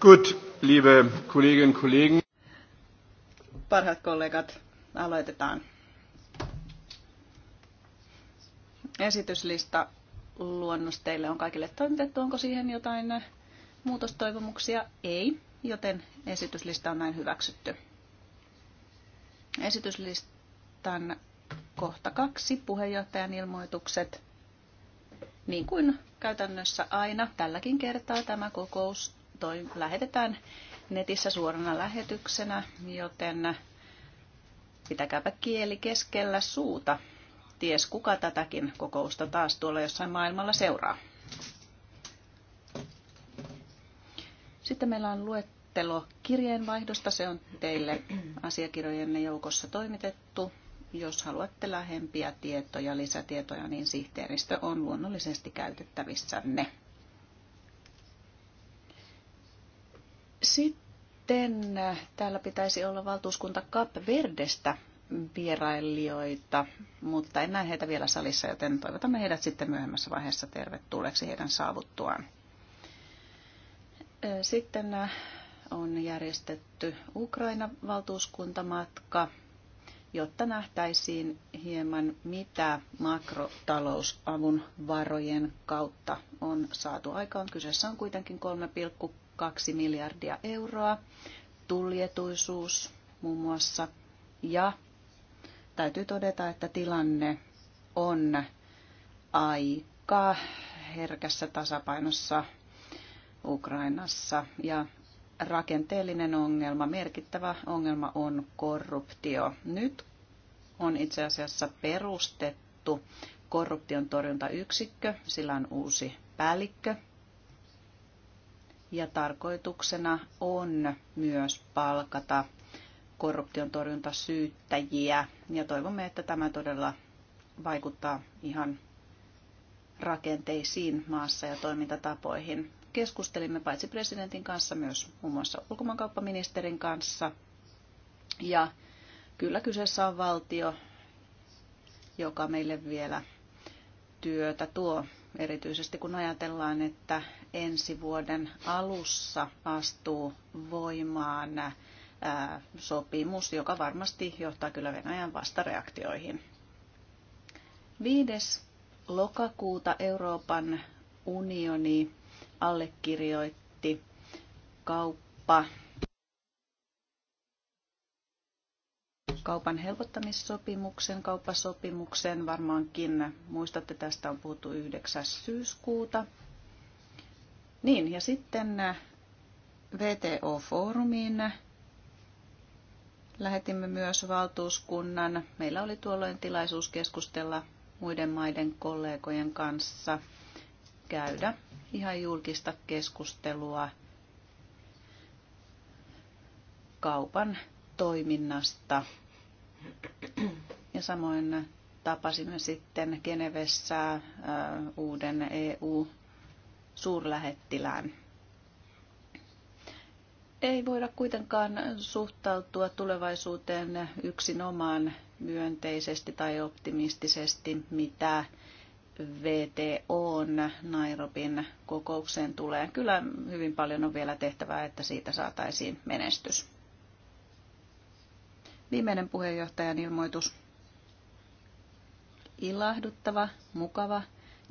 Gut, liebe Kolleginnen und Kollegen. Parhaat kollegat, aloitetaan. Esityslista luonnos teille on kaikille toimitettu. Onko siihen jotain muutostoivomuksia? Ei, joten esityslista on näin hyväksytty. Esityslistan kohta kaksi, puheenjohtajan ilmoitukset. Niin kuin käytännössä aina, tälläkin kertaa tämä kokous toi, lähetetään netissä suorana lähetyksenä, joten pitäkääpä kieli keskellä suuta. Ties kuka tätäkin kokousta taas tuolla jossain maailmalla seuraa. Sitten meillä on luettelo kirjeenvaihdosta. Se on teille asiakirjojenne joukossa toimitettu. Jos haluatte lähempiä tietoja, lisätietoja, niin sihteeristö on luonnollisesti käytettävissänne. Sitten äh, täällä pitäisi olla valtuuskunta Cap Verdestä vierailijoita, mutta en näe heitä vielä salissa, joten toivotamme heidät sitten myöhemmässä vaiheessa tervetulleeksi heidän saavuttuaan. Sitten äh, on järjestetty Ukraina-valtuuskuntamatka, jotta nähtäisiin hieman, mitä makrotalousavun varojen kautta on saatu aikaan. Kyseessä on kuitenkin 2 miljardia euroa, tuljetuisuus muun muassa. Ja täytyy todeta, että tilanne on aika herkässä tasapainossa Ukrainassa ja rakenteellinen ongelma, merkittävä ongelma on korruptio. Nyt on itse asiassa perustettu korruption torjuntayksikkö, sillä on uusi päällikkö ja tarkoituksena on myös palkata korruption torjuntasyyttäjiä ja toivomme, että tämä todella vaikuttaa ihan rakenteisiin maassa ja toimintatapoihin. Keskustelimme paitsi presidentin kanssa myös muun muassa ulkomaankauppaministerin kanssa ja kyllä kyseessä on valtio, joka meille vielä työtä tuo erityisesti kun ajatellaan, että ensi vuoden alussa astuu voimaan sopimus, joka varmasti johtaa kyllä Venäjän vastareaktioihin. 5. lokakuuta Euroopan unioni allekirjoitti kauppa kaupan helpottamissopimuksen, kauppasopimuksen. Varmaankin muistatte, tästä on puhuttu 9. syyskuuta. Niin, ja sitten VTO-foorumiin lähetimme myös valtuuskunnan. Meillä oli tuolloin tilaisuus keskustella muiden maiden kollegojen kanssa, käydä ihan julkista keskustelua kaupan toiminnasta ja samoin tapasimme sitten Genevessä uuden EU-suurlähettilään. Ei voida kuitenkaan suhtautua tulevaisuuteen yksinomaan myönteisesti tai optimistisesti, mitä VTOn Nairobin kokoukseen tulee. Kyllä hyvin paljon on vielä tehtävää, että siitä saataisiin menestys. Viimeinen puheenjohtajan ilmoitus. Ilahduttava, mukava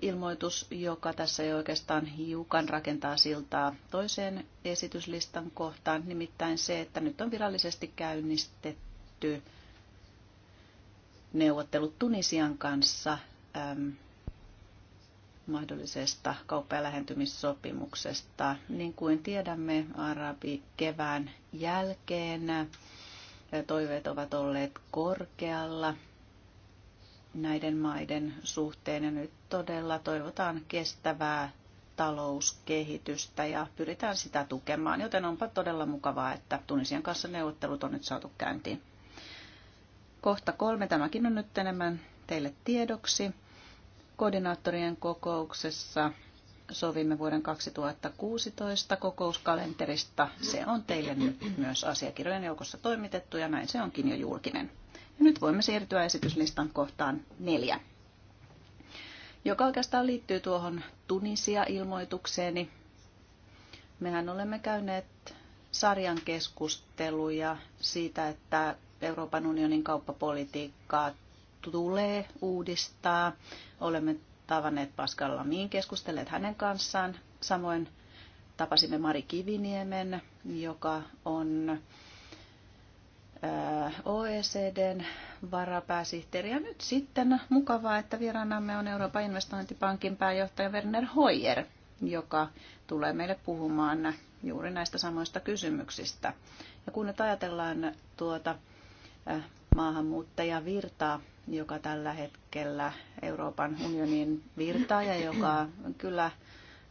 ilmoitus, joka tässä ei oikeastaan hiukan rakentaa siltaa toiseen esityslistan kohtaan, nimittäin se, että nyt on virallisesti käynnistetty neuvottelut Tunisian kanssa ähm, mahdollisesta kauppa- ja lähentymissopimuksesta. Niin kuin tiedämme, arabi kevään jälkeen toiveet ovat olleet korkealla näiden maiden suhteen ja nyt todella toivotaan kestävää talouskehitystä ja pyritään sitä tukemaan, joten onpa todella mukavaa, että Tunisian kanssa neuvottelut on nyt saatu käyntiin. Kohta kolme, tämäkin on nyt enemmän teille tiedoksi. Koordinaattorien kokouksessa sovimme vuoden 2016 kokouskalenterista. Se on teille nyt myös asiakirjojen joukossa toimitettu ja näin se onkin jo julkinen. Ja nyt voimme siirtyä esityslistan kohtaan neljä, joka oikeastaan liittyy tuohon Tunisia-ilmoitukseeni. Mehän olemme käyneet sarjan keskusteluja siitä, että Euroopan unionin kauppapolitiikkaa tulee uudistaa. Olemme tavanneet Pascal Lamiin, keskustelleet hänen kanssaan. Samoin tapasimme Mari Kiviniemen, joka on äh, OECDn varapääsihteeri. Ja nyt sitten mukavaa, että vieraanamme on Euroopan investointipankin pääjohtaja Werner Hoyer, joka tulee meille puhumaan juuri näistä samoista kysymyksistä. Ja kun nyt ajatellaan tuota äh, maahanmuuttajavirtaa, joka tällä hetkellä Euroopan unionin virtaa ja joka kyllä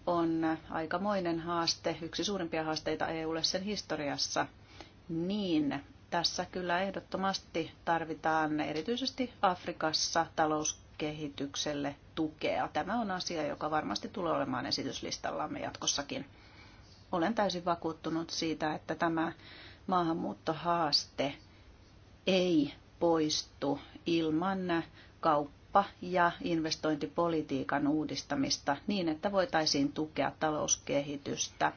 on aikamoinen haaste, yksi suurimpia haasteita EUlle sen historiassa, niin tässä kyllä ehdottomasti tarvitaan erityisesti Afrikassa talouskehitykselle tukea. Tämä on asia, joka varmasti tulee olemaan esityslistallamme jatkossakin. Olen täysin vakuuttunut siitä, että tämä maahanmuuttohaaste ei poistu ilman kauppa- ja investointipolitiikan uudistamista niin, että voitaisiin tukea talouskehitystä,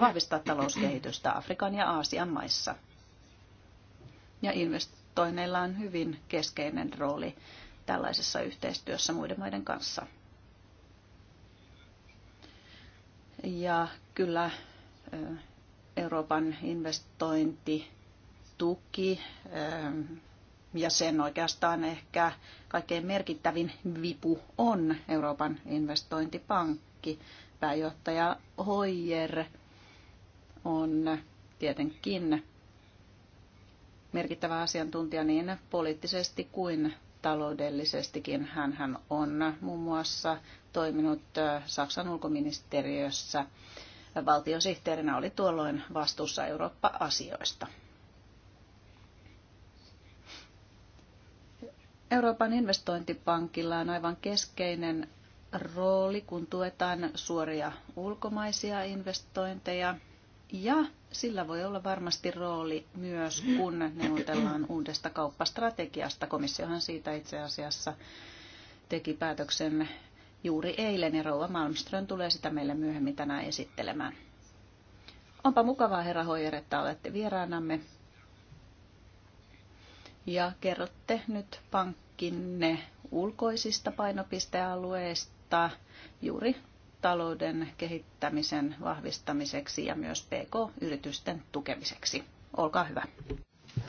vahvistaa talouskehitystä Afrikan ja Aasian maissa. Ja investoinneilla on hyvin keskeinen rooli tällaisessa yhteistyössä muiden maiden kanssa. Ja kyllä Euroopan investointituki ja sen oikeastaan ehkä kaikkein merkittävin vipu on Euroopan investointipankki. Pääjohtaja Hoyer on tietenkin merkittävä asiantuntija niin poliittisesti kuin taloudellisestikin. hän on muun muassa toiminut Saksan ulkoministeriössä valtiosihteerinä, oli tuolloin vastuussa Eurooppa-asioista. Euroopan investointipankilla on aivan keskeinen rooli, kun tuetaan suoria ulkomaisia investointeja. Ja sillä voi olla varmasti rooli myös, kun neuvotellaan uudesta kauppastrategiasta. Komissiohan siitä itse asiassa teki päätöksen juuri eilen ja Rouva Malmström tulee sitä meille myöhemmin tänään esittelemään. Onpa mukavaa, herra Hoijer, että olette vieraanamme ja kerrotte nyt pankkinne ulkoisista painopistealueista juuri talouden kehittämisen vahvistamiseksi ja myös PK-yritysten tukemiseksi. Olkaa hyvä.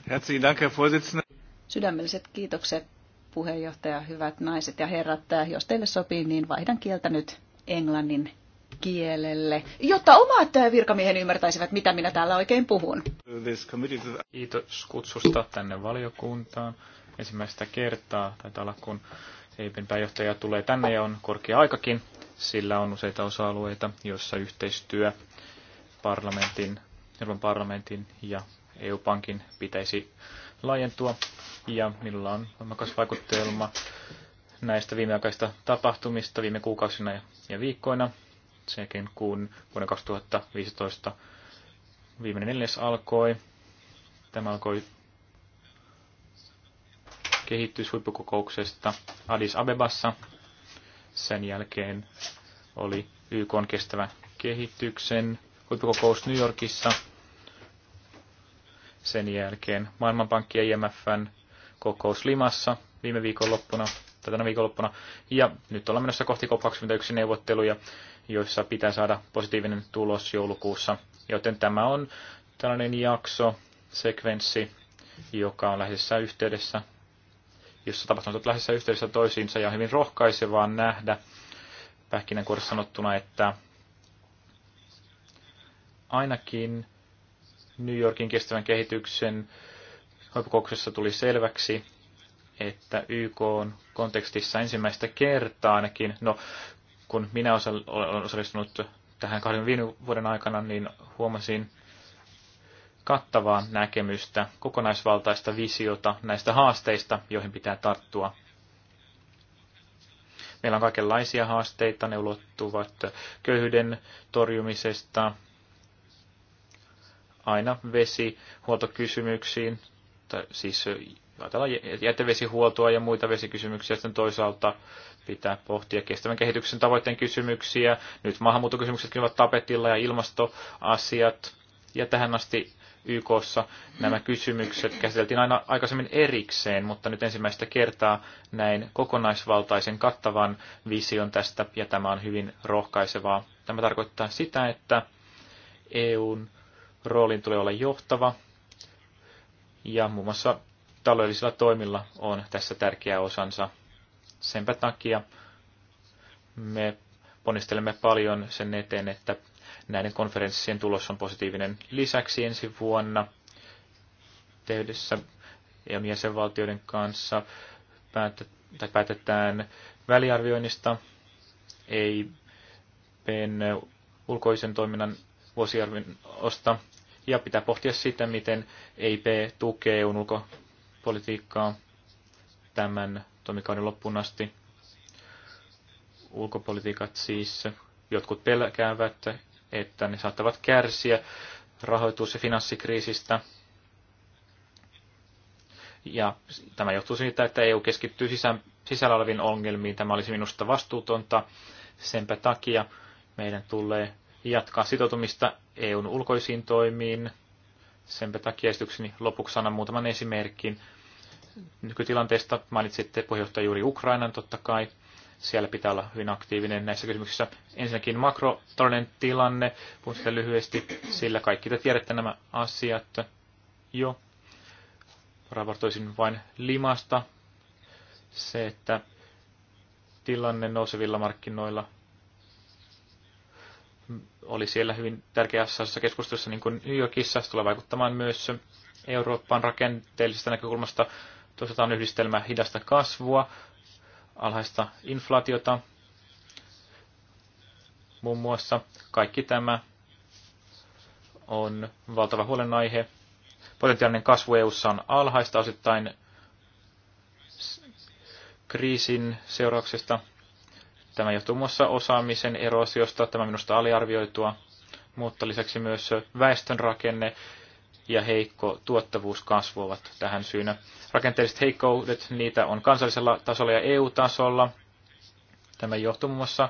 Herzlichen Dank, Herr Vorsitzender. Sydämelliset kiitokset puheenjohtaja, hyvät naiset ja herrat. Jos teille sopii, niin vaihdan kieltä nyt englannin kielelle, jotta omat virkamiehen ymmärtäisivät, mitä minä täällä oikein puhun. Kiitos kutsusta tänne valiokuntaan. Ensimmäistä kertaa taitaa olla, kun EIPin pääjohtaja tulee tänne ja on korkea aikakin. Sillä on useita osa-alueita, joissa yhteistyö parlamentin, Euroopan parlamentin ja EU-pankin pitäisi laajentua. Ja minulla on voimakas vaikutelma näistä viimeaikaista tapahtumista viime kuukausina ja viikkoina sen jälkeen, kun vuonna 2015 viimeinen neljäs alkoi. Tämä alkoi kehityshuippukokouksesta Addis Abebassa. Sen jälkeen oli YK on kestävä kehityksen huippukokous New Yorkissa. Sen jälkeen Maailmanpankki ja IMFn kokous Limassa viime viikonloppuna, tai tänä viikonloppuna. Ja nyt ollaan menossa kohti COP21 neuvotteluja joissa pitää saada positiivinen tulos joulukuussa. Joten tämä on tällainen jakso, sekvenssi, joka on läheisessä yhteydessä, jossa tapahtumat ovat läheisessä yhteydessä toisiinsa ja on hyvin rohkaisevaa nähdä pähkinänkuoressa sanottuna, että ainakin New Yorkin kestävän kehityksen huippukouksessa tuli selväksi, että YK on kontekstissa ensimmäistä kertaa ainakin, no kun minä olen osallistunut tähän viime vuoden aikana, niin huomasin kattavaa näkemystä, kokonaisvaltaista visiota näistä haasteista, joihin pitää tarttua. Meillä on kaikenlaisia haasteita, ne ulottuvat köyhyyden torjumisesta, aina vesihuoltokysymyksiin, tai siis ajatellaan jätevesihuoltoa ja muita vesikysymyksiä, sitten toisaalta pitää pohtia kestävän kehityksen tavoitteen kysymyksiä. Nyt maahanmuuttokysymyksetkin ovat tapetilla ja ilmastoasiat. Ja tähän asti YKssa nämä kysymykset käsiteltiin aina aikaisemmin erikseen, mutta nyt ensimmäistä kertaa näin kokonaisvaltaisen kattavan vision tästä, ja tämä on hyvin rohkaisevaa. Tämä tarkoittaa sitä, että EUn roolin tulee olla johtava, ja muun muassa taloudellisilla toimilla on tässä tärkeä osansa. Senpä takia me ponnistelemme paljon sen eteen, että näiden konferenssien tulos on positiivinen. Lisäksi ensi vuonna tehdessä ja jäsenvaltioiden kanssa päätet, tai päätetään väliarvioinnista, ei ulkoisen toiminnan vuosiarviosta, ja pitää pohtia sitä, miten EIP tukee EUn ulkopolitiikkaa tämän toimikauden loppuun asti. Ulkopolitiikat siis, jotkut pelkäävät, että ne saattavat kärsiä rahoitus- ja finanssikriisistä. Ja tämä johtuu siitä, että EU keskittyy sisään, sisällä oleviin ongelmiin. Tämä olisi minusta vastuutonta. Senpä takia meidän tulee jatkaa sitoutumista EUn ulkoisiin toimiin. Senpä takia esitykseni lopuksi annan muutaman esimerkin nykytilanteesta. Mainitsitte puheenjohtaja juuri Ukrainan totta kai. Siellä pitää olla hyvin aktiivinen näissä kysymyksissä. Ensinnäkin makrotalouden tilanne, puhun sitä lyhyesti, sillä kaikki te tiedätte nämä asiat jo. Raportoisin vain limasta se, että tilanne nousevilla markkinoilla oli siellä hyvin tärkeässä osassa keskustelussa, niin kuin New Yorkissa, se tulee vaikuttamaan myös Euroopan rakenteellisesta näkökulmasta Toisaalta on yhdistelmä hidasta kasvua, alhaista inflaatiota, muun muassa kaikki tämä on valtava huolenaihe. Potentiaalinen kasvu eu on alhaista osittain kriisin seurauksesta. Tämä johtuu muun muassa osaamisen eroasiosta, tämä minusta aliarvioitua, mutta lisäksi myös väestönrakenne ja heikko tuottavuus kasvuvat tähän syynä. Rakenteelliset heikkoudet, niitä on kansallisella tasolla ja EU-tasolla. Tämä johtuu muun muassa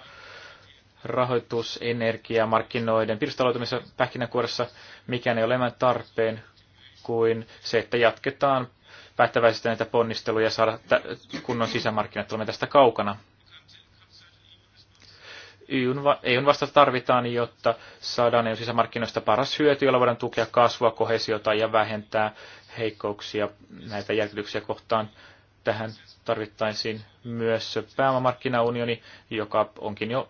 rahoitus, energia, markkinoiden pirstaloitumisessa pähkinänkuoressa, mikään ei ole enemmän tarpeen kuin se, että jatketaan päättäväisesti näitä ponnisteluja saada kunnon sisämarkkinat. Olemme tästä kaukana. EUn, vasta tarvitaan, jotta saadaan EUn sisämarkkinoista paras hyöty, jolla voidaan tukea kasvua, kohesiota ja vähentää heikkouksia näitä järkytyksiä kohtaan. Tähän tarvittaisiin myös pääomamarkkinaunioni, joka onkin jo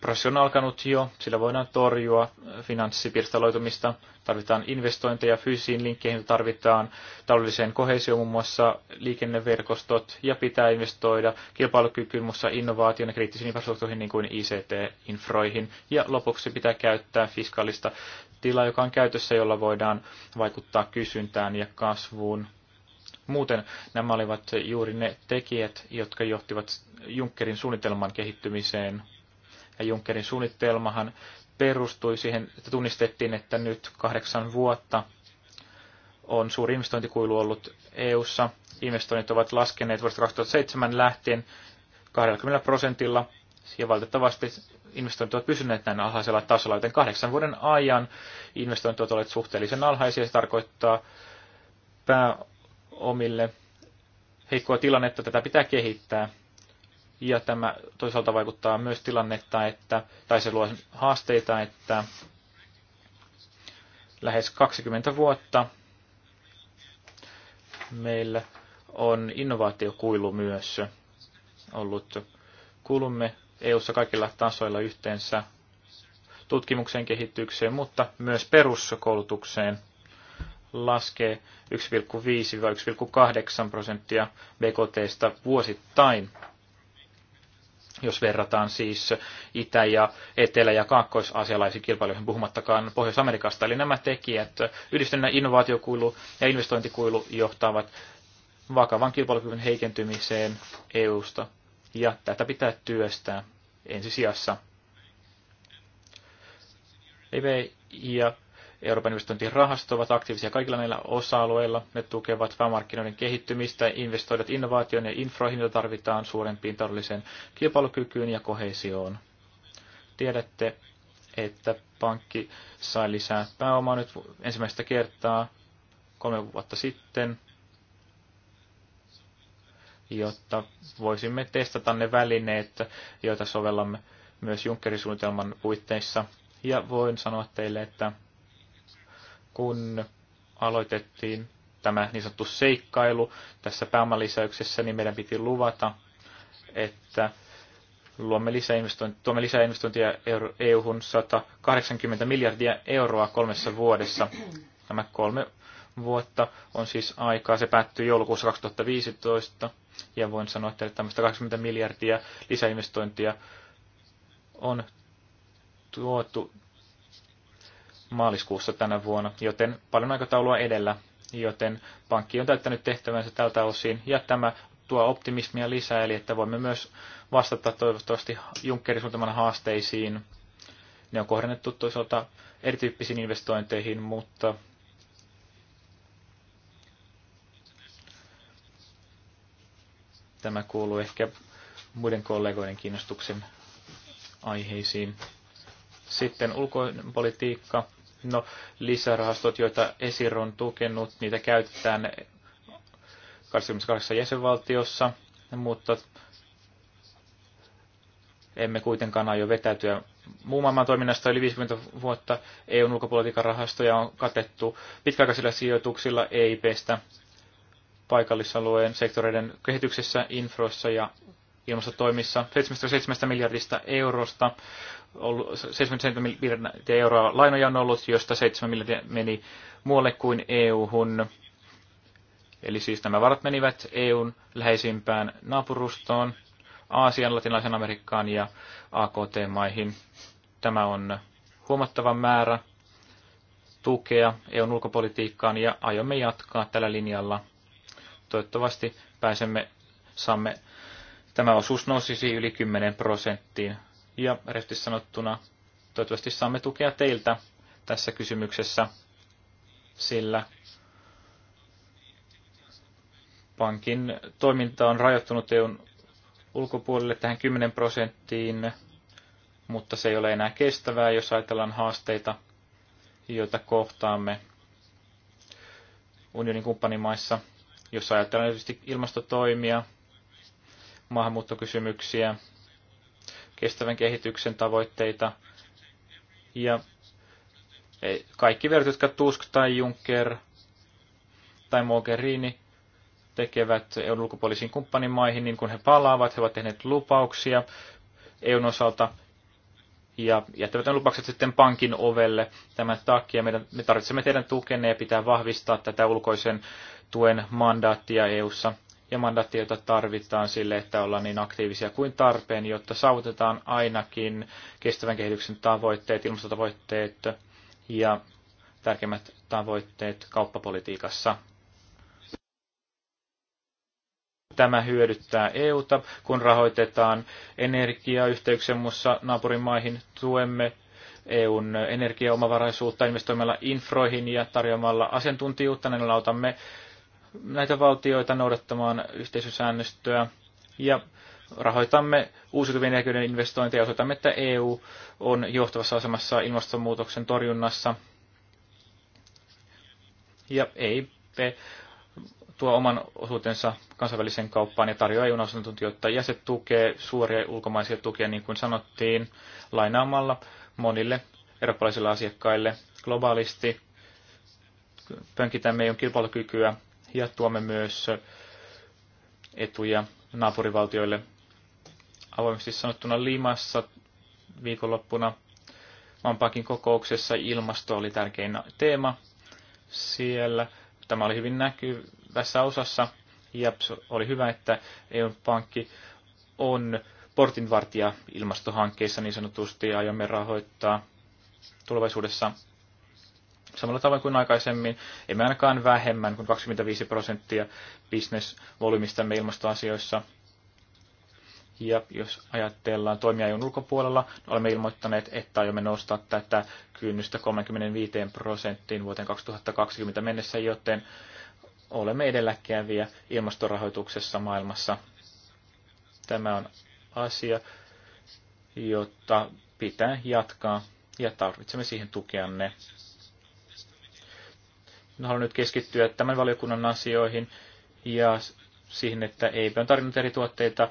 Prosessi on alkanut jo, sillä voidaan torjua finanssipirstaloitumista, tarvitaan investointeja fyysisiin linkkeihin, tarvitaan taloudelliseen kohesioon muun muassa liikenneverkostot ja pitää investoida kilpailukykyyn muun muassa innovaation ja kriittisiin infrastruktuihin niin kuin ICT-infroihin. Ja lopuksi pitää käyttää fiskaalista tilaa, joka on käytössä, jolla voidaan vaikuttaa kysyntään ja kasvuun. Muuten nämä olivat juuri ne tekijät, jotka johtivat Junckerin suunnitelman kehittymiseen – ja Junckerin suunnitelmahan perustui siihen, että tunnistettiin, että nyt kahdeksan vuotta on suuri investointikuilu ollut EU:ssa. Investoinnit ovat laskeneet vuodesta 2007 lähtien 20 prosentilla, ja valitettavasti investoinnit ovat pysyneet näin alhaisella tasolla, joten kahdeksan vuoden ajan investoinnit ovat olleet suhteellisen alhaisia. Se tarkoittaa pääomille heikkoa tilannetta, tätä pitää kehittää. Ja tämä toisaalta vaikuttaa myös tilannetta, että, tai se luo haasteita, että lähes 20 vuotta meillä on innovaatiokuilu myös ollut. Kuulumme EU-ssa kaikilla tasoilla yhteensä tutkimukseen, kehitykseen, mutta myös peruskoulutukseen laskee 1,5-1,8 prosenttia BKTstä vuosittain jos verrataan siis Itä- ja Etelä- ja kaakkois aasialaisiin kilpailuihin, puhumattakaan Pohjois-Amerikasta. Eli nämä tekijät, yhdistynnä innovaatiokuilu ja investointikuilu johtavat vakavan kilpailukyvyn heikentymiseen EUsta, ja tätä pitää työstää ensisijassa. ja Euroopan investointirahasto ovat aktiivisia kaikilla näillä osa-alueilla. Ne tukevat päämarkkinoiden kehittymistä, investoidat innovaatioon ja infroihin, joita tarvitaan suurempiin taloudelliseen kilpailukykyyn ja kohesioon. Tiedätte, että pankki sai lisää pääomaa nyt ensimmäistä kertaa kolme vuotta sitten, jotta voisimme testata ne välineet, joita sovellamme myös Junckerin suunnitelman puitteissa. Ja voin sanoa teille, että kun aloitettiin tämä niin sanottu seikkailu tässä pääomalisäyksessä, niin meidän piti luvata, että luomme lisäinvestointi, tuomme lisäinvestointia EU-hun e 180 miljardia euroa kolmessa vuodessa. Nämä kolme vuotta on siis aikaa. Se päättyy joulukuussa 2015 ja voin sanoa, että tämmöistä 20 miljardia lisäinvestointia on tuotu maaliskuussa tänä vuonna, joten paljon aikataulua edellä, joten pankki on täyttänyt tehtävänsä tältä osin, ja tämä tuo optimismia lisää, eli että voimme myös vastata toivottavasti Junckerin suuntamana haasteisiin. Ne on kohdennettu toisaalta erityyppisiin investointeihin, mutta tämä kuuluu ehkä muiden kollegoiden kiinnostuksen aiheisiin. Sitten ulkopolitiikka. No, lisärahastot, joita ESIR on tukenut, niitä käytetään 28 jäsenvaltiossa, mutta emme kuitenkaan aio vetäytyä muun maailman toiminnasta yli 50 vuotta EUn ulkopolitiikan rahastoja on katettu pitkäaikaisilla sijoituksilla EIPstä paikallisalueen sektoreiden kehityksessä, infrossa ja ilmastotoimissa 77 miljardista eurosta ollut, 77 miljardia euroa lainoja on ollut, josta 7 miljardia meni muualle kuin EU-hun. Eli siis nämä varat menivät EUn läheisimpään naapurustoon, Aasian, Latinalaisen Amerikkaan ja AKT-maihin. Tämä on huomattava määrä tukea EUn ulkopolitiikkaan ja aiomme jatkaa tällä linjalla. Toivottavasti pääsemme, saamme, tämä osuus nousisi yli 10 prosenttiin ja rehellisesti sanottuna, toivottavasti saamme tukea teiltä tässä kysymyksessä, sillä pankin toiminta on rajoittunut EUn ulkopuolelle tähän 10 prosenttiin, mutta se ei ole enää kestävää, jos ajatellaan haasteita, joita kohtaamme unionin kumppanimaissa, jos ajatellaan tietysti ilmastotoimia, maahanmuuttokysymyksiä, kestävän kehityksen tavoitteita. Ja e, kaikki verot, jotka Tusk tai Juncker tai Mogherini tekevät EUn ulkopuolisiin kumppanimaihin, niin kun he palaavat, he ovat tehneet lupauksia EUn osalta ja jättävät ne lupaukset sitten pankin ovelle tämän takia. Meidän, me tarvitsemme teidän tukenne ja pitää vahvistaa tätä ulkoisen tuen mandaattia EUssa ja mandaatti, jota tarvitaan sille, että ollaan niin aktiivisia kuin tarpeen, jotta saavutetaan ainakin kestävän kehityksen tavoitteet, ilmastotavoitteet ja tärkeimmät tavoitteet kauppapolitiikassa. Tämä hyödyttää EUta, kun rahoitetaan energiayhteyksiä muussa naapurimaihin. Tuemme EUn energiaomavaraisuutta investoimalla infroihin ja tarjoamalla asiantuntijuutta. Näin autamme näitä valtioita noudattamaan yhteisösäännöstöä ja rahoitamme uusiutuvien energioiden investointeja ja osoitamme, että EU on johtavassa asemassa ilmastonmuutoksen torjunnassa. Ja EIP tuo oman osuutensa kansainväliseen kauppaan ja tarjoaa EUn asiantuntijoita ja se tukee suoria ulkomaisia tukia, niin kuin sanottiin, lainaamalla monille eurooppalaisille asiakkaille globaalisti. Pönkitämme EUn kilpailukykyä ja tuomme myös etuja naapurivaltioille. Avoimesti sanottuna Limassa viikonloppuna Vampakin kokouksessa ilmasto oli tärkein teema siellä. Tämä oli hyvin näkyvässä osassa ja oli hyvä, että EU-pankki on portinvartija ilmastohankkeissa niin sanotusti ja aiomme rahoittaa tulevaisuudessa samalla tavoin kuin aikaisemmin, emme ainakaan vähemmän kuin 25 prosenttia bisnesvolyymistamme ilmastoasioissa. Ja jos ajatellaan toimijajun EUn ulkopuolella, niin olemme ilmoittaneet, että aiomme nostaa tätä kynnystä 35 prosenttiin vuoteen 2020 mennessä, joten olemme edelläkävijä ilmastorahoituksessa maailmassa. Tämä on asia, jota pitää jatkaa ja tarvitsemme siihen tukeanne haluan nyt keskittyä tämän valiokunnan asioihin ja siihen, että EIP on tarjonnut eri tuotteita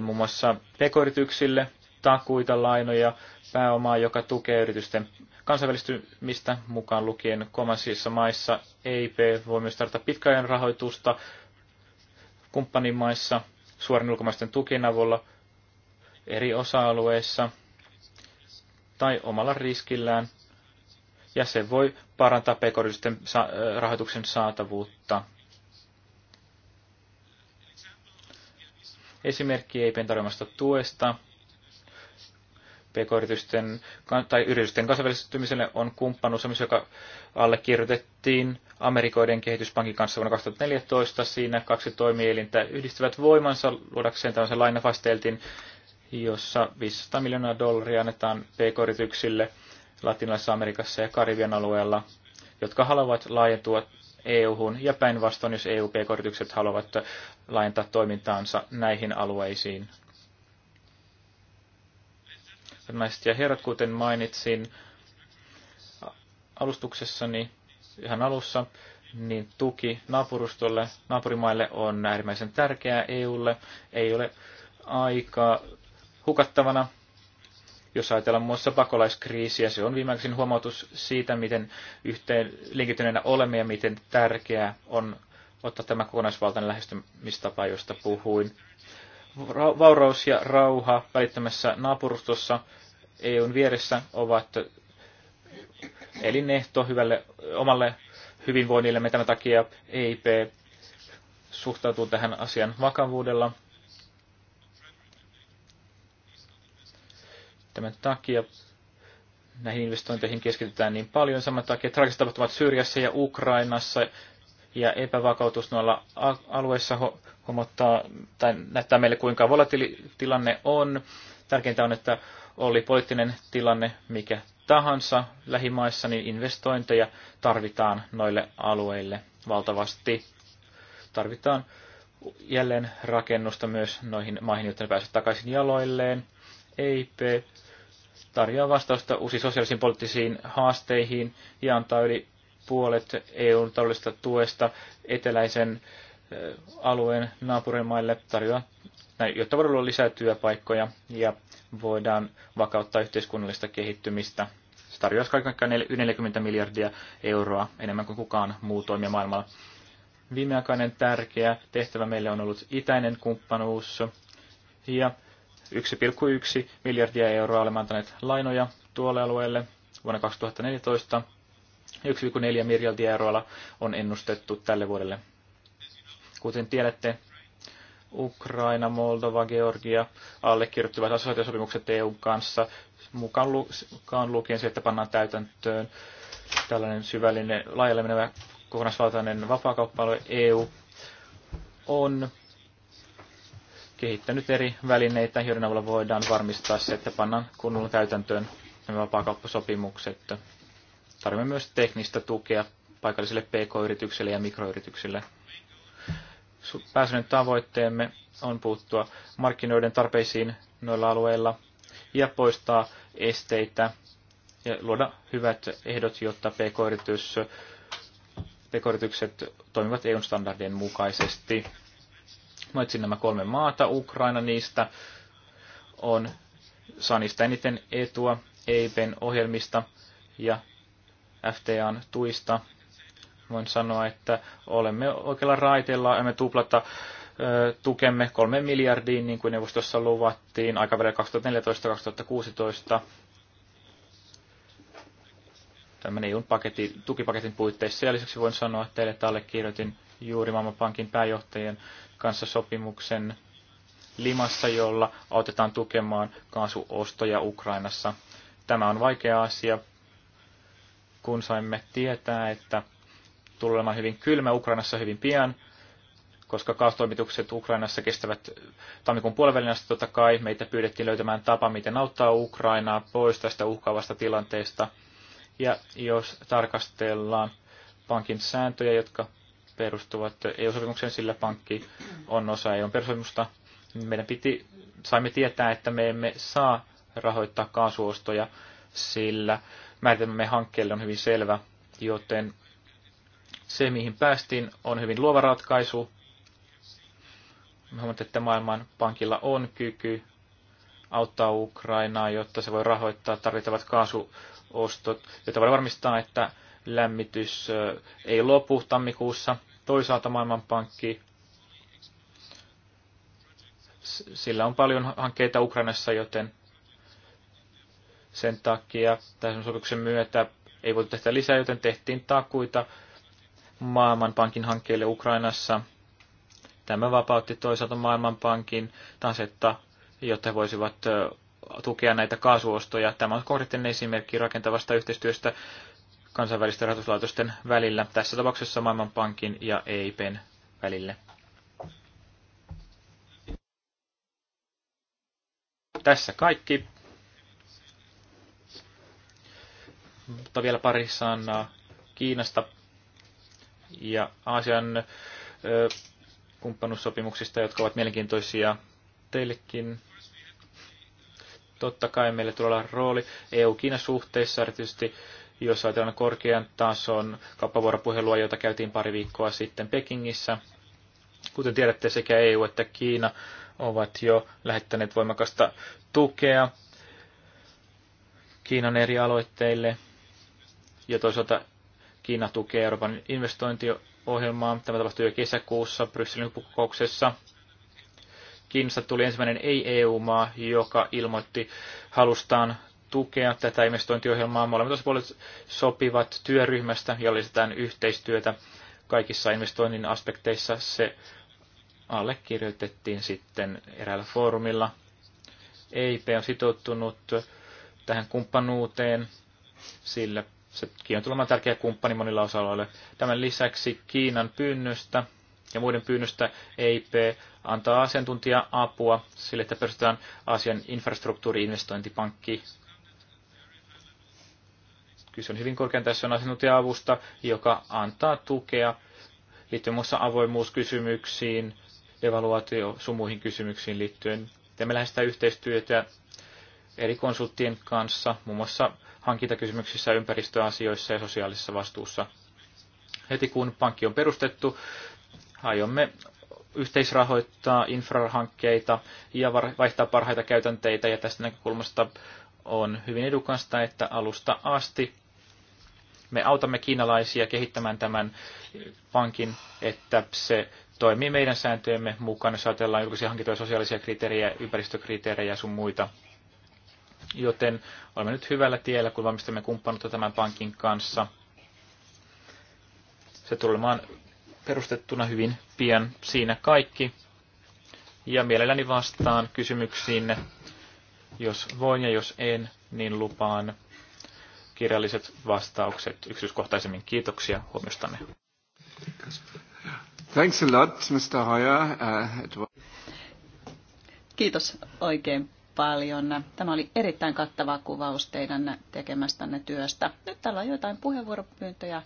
muun muassa pk-yrityksille, takuita, lainoja, pääomaa, joka tukee yritysten kansainvälistymistä mukaan lukien kolmansissa maissa. EIP voi myös tarjota pitkäajan rahoitusta kumppanimaissa suoran ulkomaisten tukien avulla eri osa-alueissa tai omalla riskillään ja se voi parantaa pk rahoituksen saatavuutta. Esimerkki ei tarjoamasta tuesta. PK-yritysten tai yritysten kansainvälistymiselle on kumppanuus, joka allekirjoitettiin Amerikoiden kehityspankin kanssa vuonna 2014. Siinä kaksi toimielintä yhdistävät voimansa luodakseen tämmöisen lainafasteltin, jossa 500 miljoonaa dollaria annetaan PK-yrityksille – Latinalaisessa Amerikassa ja Karibian alueella, jotka haluavat laajentua EU-hun ja päinvastoin, jos EU-pk-yritykset haluavat laajentaa toimintaansa näihin alueisiin. Naiset ja herrat, kuten mainitsin alustuksessani ihan alussa, niin tuki naapurustolle, naapurimaille on äärimmäisen tärkeää EUlle. Ei ole aikaa hukattavana jos ajatellaan muassa pakolaiskriisiä, se on viimeisin huomautus siitä, miten yhteen linkittyneenä olemme ja miten tärkeää on ottaa tämä kokonaisvaltainen lähestymistapa, josta puhuin. Vauraus ja rauha välittömässä naapurustossa EUn vieressä ovat elinehto hyvälle omalle hyvinvoinnillemme. Tämän takia EIP suhtautuu tähän asian vakavuudella Tämän takia näihin investointeihin keskitytään niin paljon. Saman takia traagiset tapahtumat Syyriassa ja Ukrainassa ja epävakautus noilla alueissa homottaa, tai näyttää meille kuinka tilanne on. Tärkeintä on, että oli poliittinen tilanne mikä tahansa lähimaissa, niin investointeja tarvitaan noille alueille valtavasti. Tarvitaan jälleen rakennusta myös noihin maihin, jotta ne pääsevät takaisin jaloilleen. Ei tarjoaa vastausta uusiin sosiaalisiin poliittisiin haasteihin ja antaa yli puolet EUn taloudellisesta tuesta eteläisen alueen naapurimaille tarjoaa, näin, jotta voidaan luoda lisää työpaikkoja ja voidaan vakauttaa yhteiskunnallista kehittymistä. Se tarjoaisi siis kaiken 40 miljardia euroa enemmän kuin kukaan muu toimija maailmalla. Viimeaikainen tärkeä tehtävä meille on ollut itäinen kumppanuus ja 1,1 miljardia euroa olemme antaneet lainoja tuolle alueelle vuonna 2014 1,4 miljardia euroa on ennustettu tälle vuodelle. Kuten tiedätte, Ukraina, Moldova, Georgia allekirjoittivat asioitasopimukset EUn kanssa, mukaan lukien se, että pannaan täytäntöön tällainen syvällinen, laajalle menevä kokonaisvaltainen vapaakauppa EU on kehittänyt eri välineitä, joiden avulla voidaan varmistaa se, että pannaan kunnolla käytäntöön nämä vapaakauppasopimukset. Tarvitsemme myös teknistä tukea paikallisille pk-yrityksille ja mikroyrityksille. Pääsyn tavoitteemme on puuttua markkinoiden tarpeisiin noilla alueilla ja poistaa esteitä ja luoda hyvät ehdot, jotta pk-yritys, pk-yritykset toimivat EU-standardien mukaisesti. Mainitsin nämä kolme maata, Ukraina niistä on sanista eniten etua EIPen ohjelmista ja FTAn tuista. Voin sanoa, että olemme oikealla raiteella, emme tuplata tukemme kolme miljardiin, niin kuin neuvostossa luvattiin, aikavälillä 2014-2016 tämän eu paketin, tukipaketin puitteissa. Ja lisäksi voin sanoa teille, että allekirjoitin juuri Maailmanpankin pääjohtajien kanssa sopimuksen Limassa, jolla autetaan tukemaan kaasuostoja Ukrainassa. Tämä on vaikea asia, kun saimme tietää, että tulee olemaan hyvin kylmä Ukrainassa hyvin pian, koska kaasutoimitukset Ukrainassa kestävät tammikuun puolivälin asti totta kai. Meitä pyydettiin löytämään tapa, miten auttaa Ukrainaa pois tästä uhkaavasta tilanteesta. Ja jos tarkastellaan pankin sääntöjä, jotka perustuvat EU-sopimukseen, sillä pankki on osa EU-perusopimusta. Meidän piti, saimme tietää, että me emme saa rahoittaa kaasuostoja, sillä määritelmämme hankkeelle on hyvin selvä, joten se, mihin päästiin, on hyvin luova ratkaisu. Huomaat, että maailman pankilla on kyky auttaa Ukrainaa, jotta se voi rahoittaa tarvittavat kaasuostot, jotta voi varmistaa, että lämmitys ei lopu tammikuussa. Toisaalta Maailmanpankki, sillä on paljon hankkeita Ukrainassa, joten sen takia tämän sopimuksen myötä ei voitu tehdä lisää, joten tehtiin takuita Maailmanpankin hankkeille Ukrainassa. Tämä vapautti toisaalta Maailmanpankin tasetta, jotta he voisivat tukea näitä kaasuostoja. Tämä on konkreettinen esimerkki rakentavasta yhteistyöstä kansainvälisten rahoituslaitosten välillä, tässä tapauksessa Maailmanpankin ja EIPn välille. Tässä kaikki. Mutta vielä pari sanaa Kiinasta ja Aasian ö, kumppanuussopimuksista, jotka ovat mielenkiintoisia teillekin. Totta kai meillä tulee olla rooli EU-Kiinan suhteissa, erityisesti jos ajatellaan korkean tason kauppavuoropuhelua, jota käytiin pari viikkoa sitten Pekingissä. Kuten tiedätte, sekä EU että Kiina ovat jo lähettäneet voimakasta tukea Kiinan eri aloitteille. Ja toisaalta Kiina tukee Euroopan investointiohjelmaa. Tämä tapahtui jo kesäkuussa Brysselin kokouksessa. Kiinasta tuli ensimmäinen ei-EU-maa, joka ilmoitti halustaan tukea tätä investointiohjelmaa. Molemmat osapuolet sopivat työryhmästä ja lisätään yhteistyötä kaikissa investoinnin aspekteissa. Se allekirjoitettiin sitten eräällä foorumilla. EIP on sitoutunut tähän kumppanuuteen, sillä sekin on tulemaan tärkeä kumppani monilla osa-alueilla. Tämän lisäksi Kiinan pyynnöstä ja muiden pyynnöstä EIP antaa asiantuntija-apua sille, että perustetaan Aasian investointipankki. Kyse on hyvin korkean tason on asiantuntija-avusta, joka antaa tukea liittyen muassa avoimuuskysymyksiin, evaluaatio sumuihin kysymyksiin liittyen. Teemme läheistä yhteistyötä eri konsulttien kanssa, muun muassa hankintakysymyksissä, ympäristöasioissa ja sosiaalisessa vastuussa. Heti kun pankki on perustettu, aiomme yhteisrahoittaa infrahankkeita ja vaihtaa parhaita käytänteitä, ja tästä näkökulmasta on hyvin edukasta, että alusta asti me autamme kiinalaisia kehittämään tämän pankin, että se toimii meidän sääntöjemme mukaan, jos ajatellaan julkisia hankintoja, sosiaalisia kriteerejä, ympäristökriteerejä ja sun muita. Joten olemme nyt hyvällä tiellä, kun valmistamme kumppanuutta tämän pankin kanssa. Se tulee olemaan perustettuna hyvin pian siinä kaikki. Ja mielelläni vastaan kysymyksiin, jos voin ja jos en, niin lupaan kirjalliset vastaukset yksityiskohtaisemmin. Kiitoksia huomiostanne. Thanks a lot, Mr. Hoyer. Uh, Kiitos oikein paljon. Tämä oli erittäin kattava kuvaus teidän tekemästänne työstä. Nyt täällä on joitain puheenvuoropyyntöjä.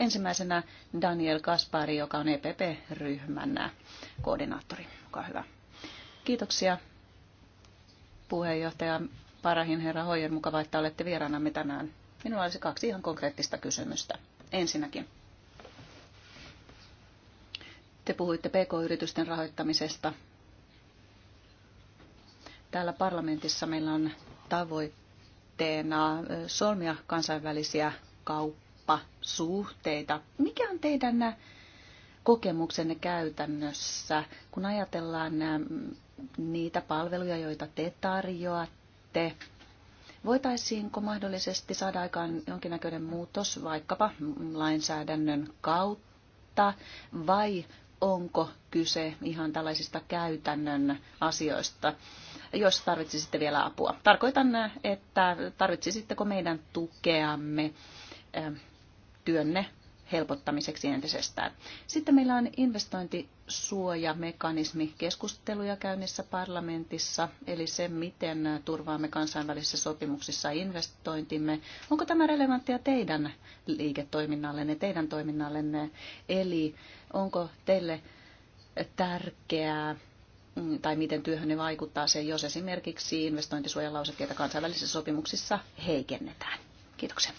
Ensimmäisenä Daniel Kaspari, joka on EPP-ryhmän koordinaattori. Olkaa hyvä. Kiitoksia puheenjohtaja Parahin herra Hoijer. Mukava, että olette vieraanamme tänään. Minulla olisi kaksi ihan konkreettista kysymystä. Ensinnäkin, te puhuitte pk-yritysten rahoittamisesta. Täällä parlamentissa meillä on tavoitteena solmia kansainvälisiä kauppasuhteita. Mikä on teidän kokemuksenne käytännössä, kun ajatellaan niitä palveluja, joita te tarjoatte? Voitaisiinko mahdollisesti saada aikaan jonkinnäköinen muutos vaikkapa lainsäädännön kautta vai onko kyse ihan tällaisista käytännön asioista, jos tarvitsisitte vielä apua. Tarkoitan, että tarvitsisitteko meidän tukeamme eh, työnne helpottamiseksi entisestään. Sitten meillä on investointisuojamekanismi keskusteluja käynnissä parlamentissa, eli se, miten turvaamme kansainvälisissä sopimuksissa investointimme. Onko tämä relevanttia teidän liiketoiminnallenne, teidän toiminnallenne, eli onko teille tärkeää mm, tai miten työhön ne vaikuttaa se, jos esimerkiksi investointisuojalausekkeita kansainvälisissä sopimuksissa heikennetään. Kiitoksia.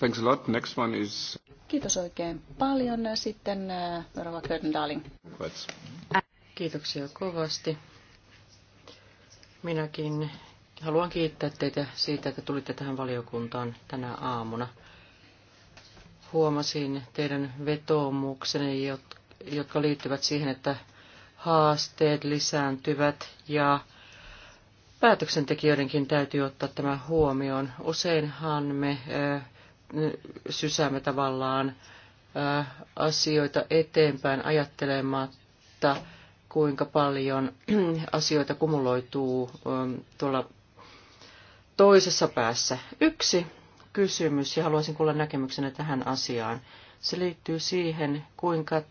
Thanks a lot. Next one is... Kiitos oikein paljon. Sitten äh, Rova Kötendalin. Kiitoksia kovasti. Minäkin haluan kiittää teitä siitä, että tulitte tähän valiokuntaan tänä aamuna. Huomasin teidän vetoomuksenne, jotka liittyvät siihen, että haasteet lisääntyvät ja päätöksentekijöidenkin täytyy ottaa tämä huomioon. Useinhan me äh, sysäämme tavallaan asioita eteenpäin ajattelematta, kuinka paljon asioita kumuloituu tuolla toisessa päässä. Yksi kysymys, ja haluaisin kuulla näkemyksenä tähän asiaan. Se liittyy siihen, kuinka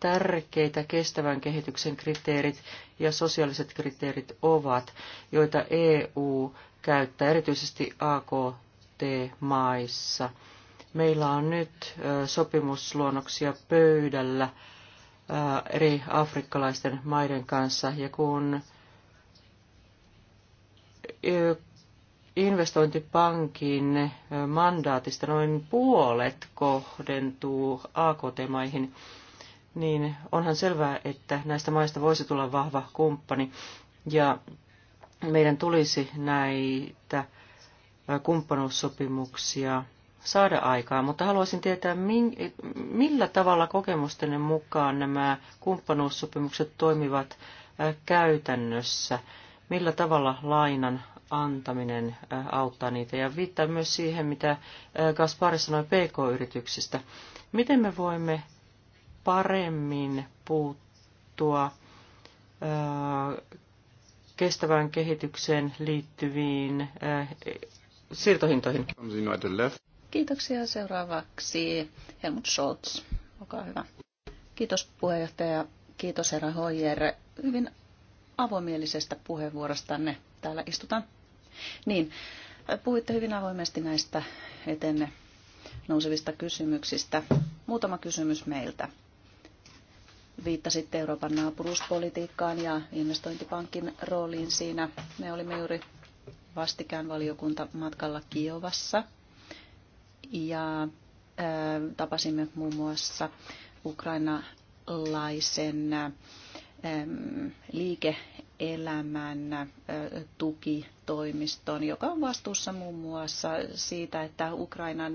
tärkeitä kestävän kehityksen kriteerit ja sosiaaliset kriteerit ovat, joita EU käyttää erityisesti AK AKT-maissa. Meillä on nyt sopimusluonnoksia pöydällä eri afrikkalaisten maiden kanssa, ja kun investointipankin mandaatista noin puolet kohdentuu AKT-maihin, niin onhan selvää, että näistä maista voisi tulla vahva kumppani. Ja meidän tulisi näitä kumppanuussopimuksia saada aikaa, mutta haluaisin tietää, millä tavalla kokemusten mukaan nämä kumppanuussopimukset toimivat käytännössä, millä tavalla lainan antaminen auttaa niitä. Ja viittaa myös siihen, mitä Gaspari sanoi PK-yrityksistä. Miten me voimme paremmin puuttua kestävään kehitykseen liittyviin siirtohintoihin. Kiitoksia. Seuraavaksi Helmut Scholz. Olkaa hyvä. Kiitos puheenjohtaja. Kiitos herra Hoyer. Hyvin avomielisestä puheenvuorostanne. Täällä istutaan. Niin, puhuitte hyvin avoimesti näistä etenne nousevista kysymyksistä. Muutama kysymys meiltä. Viittasitte Euroopan naapuruuspolitiikkaan ja investointipankin rooliin siinä. Me olimme juuri vastikään valiokunta matkalla Kiovassa ja tapasimme muun muassa ukrainalaisen liike-elämän tukitoimiston, joka on vastuussa muun muassa siitä, että Ukrainan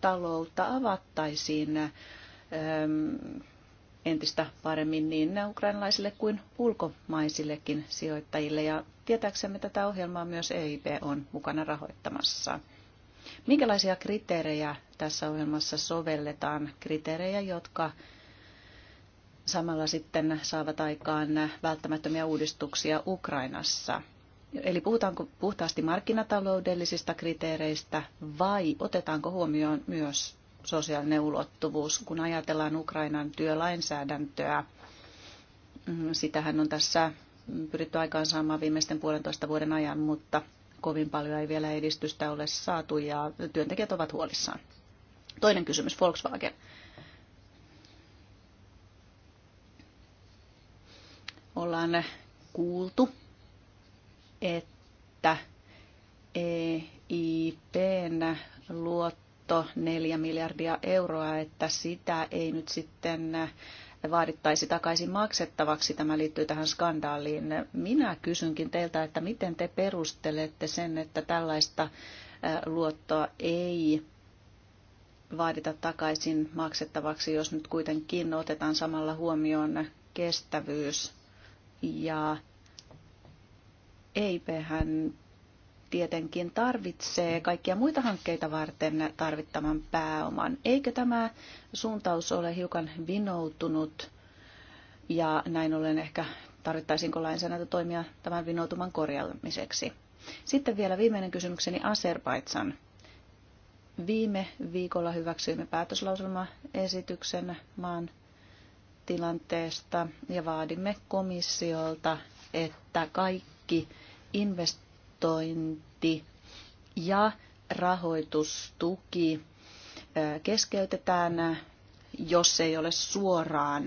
taloutta avattaisiin entistä paremmin niin ukrainalaisille kuin ulkomaisillekin sijoittajille. Ja tietääksemme tätä ohjelmaa myös EIP on mukana rahoittamassa. Minkälaisia kriteerejä tässä ohjelmassa sovelletaan? Kriteerejä, jotka samalla sitten saavat aikaan välttämättömiä uudistuksia Ukrainassa. Eli puhutaanko puhtaasti markkinataloudellisista kriteereistä vai otetaanko huomioon myös sosiaalinen ulottuvuus. Kun ajatellaan Ukrainan työlainsäädäntöä, mm, sitähän on tässä pyritty aikaansaamaan viimeisten puolentoista vuoden ajan, mutta kovin paljon ei vielä edistystä ole saatu ja työntekijät ovat huolissaan. Toinen kysymys, Volkswagen. Ollaan kuultu, että EIPn luot netto 4 miljardia euroa, että sitä ei nyt sitten vaadittaisi takaisin maksettavaksi. Tämä liittyy tähän skandaaliin. Minä kysynkin teiltä, että miten te perustelette sen, että tällaista luottoa ei vaadita takaisin maksettavaksi, jos nyt kuitenkin otetaan samalla huomioon kestävyys. Ja eipähän tietenkin tarvitsee kaikkia muita hankkeita varten tarvittavan pääoman. Eikö tämä suuntaus ole hiukan vinoutunut ja näin ollen ehkä tarvittaisinko lainsäädäntötoimia tämän vinoutuman korjaamiseksi? Sitten vielä viimeinen kysymykseni Aserbaidsan. Viime viikolla hyväksyimme päätöslauselmaesityksen maan tilanteesta ja vaadimme komissiolta, että kaikki invest investointi ja rahoitustuki keskeytetään, jos ei ole suoraan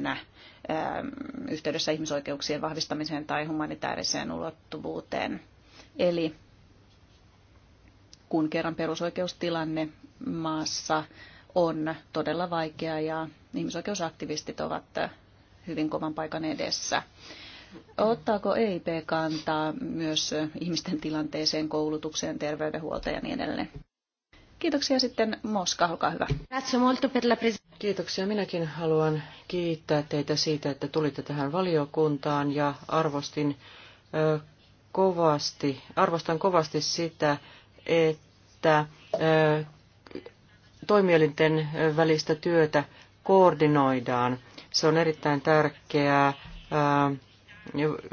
yhteydessä ihmisoikeuksien vahvistamiseen tai humanitaariseen ulottuvuuteen. Eli kun kerran perusoikeustilanne maassa on todella vaikea ja ihmisoikeusaktivistit ovat hyvin kovan paikan edessä. Ottaako EIP kantaa myös ihmisten tilanteeseen, koulutukseen, terveydenhuoltoon ja niin edelleen? Kiitoksia sitten Moska, olkaa hyvä. Kiitoksia. Minäkin haluan kiittää teitä siitä, että tulitte tähän valiokuntaan ja arvostin kovasti, arvostan kovasti sitä, että toimielinten välistä työtä koordinoidaan. Se on erittäin tärkeää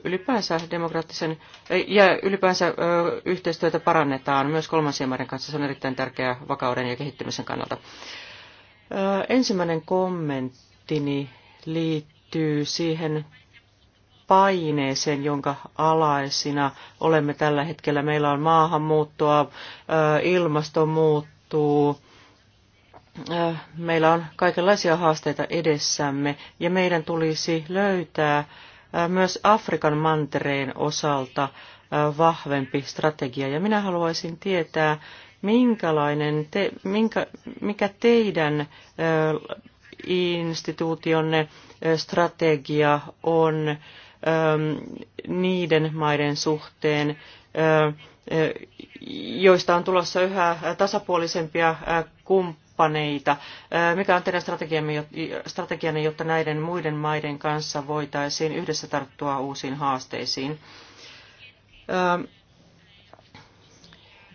ylipäänsä demokraattisen ja ylipäänsä yhteistyötä parannetaan myös kolmansien maiden kanssa. Se on erittäin tärkeää vakauden ja kehittymisen kannalta. Ensimmäinen kommenttini liittyy siihen paineeseen, jonka alaisina olemme tällä hetkellä. Meillä on maahanmuuttoa, ilmasto muuttuu, meillä on kaikenlaisia haasteita edessämme ja meidän tulisi löytää myös Afrikan mantereen osalta vahvempi strategia. Ja minä haluaisin tietää, minkälainen te, minkä, mikä teidän instituutionne strategia on niiden maiden suhteen, joista on tulossa yhä tasapuolisempia kumppaneita kumppaneita. Mikä on teidän strategianne, jotta näiden muiden maiden kanssa voitaisiin yhdessä tarttua uusiin haasteisiin?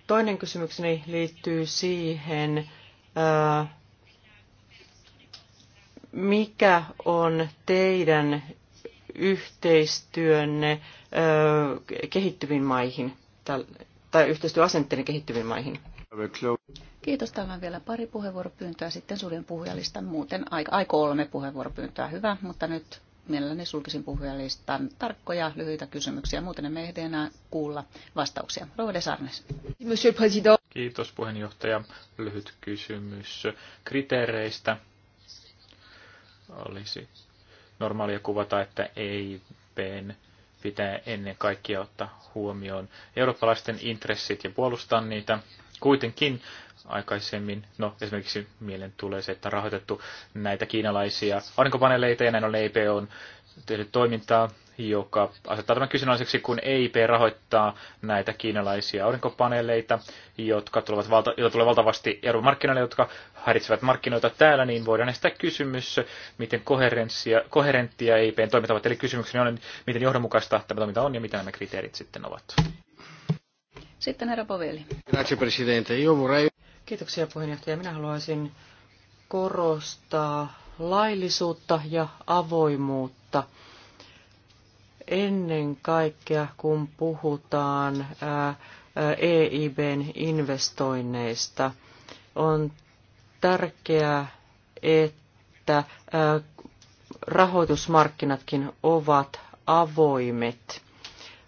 Toinen kysymykseni liittyy siihen, mikä on teidän yhteistyönne kehittyviin maihin tai yhteistyöasenteiden kehittyviin maihin? Kiitos. Täällä on vielä pari puheenvuoropyyntöä. Sitten suljen puhujalistan muuten. Aika, aika kolme puheenvuoropyyntöä. Hyvä, mutta nyt mielelläni sulkisin puhujalistan tarkkoja, lyhyitä kysymyksiä. Muuten emme ehdi enää kuulla vastauksia. Rovede Sarnes. Kiitos puheenjohtaja. Lyhyt kysymys kriteereistä. Olisi normaalia kuvata, että ei EIPn pitää ennen kaikkea ottaa huomioon eurooppalaisten intressit ja puolustaa niitä kuitenkin aikaisemmin, no esimerkiksi mieleen tulee se, että on rahoitettu näitä kiinalaisia aurinkopaneeleita ja näin on EIP on tehnyt toimintaa, joka asettaa tämän kyseenalaiseksi, kun EIP rahoittaa näitä kiinalaisia aurinkopaneeleita, jotka tulevat valta, joita tulee valtavasti Euroopan markkinoille, jotka häiritsevät markkinoita täällä, niin voidaan estää kysymys, miten koherenttia EIPn toiminta ovat. Eli kysymykseni on, miten johdonmukaista tämä toiminta on ja mitä nämä kriteerit sitten ovat. Sitten herra Poveli. Kiitoksia puheenjohtaja. Minä haluaisin korostaa laillisuutta ja avoimuutta. Ennen kaikkea, kun puhutaan EIBn investoinneista, on tärkeää, että rahoitusmarkkinatkin ovat avoimet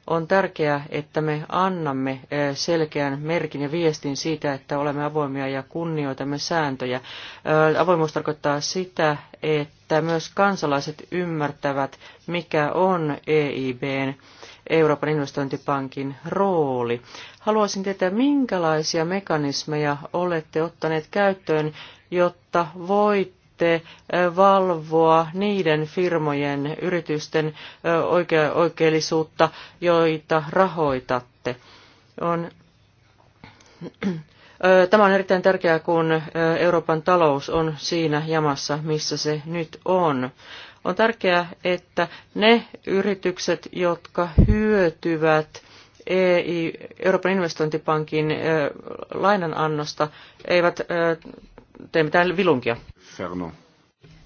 on tärkeää, että me annamme selkeän merkin ja viestin siitä, että olemme avoimia ja kunnioitamme sääntöjä. Avoimuus tarkoittaa sitä, että myös kansalaiset ymmärtävät, mikä on EIBn Euroopan investointipankin rooli. Haluaisin tietää, minkälaisia mekanismeja olette ottaneet käyttöön, jotta voitte voitte valvoa niiden firmojen, yritysten oikeellisuutta, joita rahoitatte. On, Tämä on erittäin tärkeää, kun Euroopan talous on siinä jamassa, missä se nyt on. On tärkeää, että ne yritykset, jotka hyötyvät e Euroopan investointipankin lainanannosta, eivät tee mitään vilunkia. Fernand.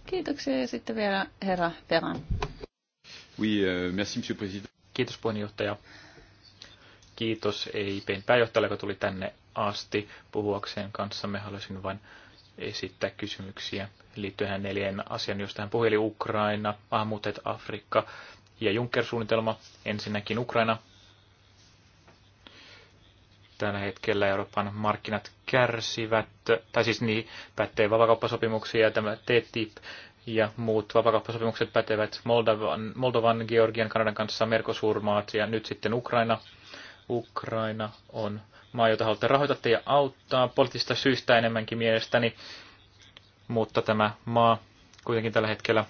Kiitoksia ja sitten vielä herra Ferran. Oui, euh, merci, monsieur président. Kiitos puheenjohtaja. Kiitos EIPn pääjohtajalle, joka tuli tänne asti puhuakseen kanssamme. Haluaisin vain esittää kysymyksiä liittyen hän neljän asian, josta hän puhui, eli Ukraina, maahanmuuttajat, Afrikka ja Juncker-suunnitelma. Ensinnäkin Ukraina Tällä hetkellä Euroopan markkinat kärsivät, tai siis niin pätee vapakauppasopimuksia ja tämä TTIP ja muut vapakauppasopimukset pätevät Moldovan, Moldovan Georgian, Kanadan kanssa, Merkosurmaat ja nyt sitten Ukraina. Ukraina on maa, jota haluatte rahoitatte ja auttaa poliittisista syistä enemmänkin mielestäni, mutta tämä maa kuitenkin tällä hetkellä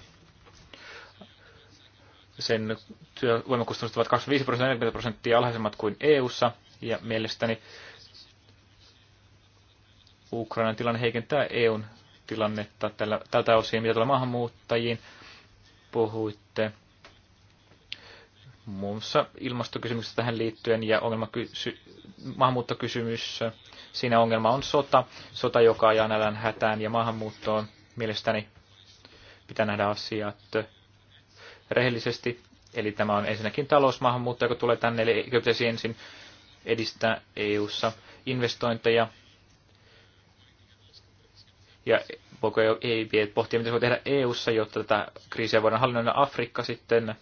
sen työvoimakustannukset ovat 25 prosenttia 40 prosenttia alhaisemmat kuin EU:ssa ja mielestäni Ukrainan tilanne heikentää EUn tilannetta tällä, tältä osin, mitä tulee maahanmuuttajiin. Puhuitte muun muassa ilmastokysymyksestä tähän liittyen ja ongelmakysy- maahanmuuttokysymys. Siinä ongelma on sota, sota, joka ajaa nälän hätään ja maahanmuuttoon. Mielestäni pitää nähdä asiat rehellisesti. Eli tämä on ensinnäkin talousmaahanmuutto, joka tulee tänne, eli ensin edistää EU:ssa investointeja. Ja voiko EIB pohtia, mitä voi tehdä EU:ssa, jotta tätä kriisiä voidaan hallinnoida Afrikka sitten?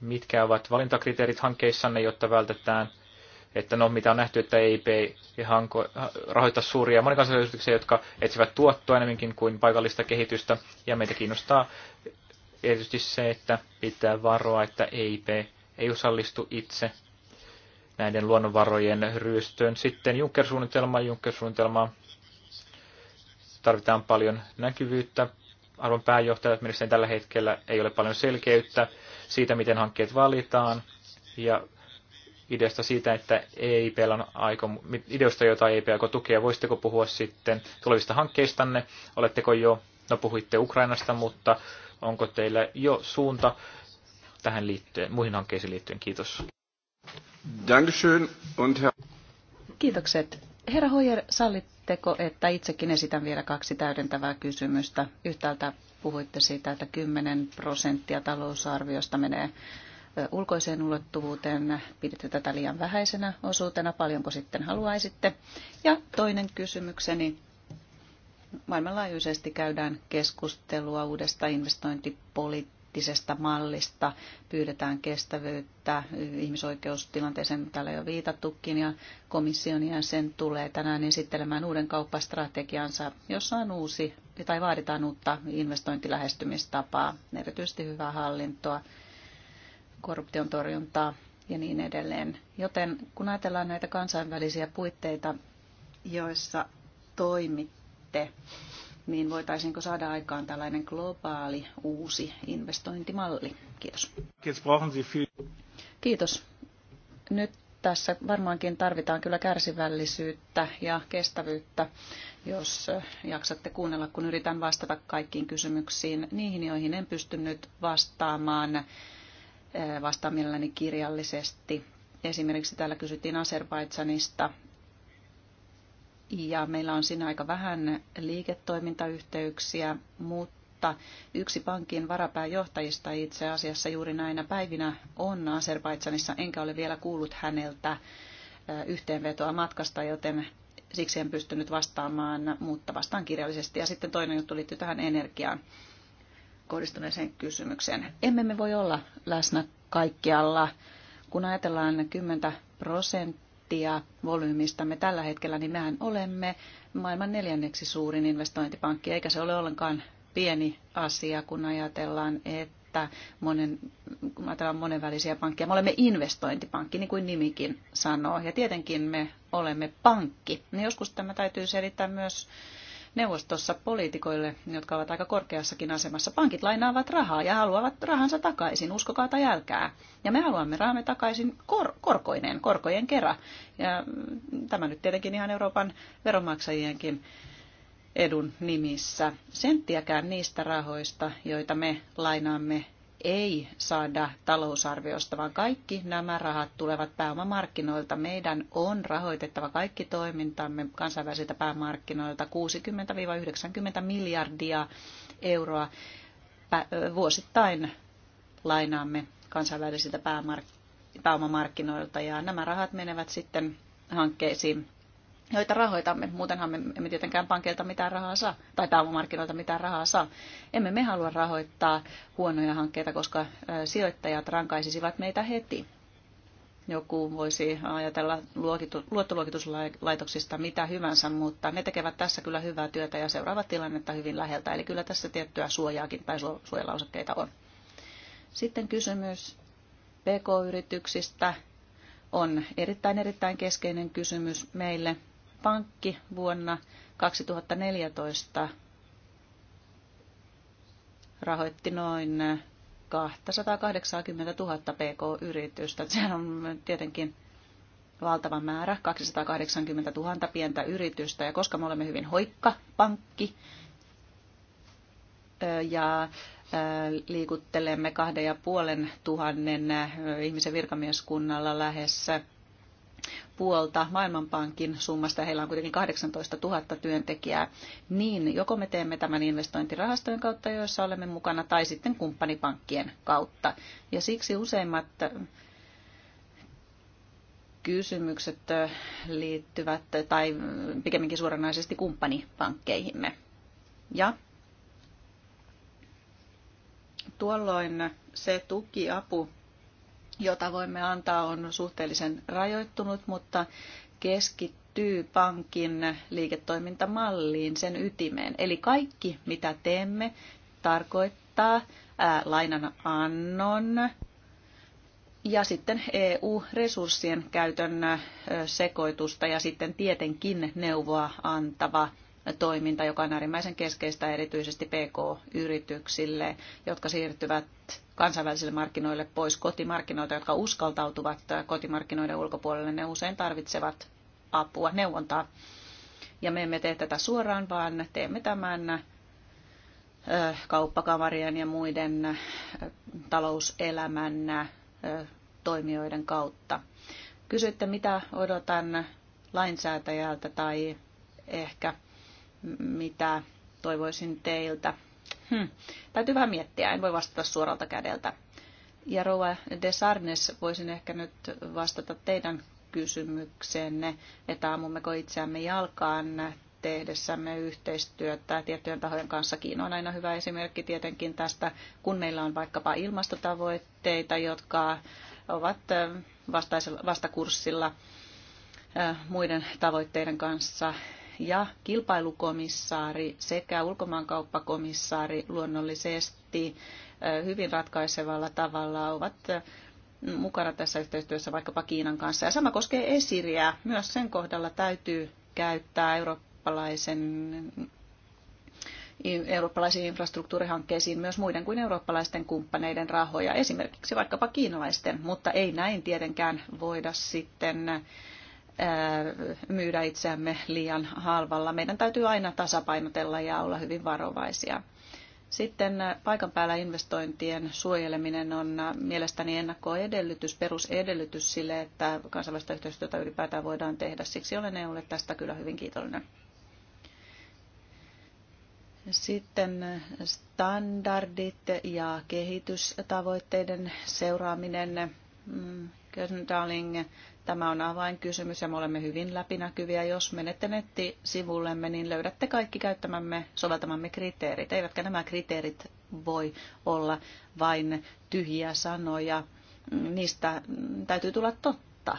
Mitkä ovat valintakriteerit hankkeissanne, jotta vältetään että no mitä on nähty, että EIP ei hanko, rahoita suuria monikansallisia yrityksiä, jotka etsivät tuottoa enemmänkin kuin paikallista kehitystä. Ja meitä kiinnostaa erityisesti se, että pitää varoa, että EIP ei osallistu itse näiden luonnonvarojen ryöstöön. Sitten Junker-suunnitelma. Junker-suunnitelma tarvitaan paljon näkyvyyttä. Arvon pääjohtajat mielestäni tällä hetkellä ei ole paljon selkeyttä siitä, miten hankkeet valitaan. Ja ideasta siitä, että EIP on aiko, ideosta, jota EIP aikoo tukea. Voisitteko puhua sitten tulevista hankkeistanne? Oletteko jo, no puhuitte Ukrainasta, mutta onko teillä jo suunta tähän liittyen, muihin hankkeisiin liittyen? Kiitos. Dankeschön und Herr... Kiitokset. Herra Hoyer, sallitteko, että itsekin esitän vielä kaksi täydentävää kysymystä? Yhtäältä puhuitte siitä, että 10 prosenttia talousarviosta menee ulkoiseen ulottuvuuteen. Piditte tätä liian vähäisenä osuutena, paljonko sitten haluaisitte? Ja toinen kysymykseni. Maailmanlaajuisesti käydään keskustelua uudesta investointipolitiikasta poliittisesta mallista pyydetään kestävyyttä ihmisoikeustilanteeseen, täällä jo viitattukin, ja komission sen tulee tänään esittelemään uuden kauppastrategiansa, jossa on uusi tai vaaditaan uutta investointilähestymistapaa, erityisesti hyvää hallintoa, korruption torjuntaa ja niin edelleen. Joten kun ajatellaan näitä kansainvälisiä puitteita, joissa toimitte, niin voitaisiinko saada aikaan tällainen globaali uusi investointimalli? Kiitos. Kiitos. Nyt tässä varmaankin tarvitaan kyllä kärsivällisyyttä ja kestävyyttä, jos jaksatte kuunnella, kun yritän vastata kaikkiin kysymyksiin, niihin, joihin en pystynyt vastaamaan eh, vastaamillani kirjallisesti. Esimerkiksi täällä kysyttiin Azerbaidsanista ja meillä on siinä aika vähän liiketoimintayhteyksiä, mutta yksi pankin varapääjohtajista itse asiassa juuri näinä päivinä on Azerbaidsanissa, enkä ole vielä kuullut häneltä yhteenvetoa matkasta, joten siksi en pystynyt vastaamaan, mutta vastaan kirjallisesti. Ja sitten toinen juttu liittyy tähän energiaan kohdistuneeseen kysymykseen. Emme me voi olla läsnä kaikkialla. Kun ajatellaan 10 prosenttia, prosenttia volyymistamme tällä hetkellä, niin mehän olemme maailman neljänneksi suurin investointipankki, eikä se ole ollenkaan pieni asia, kun ajatellaan, että monen, kun ajatellaan monenvälisiä pankkeja. Me olemme investointipankki, niin kuin nimikin sanoo, ja tietenkin me olemme pankki. Niin joskus tämä täytyy selittää myös neuvostossa poliitikoille, jotka ovat aika korkeassakin asemassa. Pankit lainaavat rahaa ja haluavat rahansa takaisin, uskokaa tai älkää. Ja me haluamme rahamme takaisin kor- korkoineen, korkojen kerran. Ja tämä nyt tietenkin ihan Euroopan veronmaksajienkin edun nimissä. Senttiäkään niistä rahoista, joita me lainaamme ei saada talousarviosta, vaan kaikki nämä rahat tulevat pääomamarkkinoilta. Meidän on rahoitettava kaikki toimintamme kansainvälisiltä päämarkkinoilta 60-90 miljardia euroa vuosittain lainaamme kansainvälisiltä päämarkkinoilta pääomamarkkinoilta ja nämä rahat menevät sitten hankkeisiin joita rahoitamme. Muutenhan me emme tietenkään pankeilta mitään rahaa saa, tai pääomamarkkinoilta mitään rahaa saa. Emme me halua rahoittaa huonoja hankkeita, koska sijoittajat rankaisisivat meitä heti. Joku voisi ajatella luottoluokituslaitoksista mitä hyvänsä, mutta ne tekevät tässä kyllä hyvää työtä ja seuraavat tilannetta hyvin läheltä. Eli kyllä tässä tiettyä suojaakin tai suojalausekkeita on. Sitten kysymys PK-yrityksistä on erittäin erittäin keskeinen kysymys meille – pankki vuonna 2014 rahoitti noin 280 000 pk-yritystä. Sehän on tietenkin valtava määrä, 280 000 pientä yritystä. Ja koska me olemme hyvin hoikka pankki ja liikuttelemme kahden ja puolen tuhannen ihmisen virkamieskunnalla lähes puolta Maailmanpankin summasta, heillä on kuitenkin 18 000 työntekijää, niin joko me teemme tämän investointirahastojen kautta, joissa olemme mukana, tai sitten kumppanipankkien kautta. Ja siksi useimmat kysymykset liittyvät, tai pikemminkin suoranaisesti kumppanipankkeihimme. Ja tuolloin se tuki, apu, jota voimme antaa, on suhteellisen rajoittunut, mutta keskittyy pankin liiketoimintamalliin, sen ytimeen. Eli kaikki, mitä teemme, tarkoittaa ää, lainan annon ja sitten EU-resurssien käytön sekoitusta ja sitten tietenkin neuvoa antava toiminta, joka on äärimmäisen keskeistä erityisesti PK-yrityksille, jotka siirtyvät kansainvälisille markkinoille pois kotimarkkinoilta, jotka uskaltautuvat kotimarkkinoiden ulkopuolelle. Ne usein tarvitsevat apua, neuvontaa. Ja me emme tee tätä suoraan, vaan teemme tämän kauppakamarien ja muiden talouselämän toimijoiden kautta. Kysyitte, mitä odotan lainsäätäjältä tai ehkä mitä toivoisin teiltä. Hmm. Täytyy vähän miettiä, en voi vastata suoralta kädeltä. Ja Rova Desarnes, voisin ehkä nyt vastata teidän kysymykseenne, että ammummeko itseämme jalkaan tehdessämme yhteistyötä tiettyjen tahojen kanssa. Kiina on aina hyvä esimerkki tietenkin tästä, kun meillä on vaikkapa ilmastotavoitteita, jotka ovat vastakurssilla muiden tavoitteiden kanssa, ja kilpailukomissaari sekä ulkomaankauppakomissaari luonnollisesti hyvin ratkaisevalla tavalla ovat mukana tässä yhteistyössä vaikkapa Kiinan kanssa. Ja sama koskee esiriä. Myös sen kohdalla täytyy käyttää eurooppalaisen eurooppalaisiin infrastruktuurihankkeisiin myös muiden kuin eurooppalaisten kumppaneiden rahoja, esimerkiksi vaikkapa kiinalaisten, mutta ei näin tietenkään voida sitten myydä itseämme liian halvalla. Meidän täytyy aina tasapainotella ja olla hyvin varovaisia. Sitten paikan päällä investointien suojeleminen on mielestäni ennakkoedellytys, perusedellytys sille, että kansainvälistä yhteistyötä ylipäätään voidaan tehdä. Siksi olen EUlle tästä kyllä hyvin kiitollinen. Sitten standardit ja kehitystavoitteiden seuraaminen. Mm, Kösendalling Tämä on avainkysymys ja me olemme hyvin läpinäkyviä. Jos menette nettisivullemme, niin löydätte kaikki käyttämämme, soveltamamme kriteerit. Eivätkä nämä kriteerit voi olla vain tyhjiä sanoja. Niistä täytyy tulla totta.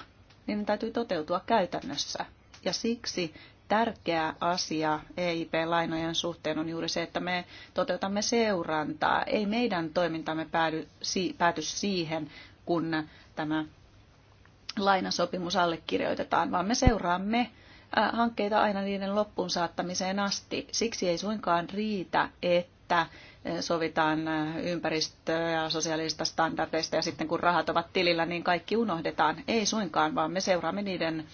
Niin täytyy toteutua käytännössä. Ja siksi tärkeä asia EIP-lainojen suhteen on juuri se, että me toteutamme seurantaa. Ei meidän toimintamme päädy, pääty siihen, kun tämä lainasopimus allekirjoitetaan, vaan me seuraamme äh, hankkeita aina niiden loppuun saattamiseen asti. Siksi ei suinkaan riitä, että äh, sovitaan äh, ympäristö- ja sosiaalista standardeista ja sitten kun rahat ovat tilillä, niin kaikki unohdetaan. Ei suinkaan, vaan me seuraamme niiden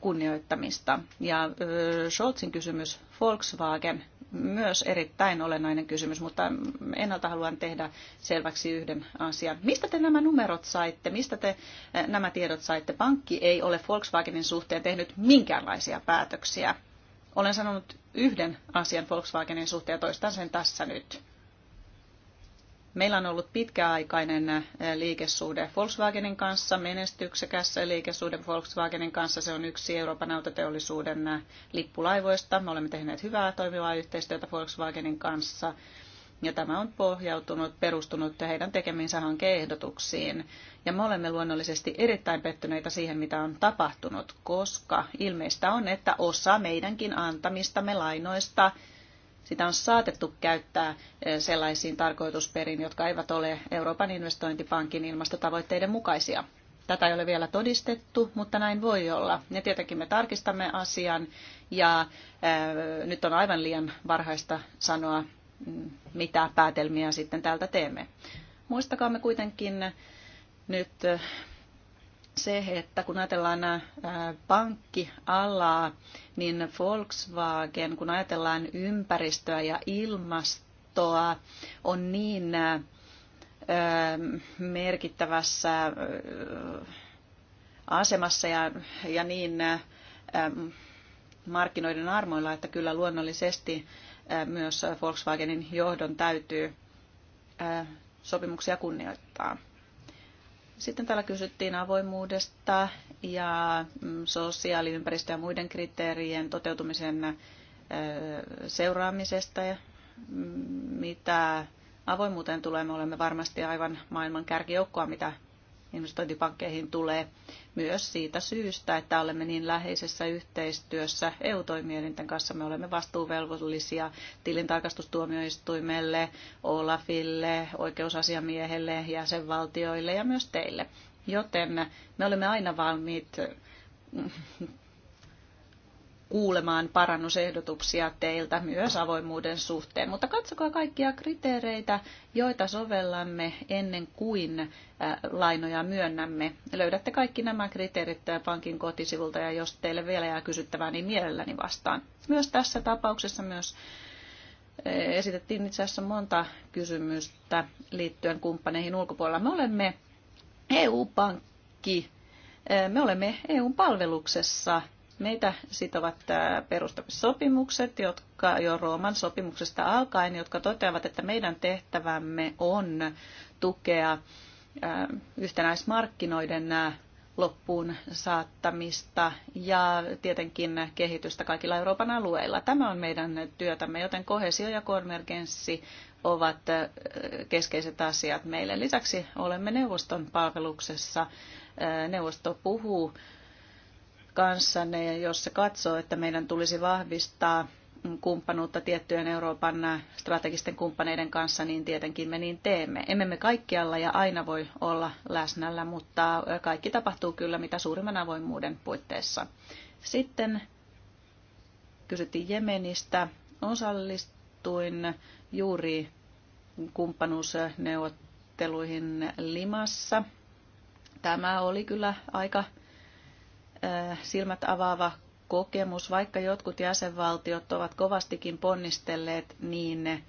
kunnioittamista. Ja Scholzin kysymys Volkswagen myös erittäin olennainen kysymys, mutta ennalta haluan tehdä selväksi yhden asian. Mistä te nämä numerot saitte? Mistä te eh, nämä tiedot saitte? Pankki ei ole Volkswagenin suhteen tehnyt minkäänlaisia päätöksiä. Olen sanonut yhden asian Volkswagenin suhteen ja toistan sen tässä nyt. Meillä on ollut pitkäaikainen eh, liikesuhde Volkswagenin kanssa, menestyksekäs liikesuhde Volkswagenin kanssa. Se on yksi Euroopan autoteollisuuden eh, lippulaivoista. Me olemme tehneet hyvää toimivaa yhteistyötä Volkswagenin kanssa. Ja tämä on pohjautunut, perustunut heidän tekemiinsä hankeehdotuksiin. Ja me olemme luonnollisesti erittäin pettyneitä siihen, mitä on tapahtunut, koska ilmeistä on, että osa meidänkin antamistamme lainoista – sitä on saatettu käyttää eh, sellaisiin tarkoitusperiin, jotka eivät ole Euroopan investointipankin ilmastotavoitteiden mukaisia. Tätä ei ole vielä todistettu, mutta näin voi olla. Ja tietenkin me tarkistamme asian ja ää, eh, nyt on aivan liian varhaista sanoa, mm, mitä päätelmiä sitten täältä teemme. Muistakaamme kuitenkin nyt eh, se, että kun ajatellaan äh, pankkialaa, niin Volkswagen, kun ajatellaan ympäristöä ja ilmastoa, on niin äh, merkittävässä äh, asemassa ja, ja niin markkinoiden armoilla, että kyllä luonnollisesti myös Volkswagenin johdon täytyy sopimuksia kunnioittaa. Sitten täällä kysyttiin avoimuudesta ja mm, sosiaaliympäristö ja muiden kriteerien toteutumisen seuraamisesta ja mm, mitä avoimuuteen tulee. Me olemme varmasti aivan maailman kärkijoukkoa, mitä investointipankkeihin tulee myös siitä syystä, että olemme niin läheisessä yhteistyössä EU-toimielinten kanssa. Me olemme vastuuvelvollisia tilintarkastustuomioistuimelle, Olafille, oikeusasiamiehelle, jäsenvaltioille ja myös teille. Joten me olemme aina valmiit kuulemaan parannusehdotuksia teiltä myös avoimuuden suhteen. Mutta katsokaa kaikkia kriteereitä, joita sovellamme ennen kuin äh, lainoja myönnämme. Löydätte kaikki nämä kriteerit pankin kotisivulta ja jos teille vielä jää kysyttävää, niin mielelläni vastaan. Myös tässä tapauksessa myös äh, esitettiin itse asiassa monta kysymystä liittyen kumppaneihin ulkopuolella. Me olemme EU-pankki, äh, me olemme EUn palveluksessa – Meitä sitovat perustamissopimukset, jotka jo Rooman sopimuksesta alkaen, jotka toteavat, että meidän tehtävämme on tukea yhtenäismarkkinoiden loppuun saattamista ja tietenkin kehitystä kaikilla Euroopan alueilla. Tämä on meidän työtämme, joten kohesio ja konvergenssi ovat keskeiset asiat meille. Lisäksi olemme neuvoston palveluksessa. Neuvosto puhuu kanssanne ja jos se katsoo, että meidän tulisi vahvistaa kumppanuutta tiettyjen Euroopan strategisten kumppaneiden kanssa, niin tietenkin me niin teemme. Emme me kaikkialla ja aina voi olla läsnällä, mutta kaikki tapahtuu kyllä mitä suurimman avoimuuden puitteissa. Sitten kysyttiin Jemenistä. Osallistuin juuri kumppanuusneuvotteluihin Limassa. Tämä oli kyllä aika Äh, silmät avaava kokemus, vaikka jotkut jäsenvaltiot ovat kovastikin ponnistelleet, niin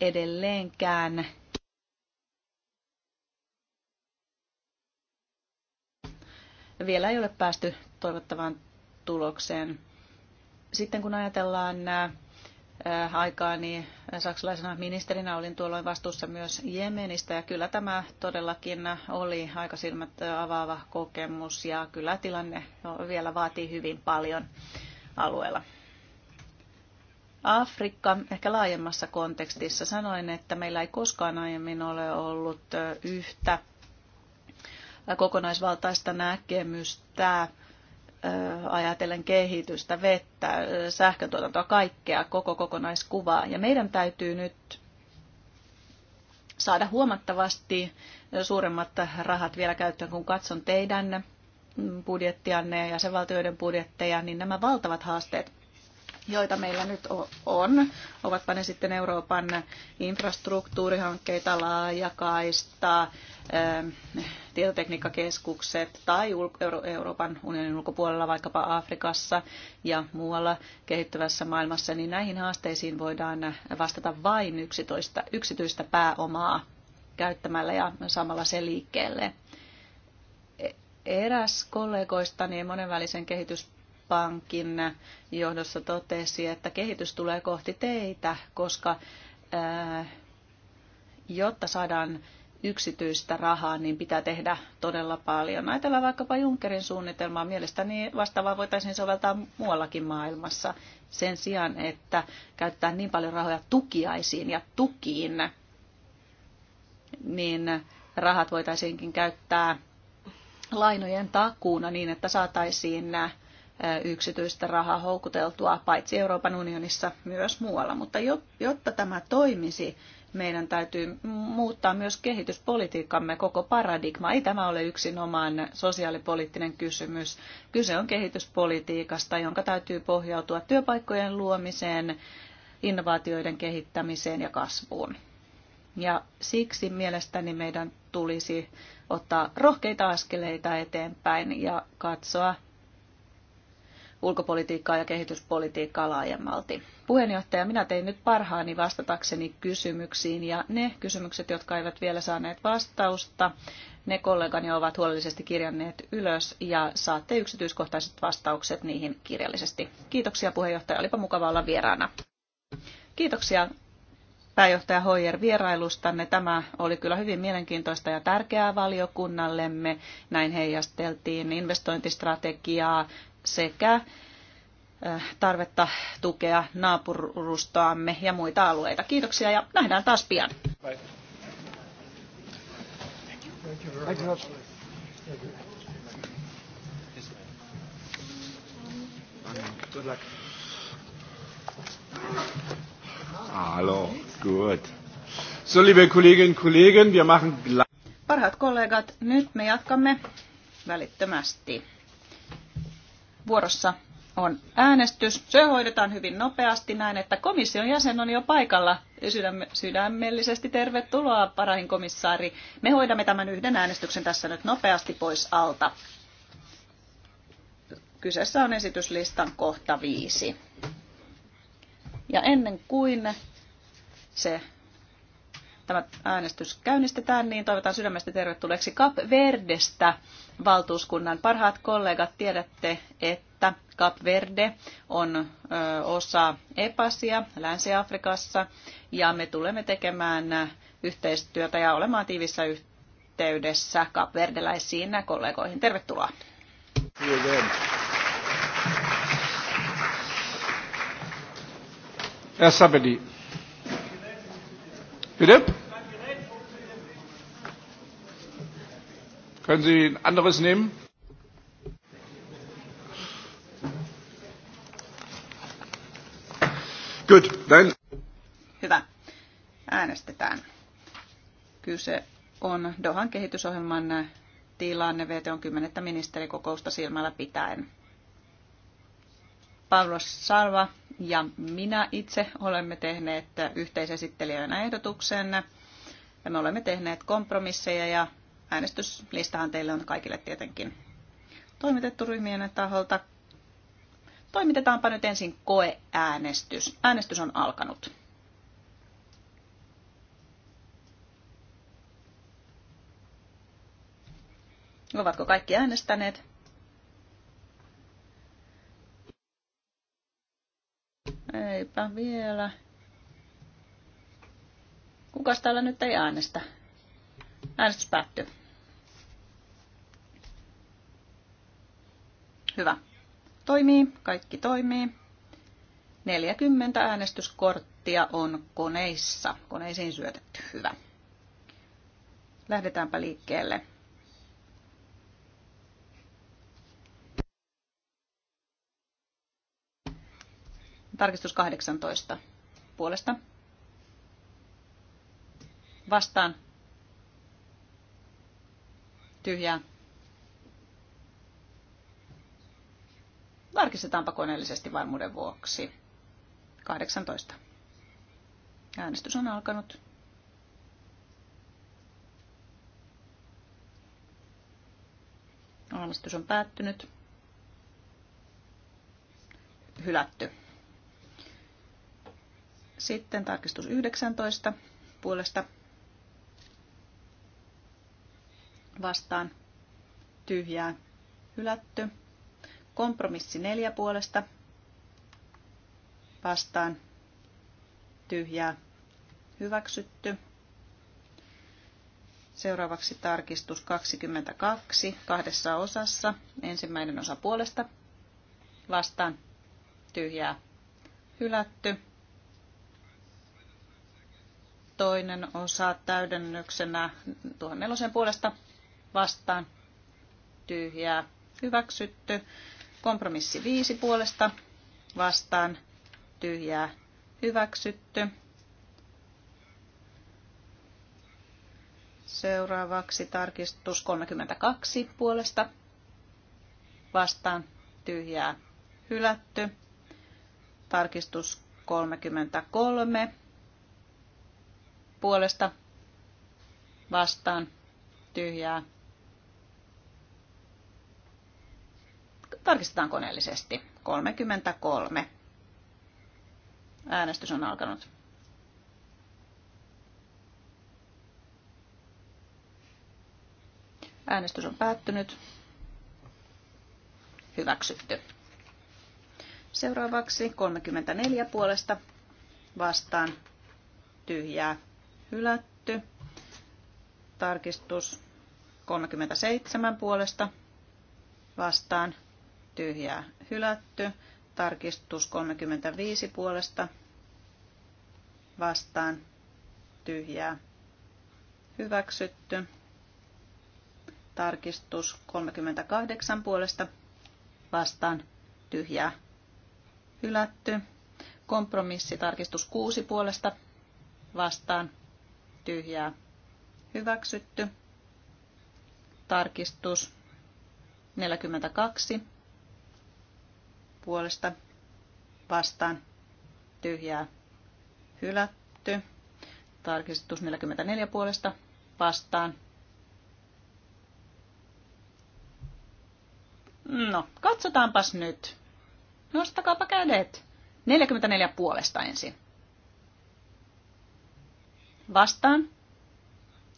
edelleenkään vielä ei ole päästy toivottavaan tulokseen. Sitten kun ajatellaan nämä äh, Äh, aikaani niin saksalaisena ministerinä olin tuolloin vastuussa myös Jemenistä ja kyllä tämä todellakin oli aika silmät avaava kokemus ja kyllä tilanne no, vielä vaatii hyvin paljon alueella. Afrikka ehkä laajemmassa kontekstissa sanoin, että meillä ei koskaan aiemmin ole ollut äh, yhtä kokonaisvaltaista näkemystä ajatellen kehitystä, vettä, sähköntuotantoa, kaikkea, koko kokonaiskuvaa. Ja meidän täytyy nyt saada huomattavasti suuremmat rahat vielä käyttöön, kun katson teidän budjettianne ja jäsenvaltioiden budjetteja, niin nämä valtavat haasteet, joita meillä nyt on, ovatpa ne sitten Euroopan infrastruktuurihankkeita, laajakaista, ähm, tietotekniikkakeskukset tai Euroopan unionin ulkopuolella vaikkapa Afrikassa ja muualla kehittyvässä maailmassa, niin näihin haasteisiin voidaan vastata vain yksitoista yksityistä pääomaa käyttämällä ja samalla se liikkeelle. E- eräs kollegoistani monenvälisen kehitys pankin johdossa totesi, että kehitys tulee kohti teitä, koska jotta saadaan yksityistä rahaa, niin pitää tehdä todella paljon. Ajatellaan vaikkapa Junckerin suunnitelmaa. Mielestäni vastaavaa voitaisiin soveltaa muuallakin maailmassa sen sijaan, että käytetään niin paljon rahoja tukiaisiin ja tukiin, niin rahat voitaisiinkin käyttää lainojen takuuna niin, että saataisiin yksityistä rahaa houkuteltua paitsi Euroopan unionissa myös muualla. Mutta jotta tämä toimisi, meidän täytyy muuttaa myös kehityspolitiikkamme koko paradigma. Ei tämä ole yksinomaan sosiaalipoliittinen kysymys. Kyse on kehityspolitiikasta, jonka täytyy pohjautua työpaikkojen luomiseen, innovaatioiden kehittämiseen ja kasvuun. Ja siksi mielestäni meidän tulisi ottaa rohkeita askeleita eteenpäin ja katsoa ulkopolitiikkaa ja kehityspolitiikkaa laajemmalti. Puheenjohtaja, minä tein nyt parhaani vastatakseni kysymyksiin ja ne kysymykset, jotka eivät vielä saaneet vastausta, ne kollegani ovat huolellisesti kirjanneet ylös ja saatte yksityiskohtaiset vastaukset niihin kirjallisesti. Kiitoksia puheenjohtaja, olipa mukava olla vieraana. Kiitoksia pääjohtaja Hoyer vierailustanne. Tämä oli kyllä hyvin mielenkiintoista ja tärkeää valiokunnallemme. Näin heijasteltiin investointistrategiaa, sekä tarvetta tukea naapurustoamme ja muita alueita. Kiitoksia ja nähdään taas pian. Hallo, gut. So, liebe Kolleginnen und Kollegen, wir machen Parhaat kollegat, nyt me jatkamme välittömästi vuorossa on äänestys. Se hoidetaan hyvin nopeasti näin, että komission jäsen on jo paikalla. Sydämellisesti tervetuloa, parahin komissaari. Me hoidamme tämän yhden äänestyksen tässä nyt nopeasti pois alta. Kyseessä on esityslistan kohta viisi. Ja ennen kuin se tämä äänestys käynnistetään, niin toivotan sydämestä tervetulleeksi Kap Verdestä valtuuskunnan. Parhaat kollegat, tiedätte, että Kap Verde on ö, osa EPASia Länsi-Afrikassa ja me tulemme tekemään yhteistyötä ja olemaan tiivissä yhteydessä Verdeläisiin kollegoihin. Tervetuloa. Kiitos. Sabedi. Philipp? Können Sie ein anderes nehmen? Gut, dann. Hyvä. Äänestetään. Kyse on Dohan kehitysohjelman tilanne VTOn 10. ministerikokousta silmällä pitäen. Pavlos Salva ja minä itse olemme tehneet yhteisesittelijöinä ehdotuksen. Ja me olemme tehneet kompromisseja ja äänestyslistahan teille on kaikille tietenkin toimitettu ryhmien taholta. Toimitetaanpa nyt ensin koeäänestys. Äänestys on alkanut. Ovatko kaikki äänestäneet? Eipä vielä. Kukas täällä nyt ei äänestä? Äänestys päättyy. Hyvä. Toimii, kaikki toimii. 40 äänestyskorttia on koneissa, koneisiin syötetty. Hyvä. Lähdetäänpä liikkeelle. Tarkistus 18. Puolesta. Vastaan. Tyhjää. Tarkistetaanpa koneellisesti varmuuden vuoksi. 18. Äänestys on alkanut. Äänestys on päättynyt. Hylätty. Sitten tarkistus 19 puolesta vastaan tyhjää hylätty. Kompromissi 4 puolesta vastaan tyhjää hyväksytty. Seuraavaksi tarkistus 22 kahdessa osassa. Ensimmäinen osa puolesta vastaan tyhjää hylätty toinen osa täydennyksenä tuohon nelosen puolesta vastaan tyhjää hyväksytty. Kompromissi viisi puolesta vastaan tyhjää hyväksytty. Seuraavaksi tarkistus 32 puolesta vastaan tyhjää hylätty. Tarkistus 33 puolesta vastaan tyhjää. Tarkistetaan koneellisesti. 33. Äänestys on alkanut. Äänestys on päättynyt. Hyväksytty. Seuraavaksi 34 puolesta vastaan tyhjää hylätty. Tarkistus 37 puolesta vastaan tyhjää hylätty. Tarkistus 35 puolesta vastaan tyhjää hyväksytty. Tarkistus 38 puolesta vastaan tyhjää hylätty. Kompromissi tarkistus 6 puolesta vastaan tyhjää hyväksytty. Tarkistus 42 puolesta vastaan tyhjää hylätty. Tarkistus 44 puolesta vastaan. No, katsotaanpas nyt. Nostakaapa kädet. 44 puolesta ensin vastaan,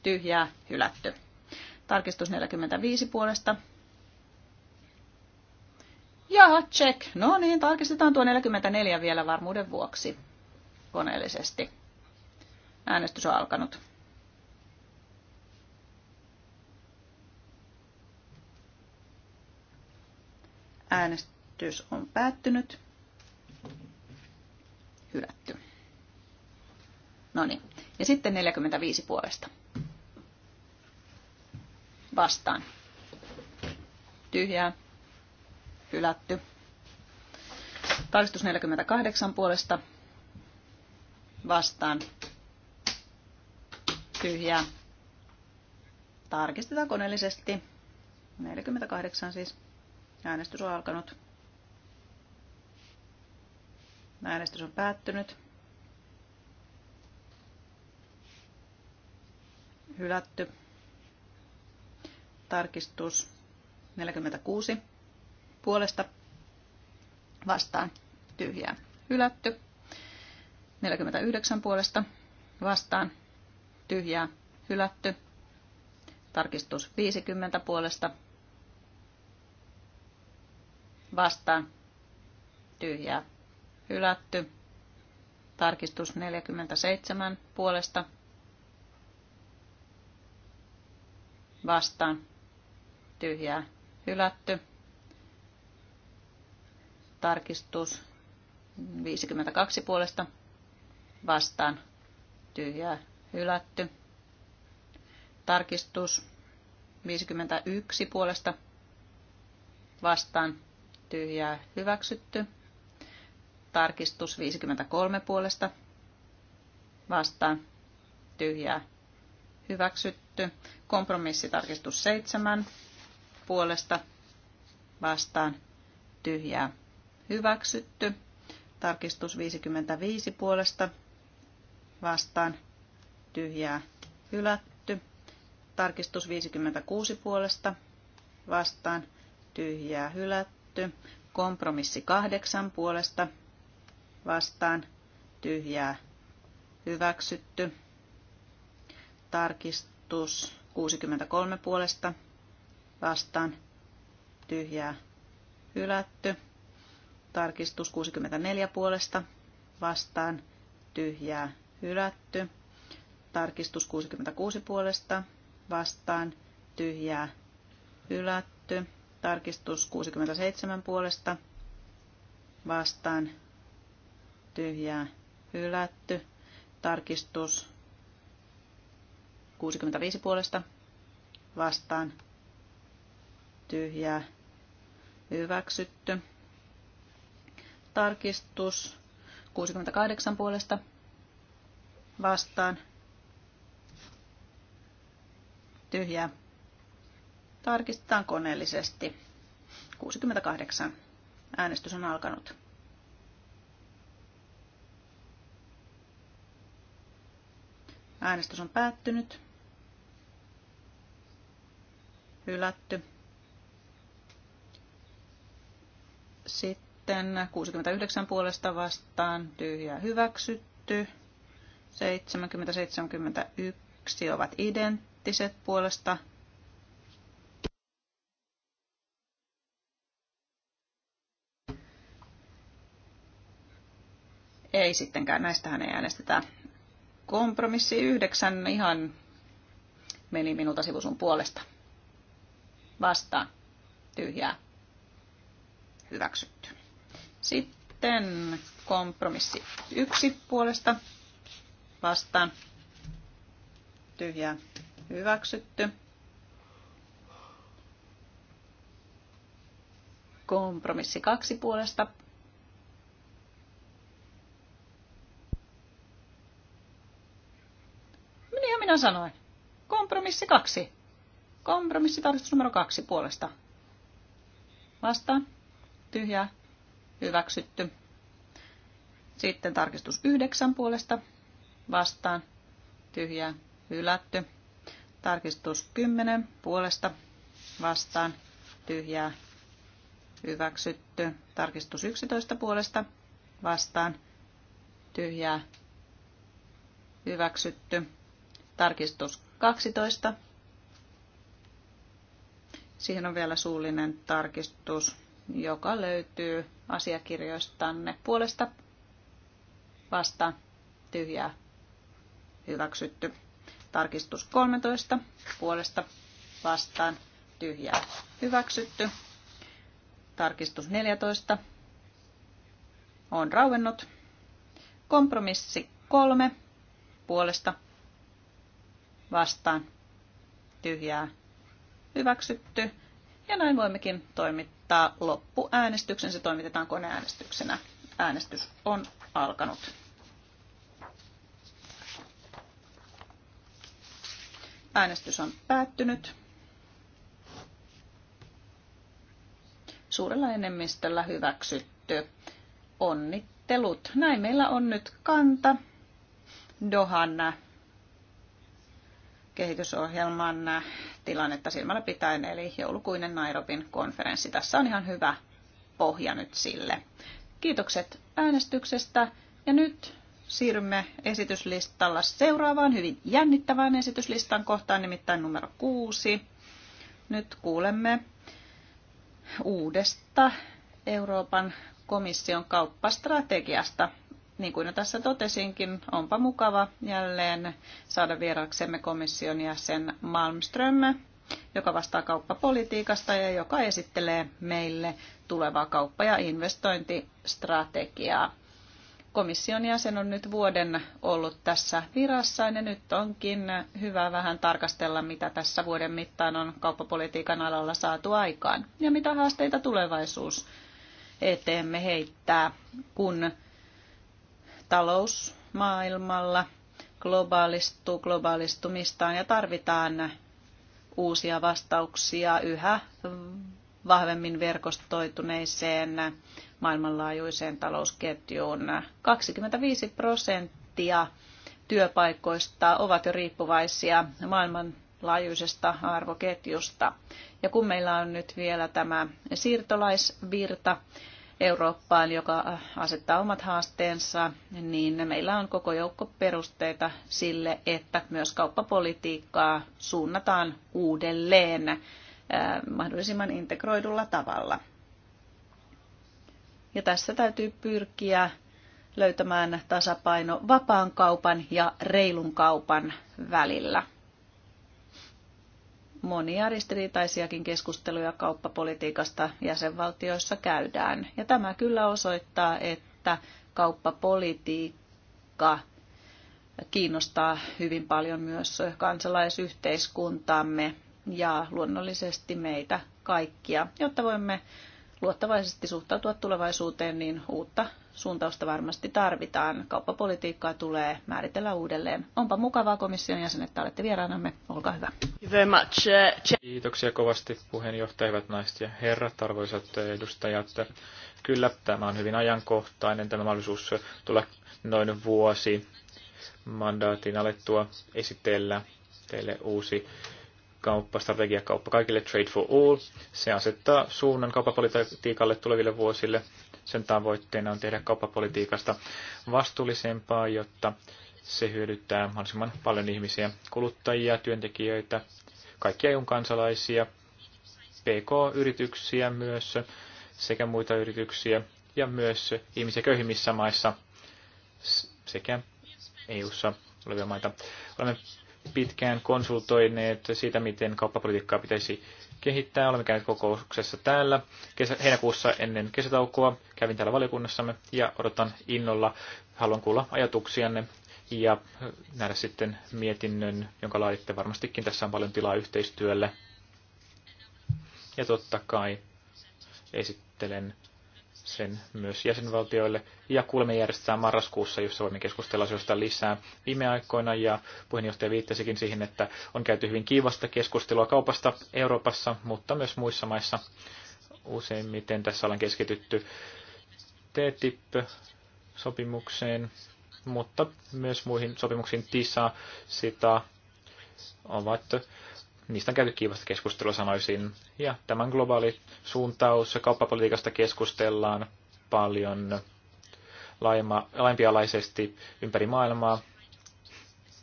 tyhjää, hylätty. Tarkistus 45 puolesta. Ja check. No niin, tarkistetaan tuo 44 vielä varmuuden vuoksi koneellisesti. Äänestys on alkanut. Äänestys on päättynyt. Hylätty. No niin. Ja sitten 45 puolesta. Vastaan. Tyhjää. Hylätty. Tarkistus 48 puolesta. Vastaan. Tyhjää. Tarkistetaan koneellisesti. 48 siis. Äänestys on alkanut. Äänestys on päättynyt. Hylätty. Tarkistus 46. Puolesta vastaan tyhjää. Hylätty. 49 puolesta vastaan tyhjää. Hylätty. Tarkistus 50 puolesta vastaan tyhjää. Hylätty. Tarkistus 47 puolesta vastaan tyhjää hylätty. Tarkistus 52 puolesta vastaan tyhjää hylätty. Tarkistus 51 puolesta vastaan tyhjää hyväksytty. Tarkistus 53 puolesta vastaan tyhjää hyväksytty kompromissi Kompromissitarkistus 7 puolesta vastaan tyhjää hyväksytty. Tarkistus 55 puolesta vastaan tyhjää hylätty. Tarkistus 56 puolesta vastaan tyhjää hylätty. Kompromissi 8 puolesta vastaan tyhjää hyväksytty. Tarkistus tarkistus 63 puolesta vastaan tyhjää hylätty. Tarkistus 64 puolesta vastaan tyhjää hylätty. Tarkistus 66 puolesta vastaan tyhjää hylätty. Tarkistus 67 puolesta vastaan tyhjää hylätty. Tarkistus 65 puolesta vastaan tyhjää hyväksytty. Tarkistus 68 puolesta vastaan tyhjää. Tarkistetaan koneellisesti. 68. Äänestys on alkanut. Äänestys on päättynyt hylätty. Sitten 69 puolesta vastaan tyhjä hyväksytty. 70-71 ovat identtiset puolesta ei sittenkään, näistähän ei äänestetä. Kompromissi yhdeksän ihan meni minulta sivusun puolesta vastaan tyhjää hyväksytty. Sitten kompromissi yksi puolesta vastaan tyhjää hyväksytty. Kompromissi kaksi puolesta niin, minä sanoin. Kompromissi kaksi. Kompromissitarkistus numero kaksi puolesta. Vastaan. tyhjä, Hyväksytty. Sitten tarkistus yhdeksän puolesta. Vastaan. tyhjä, Hylätty. Tarkistus 10 puolesta. Vastaan. Tyhjää. Hyväksytty. Tarkistus 11 puolesta. Vastaan. Tyhjää. Hyväksytty. Tarkistus 12 Siihen on vielä suullinen tarkistus, joka löytyy asiakirjoistanne puolesta vasta tyhjää hyväksytty. Tarkistus 13 puolesta vastaan tyhjää hyväksytty. Tarkistus 14 on rauennut. Kompromissi 3 puolesta vastaan tyhjää hyväksytty. Ja näin voimmekin toimittaa loppuäänestyksen. Se toimitetaan koneäänestyksenä. Äänestys on alkanut. Äänestys on päättynyt. Suurella enemmistöllä hyväksytty. Onnittelut. Näin meillä on nyt kanta Dohanna kehitysohjelman äh, tilannetta silmällä pitäen, eli joulukuinen Nairobin konferenssi. Tässä on ihan hyvä pohja nyt sille. Kiitokset äänestyksestä ja nyt siirrymme esityslistalla seuraavaan hyvin jännittävään esityslistan kohtaan, nimittäin numero kuusi. Nyt kuulemme uudesta Euroopan komission kauppastrategiasta niin kuin jo tässä totesinkin, onpa mukava jälleen saada vieraksemme komission jäsen Malmström, joka vastaa kauppapolitiikasta ja joka esittelee meille tulevaa kauppa- ja investointistrategiaa. Komission jäsen on nyt vuoden ollut tässä virassa ja nyt onkin hyvä vähän tarkastella, mitä tässä vuoden mittaan on kauppapolitiikan alalla saatu aikaan ja mitä haasteita tulevaisuus eteemme heittää, kun talous maailmalla globaalistuu globaalistumistaan ja tarvitaan uusia vastauksia yhä vahvemmin verkostoituneeseen maailmanlaajuiseen talousketjuun. 25 prosenttia työpaikoista ovat jo riippuvaisia maailmanlaajuisesta arvoketjusta. Ja kun meillä on nyt vielä tämä siirtolaisvirta, Eurooppaan, joka asettaa omat haasteensa, niin meillä on koko joukko perusteita sille, että myös kauppapolitiikkaa suunnataan uudelleen mahdollisimman integroidulla tavalla. Ja tässä täytyy pyrkiä löytämään tasapaino vapaan kaupan ja reilun kaupan välillä monia ristiriitaisiakin keskusteluja kauppapolitiikasta jäsenvaltioissa käydään. Ja tämä kyllä osoittaa, että kauppapolitiikka kiinnostaa hyvin paljon myös kansalaisyhteiskuntaamme ja luonnollisesti meitä kaikkia, jotta voimme luottavaisesti suhtautua tulevaisuuteen, niin uutta suuntausta varmasti tarvitaan. Kauppapolitiikkaa tulee määritellä uudelleen. Onpa mukavaa komission jäsen, että olette vieraanamme. Olkaa hyvä. Very much. Uh, Kiitoksia kovasti puheenjohtajat, naiset ja herrat, arvoisat edustajat. Kyllä, tämä on hyvin ajankohtainen tämä mahdollisuus tulla noin vuosi mandaatin alettua esitellä teille uusi kauppa, strategiakauppa kaikille, trade for all. Se asettaa suunnan kauppapolitiikalle tuleville vuosille. Sen tavoitteena on tehdä kauppapolitiikasta vastuullisempaa, jotta se hyödyttää mahdollisimman paljon ihmisiä, kuluttajia, työntekijöitä, kaikkia EUn kansalaisia, PK-yrityksiä myös sekä muita yrityksiä ja myös ihmisiä köyhimmissä maissa sekä EU-ssa olevia maita. Olemme pitkään konsultoineet siitä, miten kauppapolitiikkaa pitäisi kehittää. Olemme käyneet kokouksessa täällä kesä, heinäkuussa ennen kesätaukoa. Kävin täällä valiokunnassamme ja odotan innolla. Haluan kuulla ajatuksianne ja nähdä sitten mietinnön, jonka laaditte varmastikin. Tässä on paljon tilaa yhteistyölle. Ja totta kai esittelen sen myös jäsenvaltioille. Ja kuulemme järjestää marraskuussa, jossa voimme keskustella asioista lisää viime aikoina. Ja puheenjohtaja viittasikin siihen, että on käyty hyvin kiivasta keskustelua kaupasta Euroopassa, mutta myös muissa maissa. Useimmiten tässä ollaan keskitytty TTIP-sopimukseen, mutta myös muihin sopimuksiin TISA, sitä ovat Niistä on käyty kiivasta keskustelua, sanoisin. Ja tämän globaali suuntaus kauppapolitiikasta keskustellaan paljon laajempialaisesti ympäri maailmaa.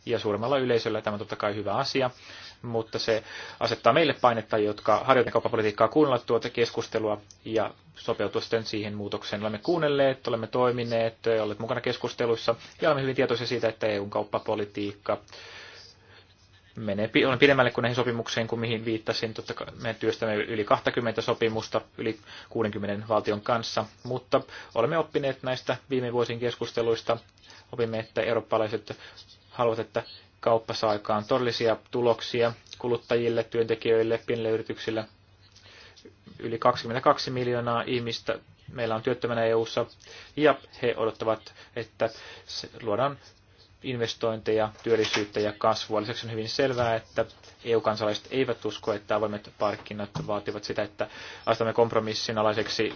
Ja suuremmalla yleisöllä tämä on totta kai hyvä asia, mutta se asettaa meille painetta, jotka harjoitamme kauppapolitiikkaa kuunnella tuota keskustelua ja sopeutua sitten siihen muutokseen. Olemme kuunnelleet, olemme toimineet, olleet mukana keskusteluissa ja olemme hyvin tietoisia siitä, että EU kauppapolitiikka menee, on pidemmälle kuin näihin sopimuksiin, kuin mihin viittasin. Totta kai me työstämme yli 20 sopimusta yli 60 valtion kanssa, mutta olemme oppineet näistä viime vuosien keskusteluista. Opimme, että eurooppalaiset haluavat, että kauppa saa aikaan todellisia tuloksia kuluttajille, työntekijöille, pienille yrityksille. Yli 22 miljoonaa ihmistä meillä on työttömänä EU-ssa, ja he odottavat, että luodaan investointeja, työllisyyttä ja kasvua. Lisäksi on hyvin selvää, että EU-kansalaiset eivät usko, että avoimet markkinat vaativat sitä, että astamme kompromissin alaiseksi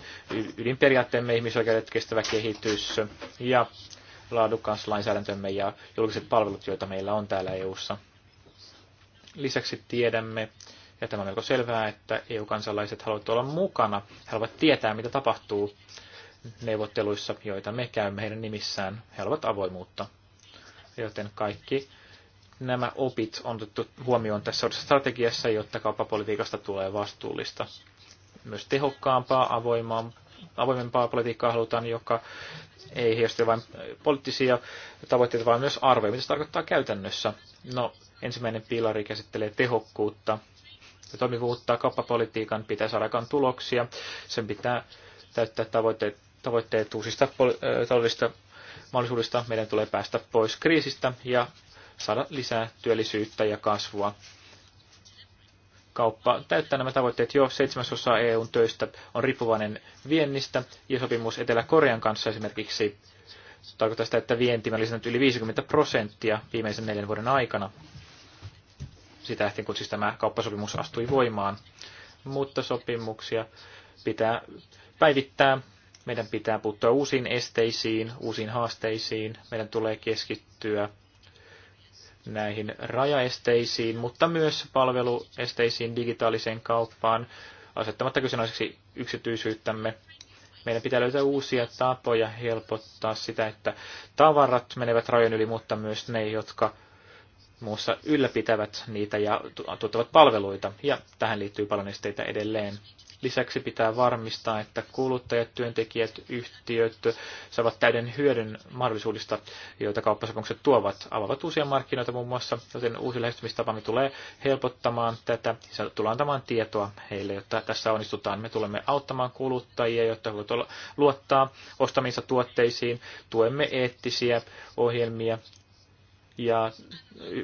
ydinperiaatteemme ihmisoikeudet, kestävä kehitys ja laadukas lainsäädäntömme ja julkiset palvelut, joita meillä on täällä EU:ssa. Lisäksi tiedämme, ja tämä on melko selvää, että EU-kansalaiset haluavat olla mukana. He haluavat tietää, mitä tapahtuu neuvotteluissa, joita me käymme heidän nimissään. He haluavat avoimuutta joten kaikki nämä opit on otettu huomioon tässä strategiassa, jotta kauppapolitiikasta tulee vastuullista. Myös tehokkaampaa, avoimaa, avoimempaa politiikkaa halutaan, joka ei heijastele vain poliittisia tavoitteita, vaan myös arvoja. Mitä se tarkoittaa käytännössä? No, ensimmäinen pilari käsittelee tehokkuutta ja toimivuutta. Kauppapolitiikan pitää saada aikaan tuloksia. Sen pitää täyttää tavoitteet, tavoitteet uusista taloudellisista mahdollisuudesta. Meidän tulee päästä pois kriisistä ja saada lisää työllisyyttä ja kasvua. Kauppa täyttää nämä tavoitteet jo. Seitsemäsosa EUn töistä on riippuvainen viennistä ja sopimus Etelä-Korean kanssa esimerkiksi tarkoittaa sitä, että vienti on lisännyt yli 50 prosenttia viimeisen neljän vuoden aikana. Sitä ehtiin, kun siis tämä kauppasopimus astui voimaan. Mutta sopimuksia pitää päivittää meidän pitää puuttua uusiin esteisiin, uusiin haasteisiin. Meidän tulee keskittyä näihin rajaesteisiin, mutta myös palveluesteisiin digitaaliseen kauppaan, asettamatta kyseenalaiseksi yksityisyyttämme. Meidän pitää löytää uusia tapoja helpottaa sitä, että tavarat menevät rajojen yli, mutta myös ne, jotka muussa ylläpitävät niitä ja tuottavat palveluita. Ja tähän liittyy paljon esteitä edelleen. Lisäksi pitää varmistaa, että kuluttajat, työntekijät, yhtiöt saavat täyden hyödyn mahdollisuudista, joita kauppasopimukset tuovat, avaavat uusia markkinoita muun muassa, joten uusi lähestymistapamme tulee helpottamaan tätä, se tulee antamaan tietoa heille, jotta tässä onnistutaan. Me tulemme auttamaan kuluttajia, jotta he voivat luottaa ostamiinsa tuotteisiin, tuemme eettisiä ohjelmia ja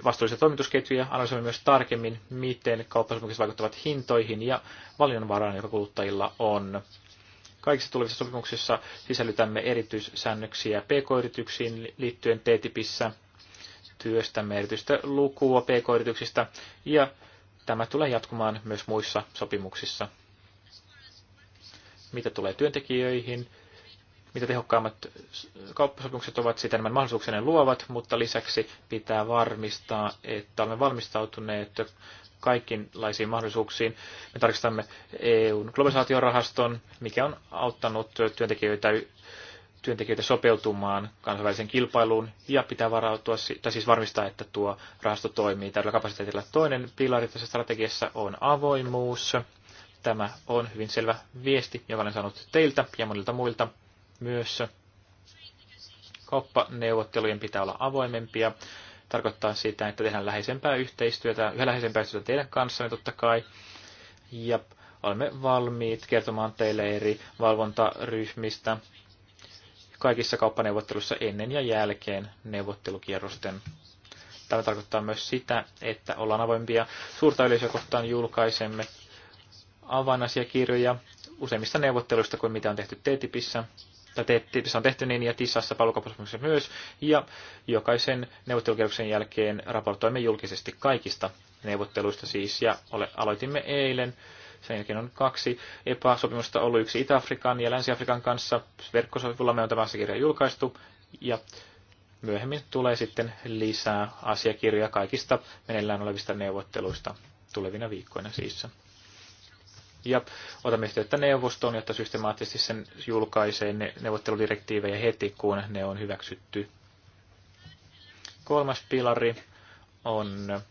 vastuullisia toimitusketjuja. Analysoimme myös tarkemmin, miten kauppasopimukset vaikuttavat hintoihin ja valinnanvaraan, joka kuluttajilla on. Kaikissa tulevissa sopimuksissa sisällytämme erityissäännöksiä pk-yrityksiin liittyen TTIPissä. Työstämme erityistä lukua pk-yrityksistä ja tämä tulee jatkumaan myös muissa sopimuksissa. Mitä tulee työntekijöihin, mitä tehokkaammat kauppasopimukset ovat, sitä enemmän mahdollisuuksia ne luovat, mutta lisäksi pitää varmistaa, että olemme valmistautuneet kaikinlaisiin mahdollisuuksiin. Me tarkistamme EUn globalisaatiorahaston, mikä on auttanut työntekijöitä, työntekijöitä sopeutumaan kansainväliseen kilpailuun ja pitää varautua, tai siis varmistaa, että tuo rahasto toimii täydellä kapasiteetilla. Toinen pilari tässä strategiassa on avoimuus. Tämä on hyvin selvä viesti, joka olen saanut teiltä ja monilta muilta myös kauppaneuvottelujen pitää olla avoimempia. Tarkoittaa sitä, että tehdään läheisempää yhteistyötä, yhä läheisempää yhteistyötä teidän kanssanne totta kai. Ja olemme valmiit kertomaan teille eri valvontaryhmistä kaikissa kauppaneuvotteluissa ennen ja jälkeen neuvottelukierrosten. Tämä tarkoittaa myös sitä, että ollaan avoimpia suurta yleisöä kohtaan julkaisemme avainasiakirjoja useimmista neuvotteluista kuin mitä on tehty TTIPissä tai se on tehty niin ja Tissassa palvelukauppasopimuksessa myös, ja jokaisen neuvottelukierroksen jälkeen raportoimme julkisesti kaikista neuvotteluista siis, ja ole, aloitimme eilen. Sen jälkeen on kaksi EPA-sopimusta ollut yksi Itä-Afrikan ja Länsi-Afrikan kanssa. Verkkosopimulla me on tämä asiakirja julkaistu, ja myöhemmin tulee sitten lisää asiakirjoja kaikista meneillään olevista neuvotteluista tulevina viikkoina siis ja otamme yhteyttä neuvostoon, jotta systemaattisesti sen julkaisee ne neuvotteludirektiivejä heti, kun ne on hyväksytty. Kolmas pilari on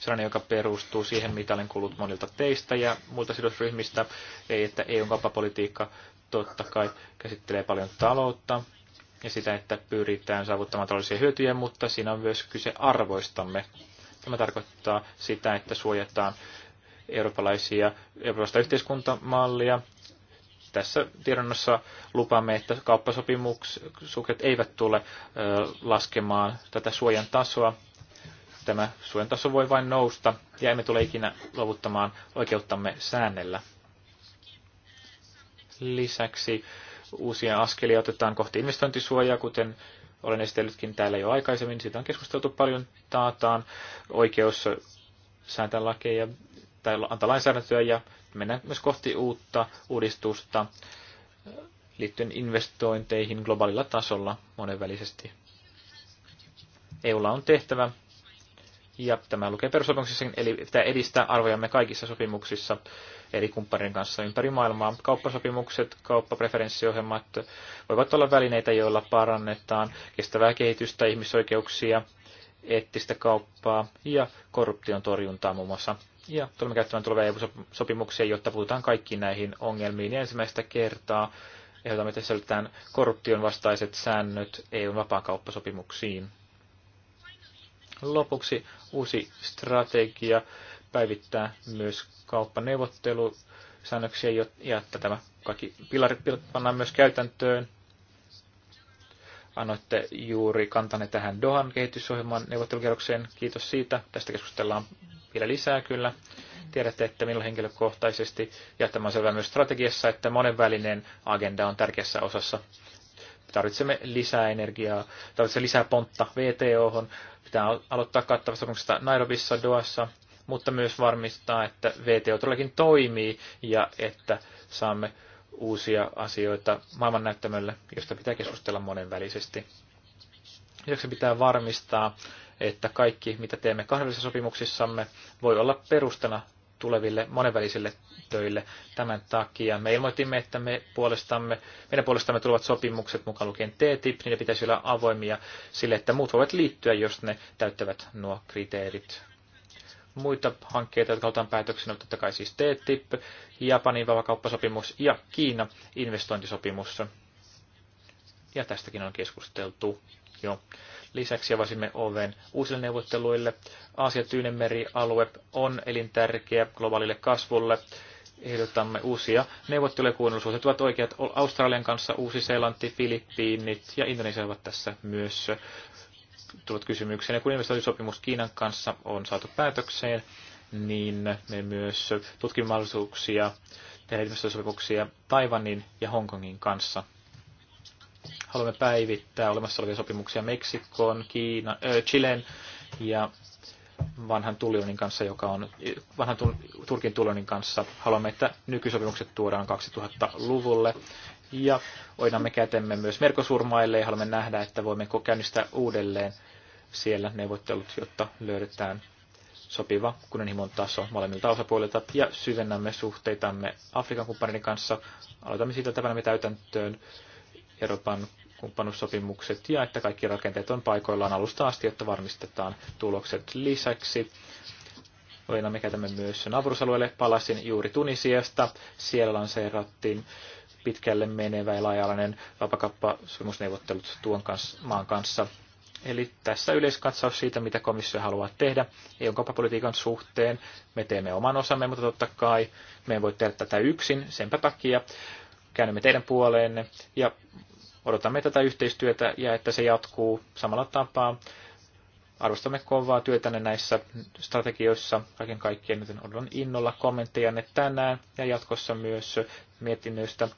sellainen, joka perustuu siihen, mitä olen kuullut monilta teistä ja muilta sidosryhmistä, ei että EUn kauppapolitiikka totta kai käsittelee paljon taloutta ja sitä, että pyritään saavuttamaan taloudellisia hyötyjä, mutta siinä on myös kyse arvoistamme. Tämä tarkoittaa sitä, että suojataan eurooppalaisia, eurooppalaista yhteiskuntamallia. Tässä tiedonnossa lupamme, että kauppasopimukset eivät tule laskemaan tätä suojan tasoa. Tämä suojan taso voi vain nousta ja emme tule ikinä luovuttamaan oikeuttamme säännellä. Lisäksi uusia askelia otetaan kohti investointisuojaa, kuten olen esitellytkin täällä jo aikaisemmin. Siitä on keskusteltu paljon, taataan oikeus sääntää lakeja tai antaa lainsäädäntöä ja mennään myös kohti uutta uudistusta liittyen investointeihin globaalilla tasolla monenvälisesti. EUlla on tehtävä, ja tämä lukee perussopimuksessa, eli pitää edistää arvojamme kaikissa sopimuksissa eri kumppanien kanssa ympäri maailmaa. Kauppasopimukset, kauppapreferenssiohjelmat voivat olla välineitä, joilla parannetaan kestävää kehitystä, ihmisoikeuksia, eettistä kauppaa ja korruption torjuntaa muun muassa. Ja tulemme käyttämään tulevia EU-sopimuksia, jotta puututaan kaikkiin näihin ongelmiin. Ja ensimmäistä kertaa ehdotamme, että sisällytetään korruption vastaiset säännöt EUn vapaakauppasopimuksiin. Lopuksi uusi strategia päivittää myös kauppaneuvottelusäännöksiä ja että tämä kaikki pilarit pannaan myös käytäntöön. Annoitte juuri kantanne tähän Dohan kehitysohjelman neuvottelukierrokseen. Kiitos siitä. Tästä keskustellaan vielä lisää kyllä. Tiedätte, että minulla henkilökohtaisesti, ja tämä on selvä myös strategiassa, että monenvälinen agenda on tärkeässä osassa. Tarvitsemme lisää energiaa, tarvitsemme lisää pontta VTOhon, pitää aloittaa kattavasta sopimuksesta Nairobissa, Doassa, mutta myös varmistaa, että VTO todellakin toimii ja että saamme uusia asioita maailmannäyttämölle, josta pitää keskustella monenvälisesti. Lisäksi pitää varmistaa, että kaikki, mitä teemme kahdellisissa sopimuksissamme, voi olla perustana tuleville monenvälisille töille. Tämän takia me ilmoitimme, että me puolestamme, meidän puolestamme tulevat sopimukset, mukaan lukien TTIP, niin ne pitäisi olla avoimia sille, että muut voivat liittyä, jos ne täyttävät nuo kriteerit. Muita hankkeita, jotka halutaan päätöksenä, on totta kai siis TTIP, Japanin vapakauppasopimus ja Kiina investointisopimus. Ja tästäkin on keskusteltu jo. Lisäksi avasimme oven uusille neuvotteluille. Aasia-Tyynemeri alue on elintärkeä globaalille kasvulle. Ehdotamme uusia neuvotteluja kuunnellisuudet ovat oikeat. Australian kanssa Uusi-Seelanti, Filippiinit ja Indonesia ovat tässä myös tullut kysymykseen. Ja kun investointisopimus Kiinan kanssa on saatu päätökseen, niin me myös tutkimme mahdollisuuksia tehdä investointisopimuksia Taiwanin ja Hongkongin kanssa. Haluamme päivittää olemassa olevia sopimuksia Meksikon, Kiina, äh, Chilen ja vanhan tulionin kanssa, joka on vanhan Turkin tulionin kanssa. Haluamme, että nykysopimukset tuodaan 2000-luvulle ja oidamme kätemme myös merkosurmaille ja haluamme nähdä, että voimme käynnistää uudelleen siellä neuvottelut, jotta löydetään sopiva kunnianhimon taso molemmilta osapuolilta ja syvennämme suhteitamme Afrikan kumppanin kanssa. Aloitamme siitä tämän me täytäntöön Euroopan kumppanuussopimukset ja että kaikki rakenteet on paikoillaan alusta asti, jotta varmistetaan tulokset lisäksi. Olina me käytämme myös naapurusalueelle. Palasin juuri Tunisiasta. Siellä lanseerattiin pitkälle menevä ja laajalainen vapakappasopimusneuvottelut tuon kanssa, maan kanssa. Eli tässä yleiskatsaus siitä, mitä komissio haluaa tehdä eu kauppapolitiikan suhteen. Me teemme oman osamme, mutta totta kai me ei voi tehdä tätä yksin. Senpä takia käännymme teidän puoleenne ja odotamme tätä yhteistyötä ja että se jatkuu samalla tapaa. Arvostamme kovaa työtänne näissä strategioissa kaiken kaikkiaan, joten odotan innolla kommenttejanne tänään ja jatkossa myös mietinnöistä.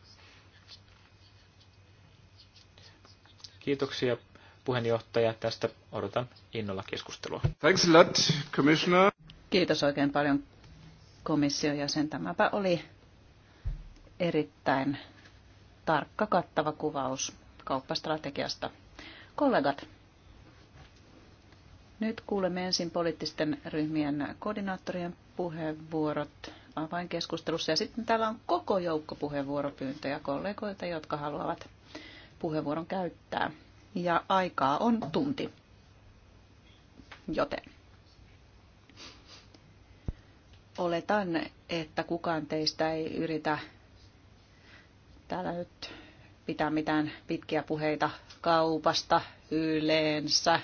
Kiitoksia puheenjohtaja tästä. Odotan innolla keskustelua. Thanks a lot, Commissioner. Kiitos oikein paljon komission jäsen. Tämäpä oli erittäin tarkka kattava kuvaus kauppastrategiasta. Kollegat, nyt kuulemme ensin poliittisten ryhmien koordinaattorien puheenvuorot avainkeskustelussa ja sitten täällä on koko joukko puheenvuoropyyntöjä kollegoilta, jotka haluavat puheenvuoron käyttää. Ja aikaa on tunti. Joten oletan, että kukaan teistä ei yritä täällä nyt pitää mitään pitkiä puheita kaupasta yleensä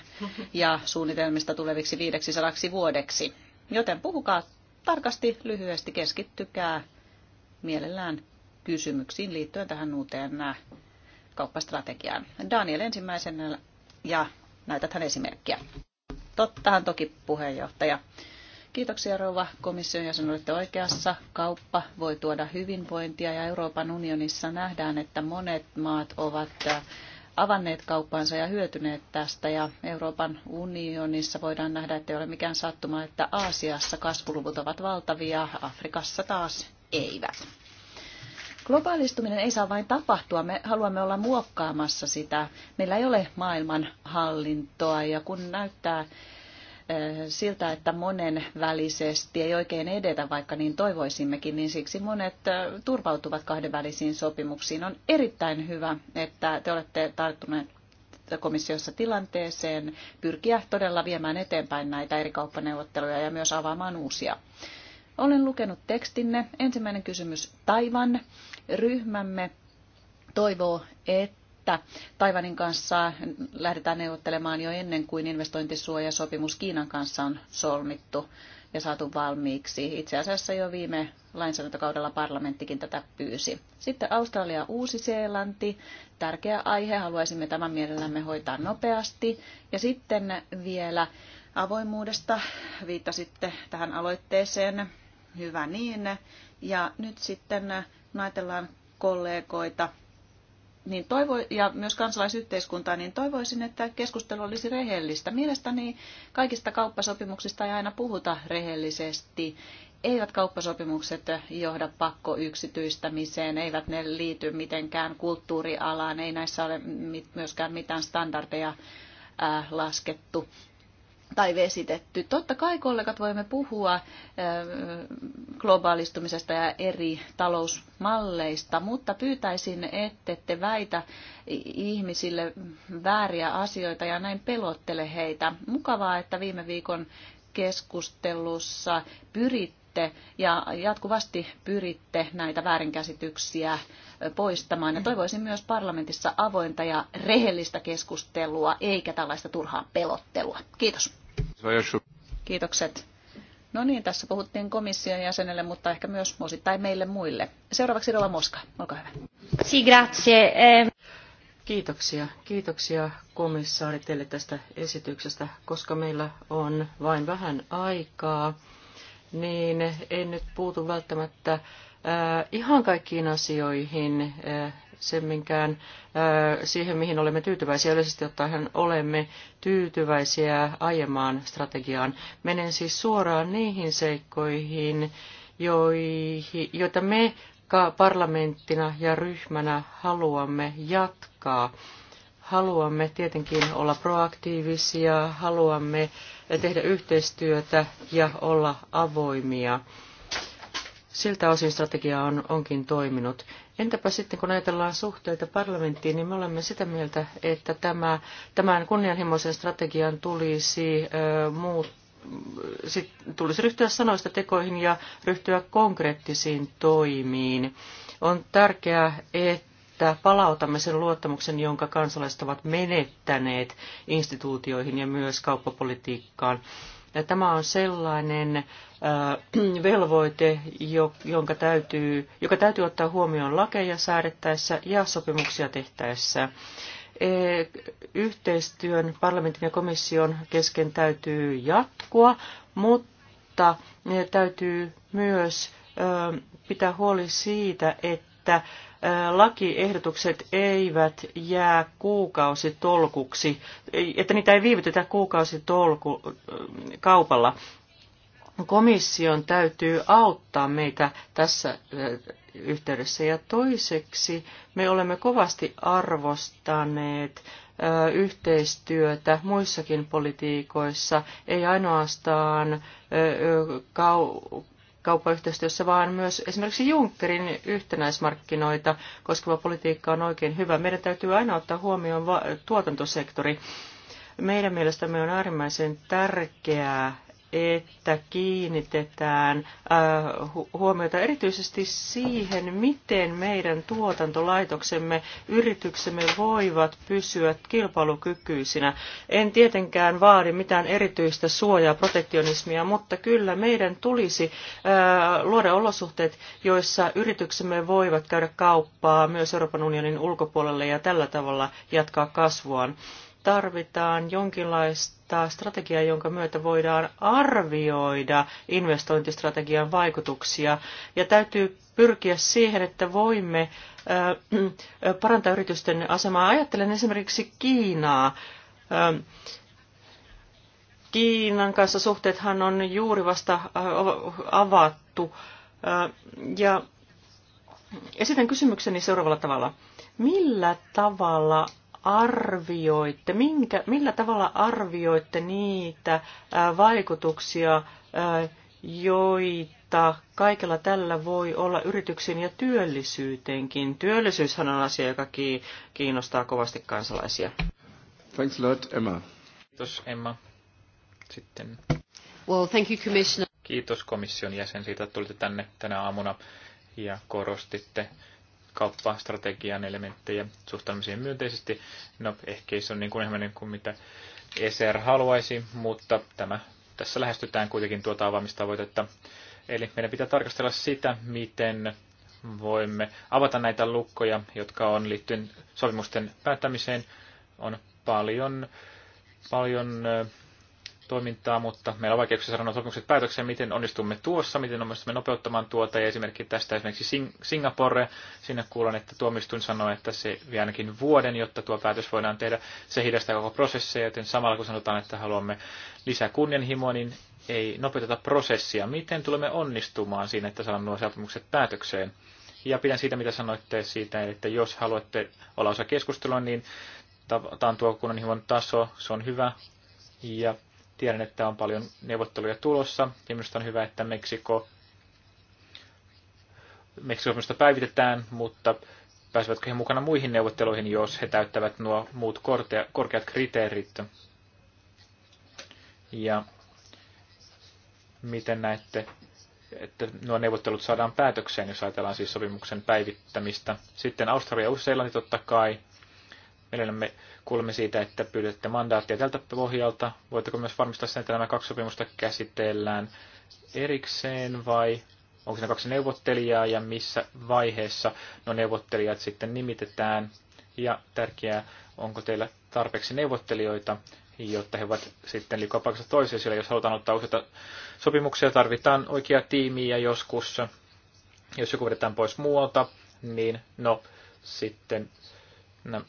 ja suunnitelmista tuleviksi 500 vuodeksi. Joten puhukaa tarkasti, lyhyesti, keskittykää mielellään kysymyksiin liittyen tähän uuteen kauppastrategiaan. Daniel ensimmäisenä ja näytät hän esimerkkiä. Tottahan toki puheenjohtaja. Kiitoksia rouva komission jäsen, olette oikeassa. Kauppa voi tuoda hyvinvointia ja Euroopan unionissa nähdään, että monet maat ovat äh, avanneet kauppansa ja hyötyneet tästä. Ja Euroopan unionissa voidaan nähdä, että ei ole mikään sattuma, että Aasiassa kasvuluvut ovat valtavia, Afrikassa taas eivät. Globaalistuminen ei saa vain tapahtua, me haluamme olla muokkaamassa sitä. Meillä ei ole maailman hallintoa ja kun näyttää siltä, että monen välisesti ei oikein edetä, vaikka niin toivoisimmekin, niin siksi monet turvautuvat kahdenvälisiin sopimuksiin. On erittäin hyvä, että te olette tarttuneet komissiossa tilanteeseen pyrkiä todella viemään eteenpäin näitä eri kauppaneuvotteluja ja myös avaamaan uusia. Olen lukenut tekstinne. Ensimmäinen kysymys Taivan. Ryhmämme toivoo, että että Taivanin kanssa lähdetään neuvottelemaan jo ennen kuin investointisuojasopimus Kiinan kanssa on solmittu ja saatu valmiiksi. Itse asiassa jo viime lainsäädäntökaudella parlamenttikin tätä pyysi. Sitten Australia Uusi-Seelanti. Tärkeä aihe, haluaisimme tämän mielellämme hoitaa nopeasti. Ja sitten vielä avoimuudesta viittasitte tähän aloitteeseen. Hyvä niin. Ja nyt sitten naitellaan kollegoita niin toivo, ja myös kansalaisyhteiskuntaa, niin toivoisin, että keskustelu olisi rehellistä. Mielestäni kaikista kauppasopimuksista ei aina puhuta rehellisesti. Eivät kauppasopimukset johda pakko yksityistämiseen, eivät ne liity mitenkään kulttuurialaan, ei näissä ole myöskään mitään standardeja laskettu tai vesitetty. Totta kai kollegat voimme puhua globaalistumisesta ja eri talousmalleista, mutta pyytäisin, ettette väitä ihmisille vääriä asioita ja näin pelottele heitä. Mukavaa, että viime viikon keskustelussa pyritte ja jatkuvasti pyritte näitä väärinkäsityksiä poistamaan. Ja toivoisin myös parlamentissa avointa ja rehellistä keskustelua, eikä tällaista turhaa pelottelua. Kiitos. Kiitokset. No niin, tässä puhuttiin komission jäsenelle, mutta ehkä myös osittain meille muille. Seuraavaksi Rova Moska, olkaa hyvä. Si, grazie. Eh. Kiitoksia. Kiitoksia komissaari teille tästä esityksestä. Koska meillä on vain vähän aikaa, niin en nyt puutu välttämättä eh, ihan kaikkiin asioihin, eh, semminkään siihen, mihin olemme tyytyväisiä. Yleisesti ottaen olemme tyytyväisiä aiemmaan strategiaan. Menen siis suoraan niihin seikkoihin, joita me parlamenttina ja ryhmänä haluamme jatkaa. Haluamme tietenkin olla proaktiivisia, haluamme tehdä yhteistyötä ja olla avoimia. Siltä osin strategia on, onkin toiminut. Entäpä sitten kun ajatellaan suhteita parlamenttiin, niin me olemme sitä mieltä, että tämä, tämän kunnianhimoisen strategian tulisi muut sit tulisi ryhtyä sanoista tekoihin ja ryhtyä konkreettisiin toimiin. On tärkeää, että palautamme sen luottamuksen, jonka kansalaiset ovat menettäneet instituutioihin ja myös kauppapolitiikkaan. Tämä on sellainen äh, velvoite, jonka täytyy, joka täytyy ottaa huomioon lakeja säädettäessä ja sopimuksia tehtäessä. E, yhteistyön parlamentin ja komission kesken täytyy jatkua, mutta e, täytyy myös pitää huoli siitä, että lakiehdotukset eivät jää kuukausitolkuksi, että niitä ei viivytetä kuukausitolku kaupalla. Komission täytyy auttaa meitä tässä yhteydessä. Ja toiseksi me olemme kovasti arvostaneet yhteistyötä muissakin politiikoissa, ei ainoastaan kauppayhteistyössä, vaan myös esimerkiksi Junckerin yhtenäismarkkinoita koskeva politiikka on oikein hyvä. Meidän täytyy aina ottaa huomioon tuotantosektori. Meidän mielestämme on äärimmäisen tärkeää että kiinnitetään äh, huomiota erityisesti siihen, miten meidän tuotantolaitoksemme, yrityksemme voivat pysyä kilpailukykyisinä. En tietenkään vaadi mitään erityistä suojaa protektionismia, mutta kyllä meidän tulisi äh, luoda olosuhteet, joissa yrityksemme voivat käydä kauppaa myös Euroopan unionin ulkopuolelle ja tällä tavalla jatkaa kasvuaan. Tarvitaan jonkinlaista ehdottaa strategiaa, jonka myötä voidaan arvioida investointistrategian vaikutuksia. Ja täytyy pyrkiä siihen, että voimme parantaa yritysten asemaa. Ajattelen esimerkiksi Kiinaa. Kiinan kanssa suhteethan on juuri vasta avattu. Ja esitän kysymykseni seuraavalla tavalla. Millä tavalla arvioitte, minkä, millä tavalla arvioitte niitä vaikutuksia, joita kaikella tällä voi olla yrityksiin ja työllisyyteenkin? Työllisyyshän on asia, joka kiinnostaa kovasti kansalaisia. Thanks a lot, Emma. Kiitos, Emma. Sitten. Well, thank you, Commissioner. Kiitos komission jäsen siitä, että tulitte tänne tänä aamuna ja korostitte kauppastrategian elementtejä suhtautumiseen myönteisesti. No, ehkä se on niin kuin kunnianhimoinen kuin mitä ECR haluaisi, mutta tämä, tässä lähestytään kuitenkin tuota avaamistavoitetta. Eli meidän pitää tarkastella sitä, miten voimme avata näitä lukkoja, jotka on liittyen sopimusten päättämiseen. On paljon, paljon toimintaa, mutta meillä on vaikeuksia saada nuo sopimukset päätökseen, miten onnistumme tuossa, miten onnistumme nopeuttamaan tuota. Ja esimerkki tästä esimerkiksi Sing Singapore, sinne kuulen, että tuomistuin sanoi, että se vie ainakin vuoden, jotta tuo päätös voidaan tehdä. Se hidastaa koko prosessia, joten samalla kun sanotaan, että haluamme lisää kunnianhimoa, niin ei nopeuteta prosessia. Miten tulemme onnistumaan siinä, että saamme nuo sopimukset päätökseen? Ja pidän siitä, mitä sanoitte siitä, että jos haluatte olla osa keskustelua, niin tämä on tuo kunnianhimon taso, se on hyvä. Ja Tiedän, että on paljon neuvotteluja tulossa, ja minusta on hyvä, että Meksiko, minusta päivitetään, mutta pääsevätkö he mukana muihin neuvotteluihin, jos he täyttävät nuo muut korte, korkeat kriteerit? Ja miten näette, että nuo neuvottelut saadaan päätökseen, jos ajatellaan siis sopimuksen päivittämistä. Sitten Australia ja Uusi-Seelanti totta kai Mielellämme kuulemme siitä, että pyydätte mandaattia tältä pohjalta. Voitteko myös varmistaa sen, että nämä kaksi sopimusta käsitellään erikseen vai onko siinä kaksi neuvottelijaa ja missä vaiheessa no neuvottelijat sitten nimitetään? Ja tärkeää, onko teillä tarpeeksi neuvottelijoita, jotta he ovat sitten liikaa paikassa toiseen, sillä jos halutaan ottaa useita sopimuksia, tarvitaan oikea tiimiä joskus. Jos joku vedetään pois muualta, niin no sitten no,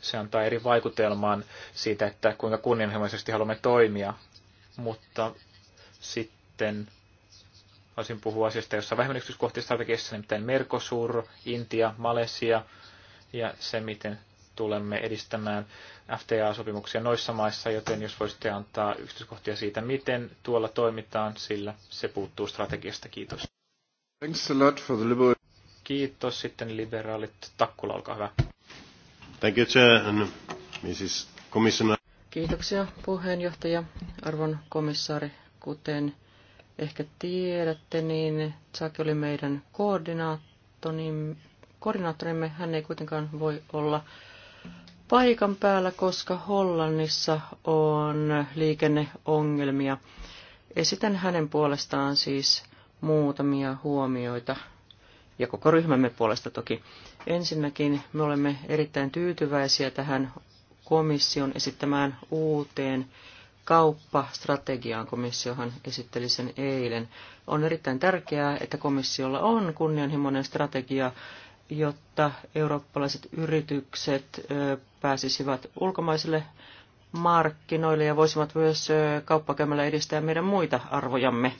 se antaa eri vaikutelman siitä, että kuinka kunnianhimoisesti haluamme toimia. Mutta sitten voisin puhua asiasta, jossa vähemmän yksityiskohtia strategiassa, nimittäin Mercosur, Intia, Malesia ja se, miten tulemme edistämään FTA-sopimuksia noissa maissa, joten jos voisitte antaa yksityiskohtia siitä, miten tuolla toimitaan, sillä se puuttuu strategiasta. Kiitos. Kiitos. Sitten liberaalit. Takkula, olkaa hyvä. Thank you, Chair, and Mrs. Commissioner. Kiitoksia puheenjohtaja, arvon komissaari. Kuten ehkä tiedätte, niin Tsaki oli meidän koordinaattorimme. Hän ei kuitenkaan voi olla paikan päällä, koska Hollannissa on liikenneongelmia. Esitän hänen puolestaan siis muutamia huomioita ja koko ryhmämme puolesta toki. Ensinnäkin me olemme erittäin tyytyväisiä tähän komission esittämään uuteen kauppastrategiaan. Komissiohan esitteli sen eilen. On erittäin tärkeää, että komissiolla on kunnianhimoinen strategia, jotta eurooppalaiset yritykset pääsisivät ulkomaisille markkinoille ja voisivat myös kauppakäymällä edistää meidän muita arvojamme,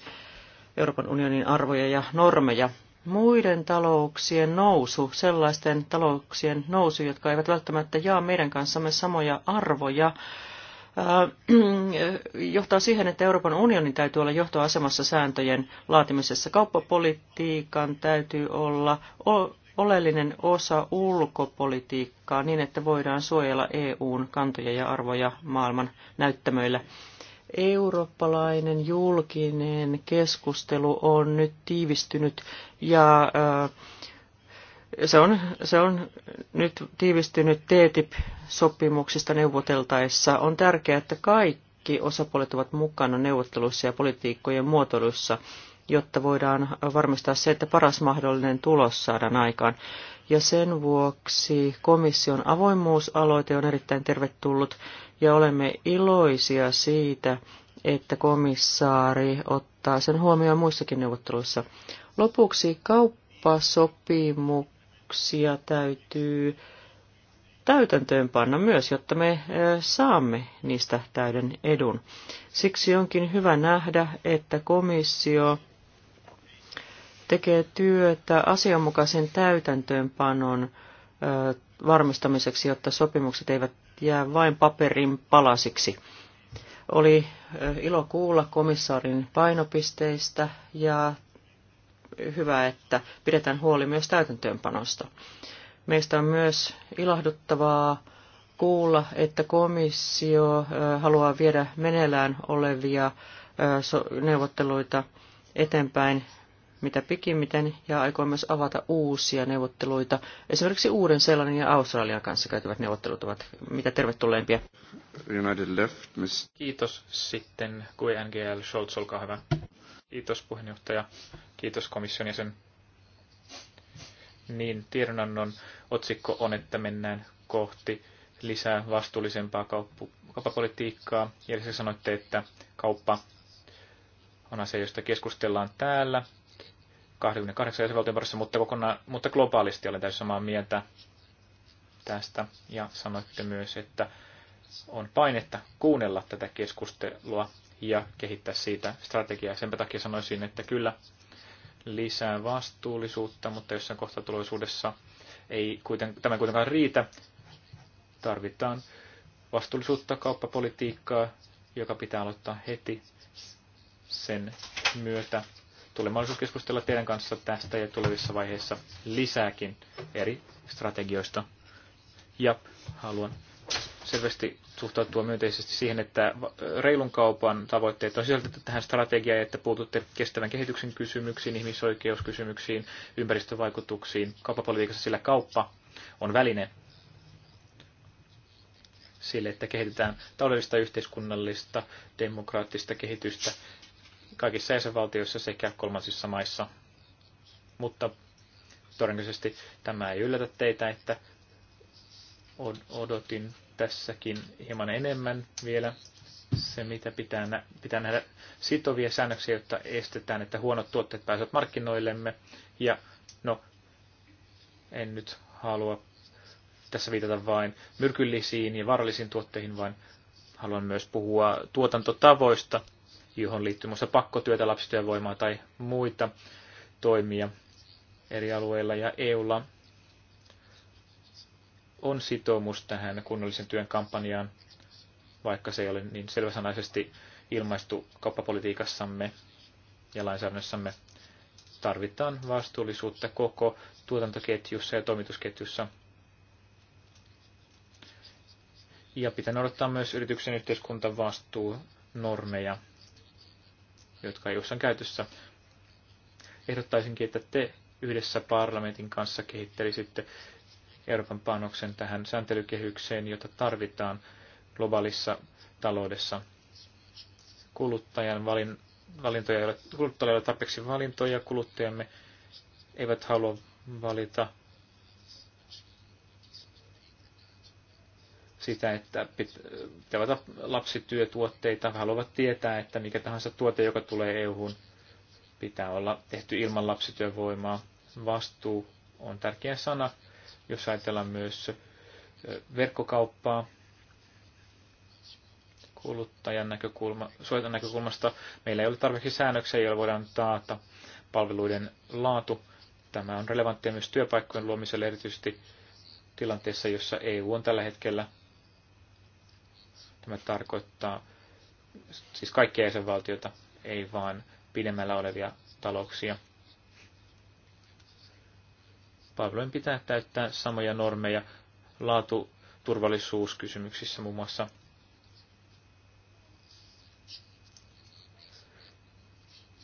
Euroopan unionin arvoja ja normeja muiden talouksien nousu, sellaisten talouksien nousu, jotka eivät välttämättä jaa meidän kanssamme samoja arvoja, äh, johtaa siihen, että Euroopan unionin täytyy olla johtoasemassa sääntöjen laatimisessa. Kauppapolitiikan täytyy olla oleellinen osa ulkopolitiikkaa niin, että voidaan suojella EUn kantoja ja arvoja maailman näyttämöillä. Eurooppalainen julkinen keskustelu on nyt tiivistynyt ja se on, se on nyt tiivistynyt TTIP-sopimuksista neuvoteltaessa. On tärkeää, että kaikki osapuolet ovat mukana neuvotteluissa ja politiikkojen muotoilussa, jotta voidaan varmistaa se, että paras mahdollinen tulos saadaan aikaan ja sen vuoksi komission avoimuusaloite on erittäin tervetullut ja olemme iloisia siitä, että komissaari ottaa sen huomioon muissakin neuvotteluissa. Lopuksi kauppasopimuksia täytyy täytäntöönpanna myös, jotta me saamme niistä täyden edun. Siksi onkin hyvä nähdä, että komissio tekee työtä asianmukaisen täytäntöönpanon varmistamiseksi, jotta sopimukset eivät jää vain paperin palasiksi. Oli ilo kuulla komissaarin painopisteistä ja hyvä, että pidetään huoli myös täytäntöönpanosta. Meistä on myös ilahduttavaa kuulla, että komissio haluaa viedä meneillään olevia neuvotteluita eteenpäin mitä pikimmiten ja aikoo myös avata uusia neuvotteluita. Esimerkiksi uuden sellainen ja Australian kanssa käytävät neuvottelut ovat mitä tervetulleimpia. United Left, miss... Kiitos sitten QNGL Scholz, olkaa hyvä. Kiitos puheenjohtaja, kiitos komission jäsen. Niin, tiedonannon otsikko on, että mennään kohti lisää vastuullisempaa kauppu, kauppapolitiikkaa. Ja sanoitte, että kauppa on asia, josta keskustellaan täällä 28 jäsenvaltion parissa, mutta, kokonaan, mutta globaalisti olen täysin samaa mieltä tästä. Ja sanoitte myös, että on painetta kuunnella tätä keskustelua ja kehittää siitä strategiaa. Sen takia sanoisin, että kyllä lisää vastuullisuutta, mutta jossain kohtaa tulevaisuudessa ei kuiten, tämä kuitenkaan riitä. Tarvitaan vastuullisuutta, kauppapolitiikkaa, joka pitää aloittaa heti sen myötä tulee mahdollisuus keskustella teidän kanssa tästä ja tulevissa vaiheissa lisääkin eri strategioista. Ja haluan selvästi suhtautua myönteisesti siihen, että reilun kaupan tavoitteet on sisältetty tähän strategiaan, että puututte kestävän kehityksen kysymyksiin, ihmisoikeuskysymyksiin, ympäristövaikutuksiin kauppapolitiikassa, sillä kauppa on väline sille, että kehitetään taloudellista, yhteiskunnallista, demokraattista kehitystä kaikissa jäsenvaltioissa sekä kolmansissa maissa. Mutta todennäköisesti tämä ei yllätä teitä, että odotin tässäkin hieman enemmän vielä se, mitä pitää, nä- pitää nähdä sitovia säännöksiä, jotta estetään, että huonot tuotteet pääsevät markkinoillemme. Ja no, en nyt halua tässä viitata vain myrkyllisiin ja vaarallisiin tuotteihin, vaan haluan myös puhua tuotantotavoista johon liittyy muassa pakkotyötä, lapsityövoimaa tai muita toimia eri alueilla. Ja EUlla on sitoumus tähän kunnollisen työn kampanjaan, vaikka se ei ole niin selväsanaisesti ilmaistu kauppapolitiikassamme ja lainsäädännössämme. Tarvitaan vastuullisuutta koko tuotantoketjussa ja toimitusketjussa. Ja pitää noudattaa myös yrityksen yhteiskuntavastuunormeja jotka ei ole käytössä. Ehdottaisinkin, että te yhdessä parlamentin kanssa kehittelisitte Euroopan panoksen tähän sääntelykehykseen, jota tarvitaan globaalissa taloudessa. Kuluttajan valin, valintoja, kuluttajilla ei ole tarpeeksi valintoja, kuluttajamme eivät halua valita sitä, että pitää lapsityötuotteita, haluavat tietää, että mikä tahansa tuote, joka tulee EU-hun, pitää olla tehty ilman lapsityövoimaa. Vastuu on tärkeä sana, jos ajatellaan myös verkkokauppaa, kuluttajan näkökulma, suojan näkökulmasta. Meillä ei ole tarpeeksi säännöksiä, joilla voidaan taata palveluiden laatu. Tämä on relevanttia myös työpaikkojen luomiselle erityisesti tilanteessa, jossa EU on tällä hetkellä Tämä tarkoittaa siis kaikkia jäsenvaltioita, ei vaan pidemmällä olevia talouksia. Palvelujen pitää täyttää samoja normeja laatu- turvallisuuskysymyksissä muun muassa.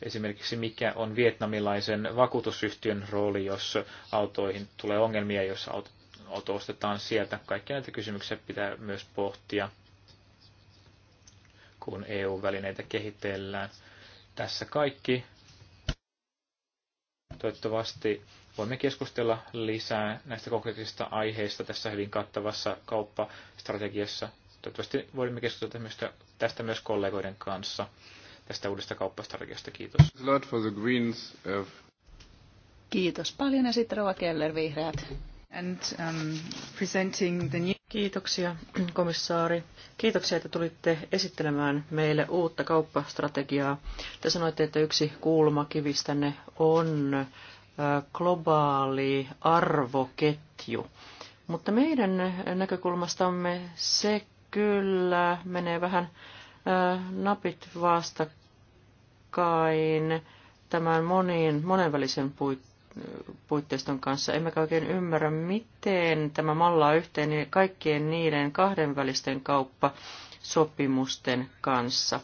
Esimerkiksi mikä on vietnamilaisen vakuutusyhtiön rooli, jos autoihin tulee ongelmia, jos auto, auto ostetaan sieltä. Kaikki näitä kysymyksiä pitää myös pohtia kun EU-välineitä kehitellään. Tässä kaikki. Toivottavasti voimme keskustella lisää näistä konkreettisista aiheista tässä hyvin kattavassa kauppastrategiassa. Toivottavasti voimme keskustella tästä myös kollegoiden kanssa tästä uudesta kauppastrategiasta. Kiitos. Uh, Kiitos paljon ja sitten Rova Keller, Vihreät and, um, presenting the new... Kiitoksia, komissaari. Kiitoksia, että tulitte esittelemään meille uutta kauppastrategiaa. Te sanoitte, että yksi kulmakivistänne on globaali arvoketju. Mutta meidän näkökulmastamme se kyllä menee vähän napit vastakkain tämän monin, monenvälisen puitteen puitteiston kanssa. Emmekä oikein ymmärrä, miten tämä mallaa yhteen niin kaikkien niiden kahdenvälisten kauppasopimusten kanssa,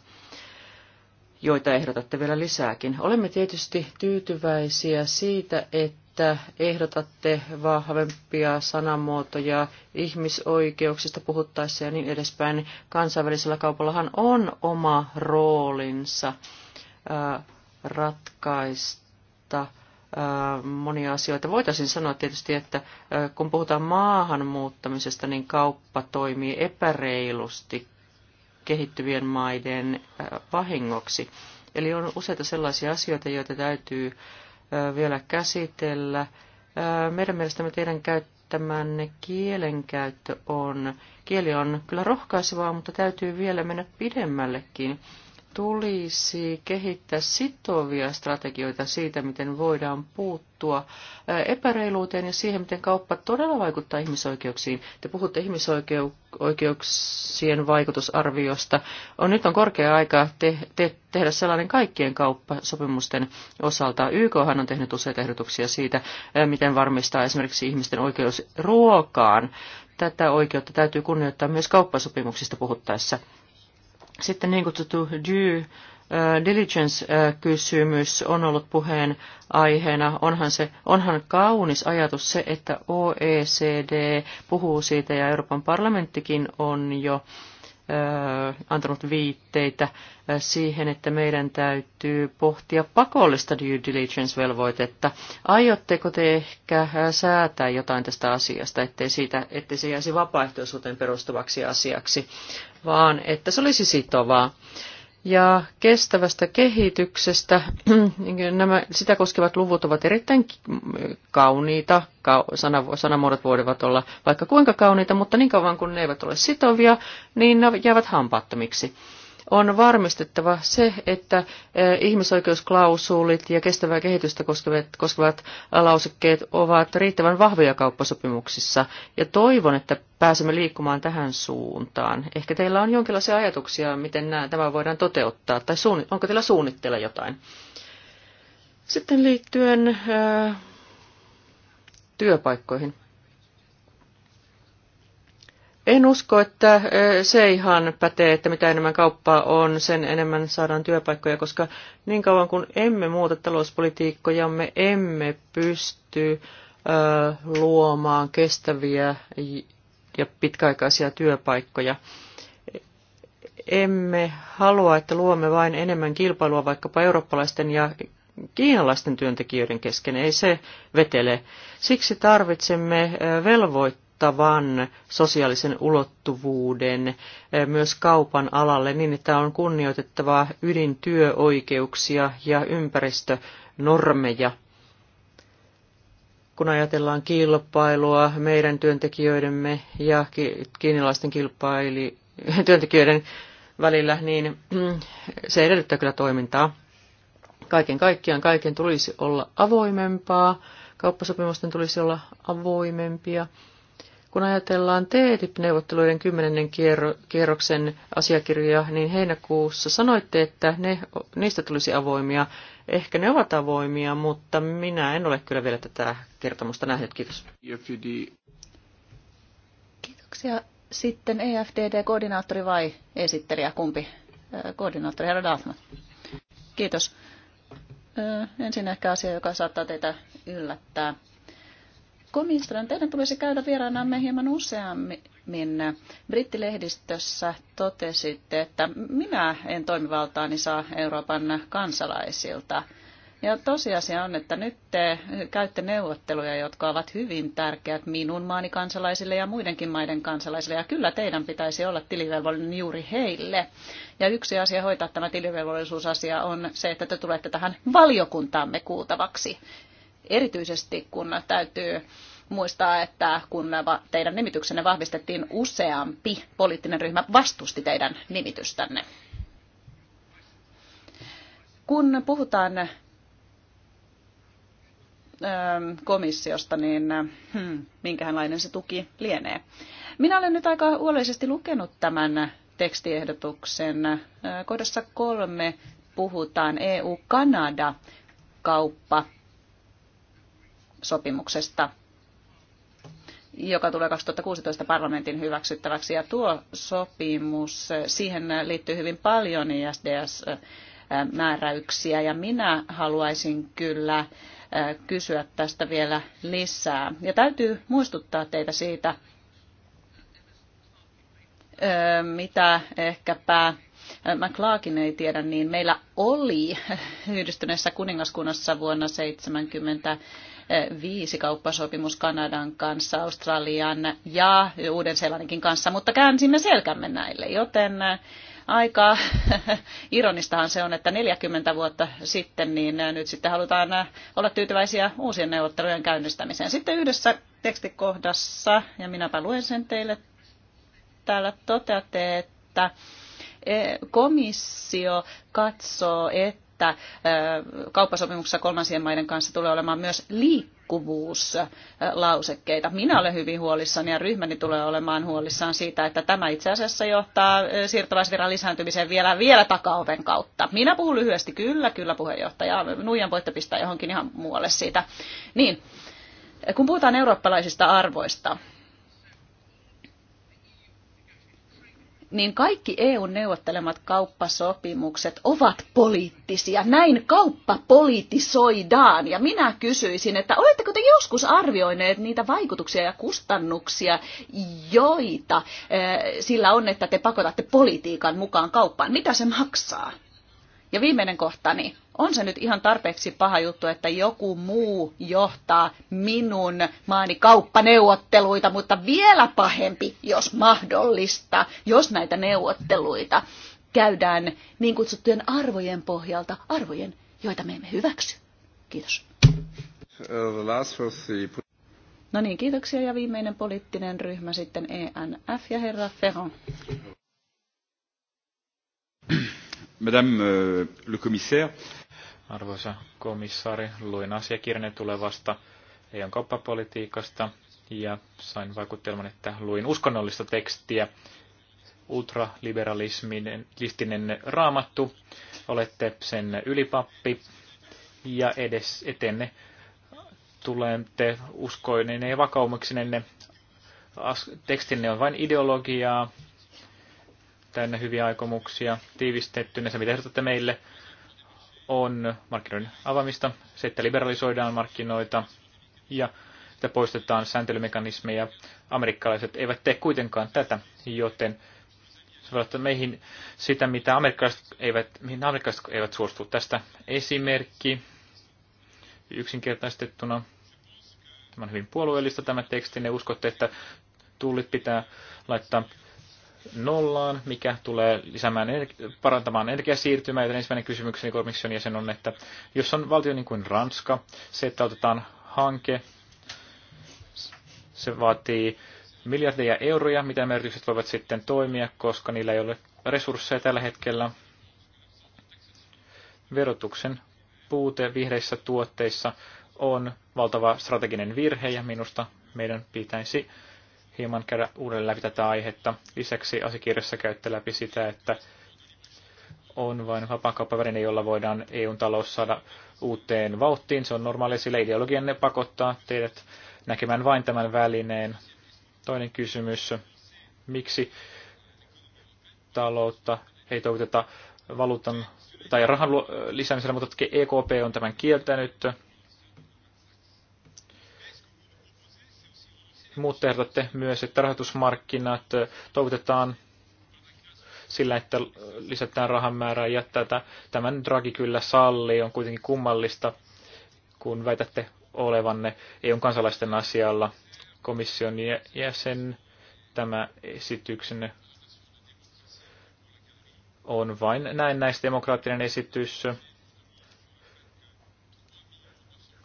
joita ehdotatte vielä lisääkin. Olemme tietysti tyytyväisiä siitä, että ehdotatte vahvempia sanamuotoja ihmisoikeuksista puhuttaessa ja niin edespäin. Kansainvälisellä kaupallahan on oma roolinsa ratkaista Äh, monia asioita. Voitaisiin sanoa tietysti, että äh, kun puhutaan maahanmuuttamisesta, niin kauppa toimii epäreilusti kehittyvien maiden äh, vahingoksi. Eli on useita sellaisia asioita, joita täytyy vielä käsitellä. Meidän mielestämme teidän käyttämänne kielenkäyttö on, kieli on kyllä rohkaisevaa, mutta täytyy vielä mennä pidemmällekin tulisi kehittää sitovia strategioita siitä, miten voidaan puuttua epäreiluuteen ja siihen, miten kauppa todella vaikuttaa ihmisoikeuksiin. Te puhutte ihmisoikeuksien vaikutusarviosta. On, nyt on korkea aika te, te, tehdä sellainen kaikkien kauppasopimusten osalta. YK on tehnyt useita ehdotuksia siitä, miten varmistaa esimerkiksi ihmisten oikeus ruokaan. Tätä oikeutta täytyy kunnioittaa myös kauppasopimuksista puhuttaessa. Sitten niin kutsuttu due äh, diligence-kysymys äh, on ollut puheen aiheena. Onhan, se, onhan kaunis ajatus se, että OECD puhuu siitä ja Euroopan parlamenttikin on jo antanut viitteitä siihen, että meidän täytyy pohtia pakollista due diligence-velvoitetta. Aiotteko te ehkä säätää jotain tästä asiasta, ettei, siitä, ettei se jäisi vapaaehtoisuuteen perustuvaksi asiaksi, vaan että se olisi sitovaa? ja kestävästä kehityksestä. Niin nämä, sitä koskevat luvut ovat erittäin kauniita, sanamuodot voivat olla vaikka kuinka kauniita, mutta niin kauan kun ne eivät ole sitovia, niin ne jäävät hampaattomiksi on varmistettava se, että eh, ihmisoikeusklausuulit ja kestävää kehitystä koskevat, koskevat eh, lausekkeet ovat riittävän vahvoja kauppasopimuksissa. Ja toivon, että pääsemme liikkumaan tähän suuntaan. Ehkä teillä on jonkinlaisia ajatuksia, miten nämä, tämä voidaan toteuttaa, tai suunni, onko teillä suunnitteilla jotain? Sitten liittyen ää, eh, työpaikkoihin. En usko, että se ihan pätee, että mitä enemmän kauppaa on, sen enemmän saadaan työpaikkoja, koska niin kauan kun emme muuta me emme pysty luomaan kestäviä ja pitkäaikaisia työpaikkoja. Emme halua, että luomme vain enemmän kilpailua vaikkapa eurooppalaisten ja kiinalaisten työntekijöiden kesken. Ei se vetele. Siksi tarvitsemme velvoitteita kattavan sosiaalisen ulottuvuuden eh, myös kaupan alalle niin, että on kunnioitettavaa ydintyöoikeuksia ja ympäristönormeja. Kun ajatellaan kilpailua meidän työntekijöidemme ja kiinalaisten kilpaili, työntekijöiden välillä, niin se edellyttää kyllä toimintaa. Kaiken kaikkiaan kaiken tulisi olla avoimempaa, kauppasopimusten tulisi olla avoimempia kun ajatellaan TTIP-neuvotteluiden kymmenennen kierroksen asiakirjoja, niin heinäkuussa sanoitte, että ne, niistä tulisi avoimia. Ehkä ne ovat avoimia, mutta minä en ole kyllä vielä tätä kertomusta nähnyt. Kiitos. E Kiitoksia. Sitten EFDD-koordinaattori vai esittelijä? Kumpi? Koordinaattori, herra Dathman. Kiitos. Ensin ehkä asia, joka saattaa teitä yllättää komistran. teidän tulisi käydä vieraanamme hieman useammin. Brittilehdistössä totesitte, että minä en toimivaltaani saa Euroopan kansalaisilta. Ja tosiasia on, että nyt te käytte neuvotteluja, jotka ovat hyvin tärkeät minun maani kansalaisille ja muidenkin maiden kansalaisille. Ja kyllä teidän pitäisi olla tilivelvollinen juuri heille. Ja yksi asia hoitaa tämä tilivelvollisuusasia on se, että te tulette tähän valiokuntaamme kuultavaksi erityisesti kun täytyy muistaa, että kun teidän nimityksenne vahvistettiin, useampi poliittinen ryhmä vastusti teidän nimitystänne. Kun puhutaan ähm, komissiosta, niin äh, hmm, minkälainen se tuki lienee. Minä olen nyt aika huolellisesti lukenut tämän tekstiehdotuksen. Äh, kohdassa kolme puhutaan EU-Kanada-kauppa sopimuksesta, joka tulee 2016 parlamentin hyväksyttäväksi. Ja tuo sopimus, siihen liittyy hyvin paljon ISDS-määräyksiä, ja minä haluaisin kyllä äh, kysyä tästä vielä lisää. Ja täytyy muistuttaa teitä siitä, äh, mitä ehkäpä äh, McLaakin ei tiedä, niin meillä oli yhdistyneessä kuningaskunnassa vuonna 1970 viisi kauppasopimus Kanadan kanssa, Australian ja uuden seelannin kanssa, mutta käänsimme selkämme näille, joten äh, aika ironistahan se on, että 40 vuotta sitten, niin äh, nyt sitten halutaan äh, olla tyytyväisiä uusien neuvottelujen käynnistämiseen. Sitten yhdessä tekstikohdassa, ja minäpä luen sen teille, täällä toteatte, että e, komissio katsoo, että että kauppasopimuksessa kolmansien maiden kanssa tulee olemaan myös liikkuvuuslausekkeita. Minä olen hyvin huolissani ja ryhmäni tulee olemaan huolissaan siitä, että tämä itse asiassa johtaa siirtolaisviran lisääntymiseen vielä, vielä takaoven kautta. Minä puhun lyhyesti, kyllä, kyllä puheenjohtaja. Nuijan voitte pistää johonkin ihan muualle siitä. Niin, kun puhutaan eurooppalaisista arvoista, niin kaikki EUn neuvottelemat kauppasopimukset ovat poliittisia. Näin kauppa politisoidaan. Ja minä kysyisin, että oletteko te joskus arvioineet niitä vaikutuksia ja kustannuksia, joita eh, sillä on, että te pakotatte politiikan mukaan kauppaan? Mitä se maksaa? Ja viimeinen kohtani. On se nyt ihan tarpeeksi paha juttu, että joku muu johtaa minun maani kauppaneuvotteluita, mutta vielä pahempi, jos mahdollista, jos näitä neuvotteluita käydään niin kutsuttujen arvojen pohjalta, arvojen, joita me emme hyväksy. Kiitos. No niin, kiitoksia. Ja viimeinen poliittinen ryhmä sitten ENF ja herra Ferron. Madame euh, le commissaire. Arvoisa komissaari, luin asiakirjan tulevasta EUn kauppapolitiikasta ja sain vaikutelman, että luin uskonnollista tekstiä. Ultraliberalismin raamattu, olette sen ylipappi ja edes etenne tulette uskoinen ja vakaumuksinenne. Tekstinne on vain ideologiaa, täynnä hyviä aikomuksia tiivistettynä. Se, mitä ehdotatte meille, on markkinoiden avaamista, se, että liberalisoidaan markkinoita ja että poistetaan sääntelymekanismeja. Amerikkalaiset eivät tee kuitenkaan tätä, joten olla, meihin sitä, mitä amerikkalaiset eivät, mihin amerikkalaiset eivät suostu. Tästä esimerkki yksinkertaistettuna. Tämä on hyvin puolueellista tämä teksti. Ne uskotte, että tullit pitää laittaa nollaan, mikä tulee lisäämään, parantamaan energiasiirtymää, joten ensimmäinen kysymykseni komission jäsen on, että jos on valtio niin kuin Ranska, se, että otetaan hanke, se vaatii miljardeja euroja, mitä yritykset voivat sitten toimia, koska niillä ei ole resursseja tällä hetkellä. Verotuksen puute vihreissä tuotteissa on valtava strateginen virhe ja minusta meidän pitäisi hieman käydä uudelleen läpi tätä aihetta. Lisäksi asiakirjassa käytte läpi sitä, että on vain vapaakauppaväline, jolla voidaan EUn talous saada uuteen vauhtiin. Se on normaalia, sillä ne pakottaa teidät näkemään vain tämän välineen. Toinen kysymys, miksi taloutta ei toivoteta valuutan tai rahan lisäämisellä, mutta EKP on tämän kieltänyt. muut ehdotatte myös, että rahoitusmarkkinat toivotetaan sillä, että lisätään rahan määrää ja tätä. Tämän dragi kyllä sallii, on kuitenkin kummallista, kun väitätte olevanne EUn kansalaisten asialla komission jäsen. Tämä esityksenne on vain näin näistä demokraattinen esitys.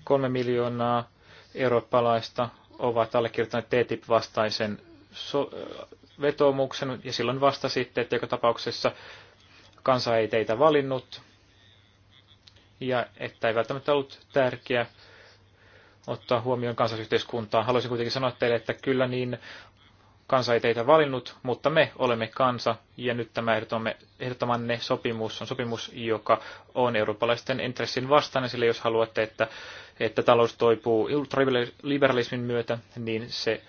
Kolme miljoonaa eurooppalaista ovat allekirjoittaneet TTIP-vastaisen so- vetoomuksen, ja silloin vastasitte, että joka tapauksessa kansa ei teitä valinnut, ja että ei välttämättä ollut tärkeä ottaa huomioon kansallisyhteiskuntaa. Haluaisin kuitenkin sanoa teille, että kyllä niin Kansa ei teitä valinnut, mutta me olemme kansa, ja nyt tämä ehdottamanne sopimus on sopimus, joka on eurooppalaisten intressin vastainen, sillä jos haluatte, että, että talous toipuu liberalismin myötä, niin se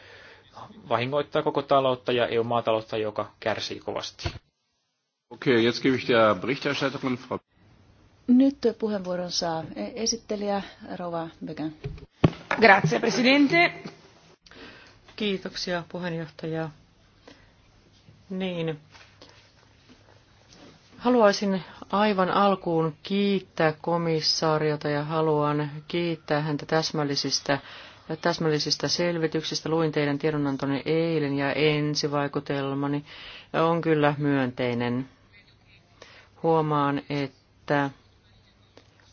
vahingoittaa koko taloutta ja EU-maataloutta, joka kärsii kovasti. Okei, okay, jetzt gebe ich der Berichterstatterin Frau nyt puheenvuoron saa esittelijä Rova Began. Grazie Presidente. Kiitoksia puheenjohtaja. Niin. Haluaisin aivan alkuun kiittää komissaariota ja haluan kiittää häntä täsmällisistä, täsmällisistä selvityksistä. Luin teidän tiedonantoni eilen ja ensivaikutelmani on kyllä myönteinen. Huomaan, että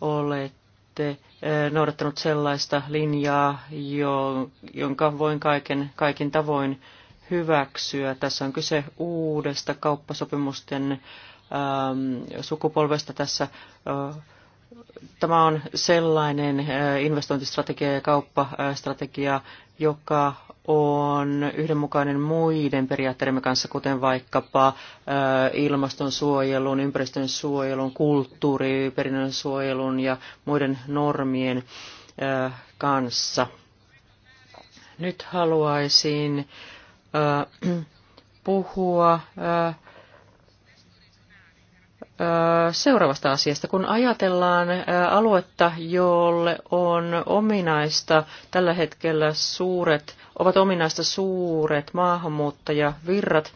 olette noudattanut sellaista linjaa, jo, jonka voin kaiken, kaikin tavoin hyväksyä. Tässä on kyse uudesta kauppasopimusten ähm, sukupolvesta tässä. Äh, Tämä on sellainen investointistrategia ja kauppastrategia, joka on yhdenmukainen muiden periaatteiden kanssa, kuten vaikkapa ilmastonsuojelun, ympäristön suojelun, kulttuuriperinnön suojelun ja muiden normien kanssa. Nyt haluaisin puhua seuraavasta asiasta. Kun ajatellaan aluetta, jolle on ominaista tällä hetkellä suuret, ovat ominaista suuret maahanmuuttajavirrat,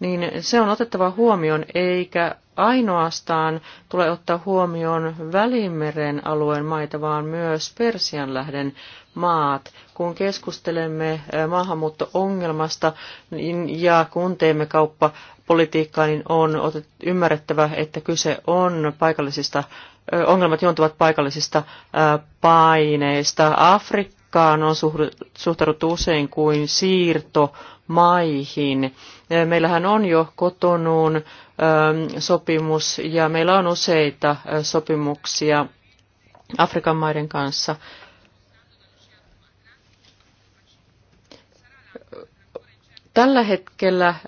niin se on otettava huomioon, eikä ainoastaan tule ottaa huomioon Välimeren alueen maita, vaan myös Persianlähden maat. Kun keskustelemme maahanmuutto-ongelmasta niin, ja kun teemme kauppapolitiikkaa, niin on ymmärrettävä, että kyse on paikallisista, ongelmat juontuvat paikallisista paineista. Afrikkaan on suhtauduttu usein kuin siirto maihin. Meillähän on jo kotonuun sopimus ja meillä on useita sopimuksia Afrikan maiden kanssa. Tällä hetkellä äh,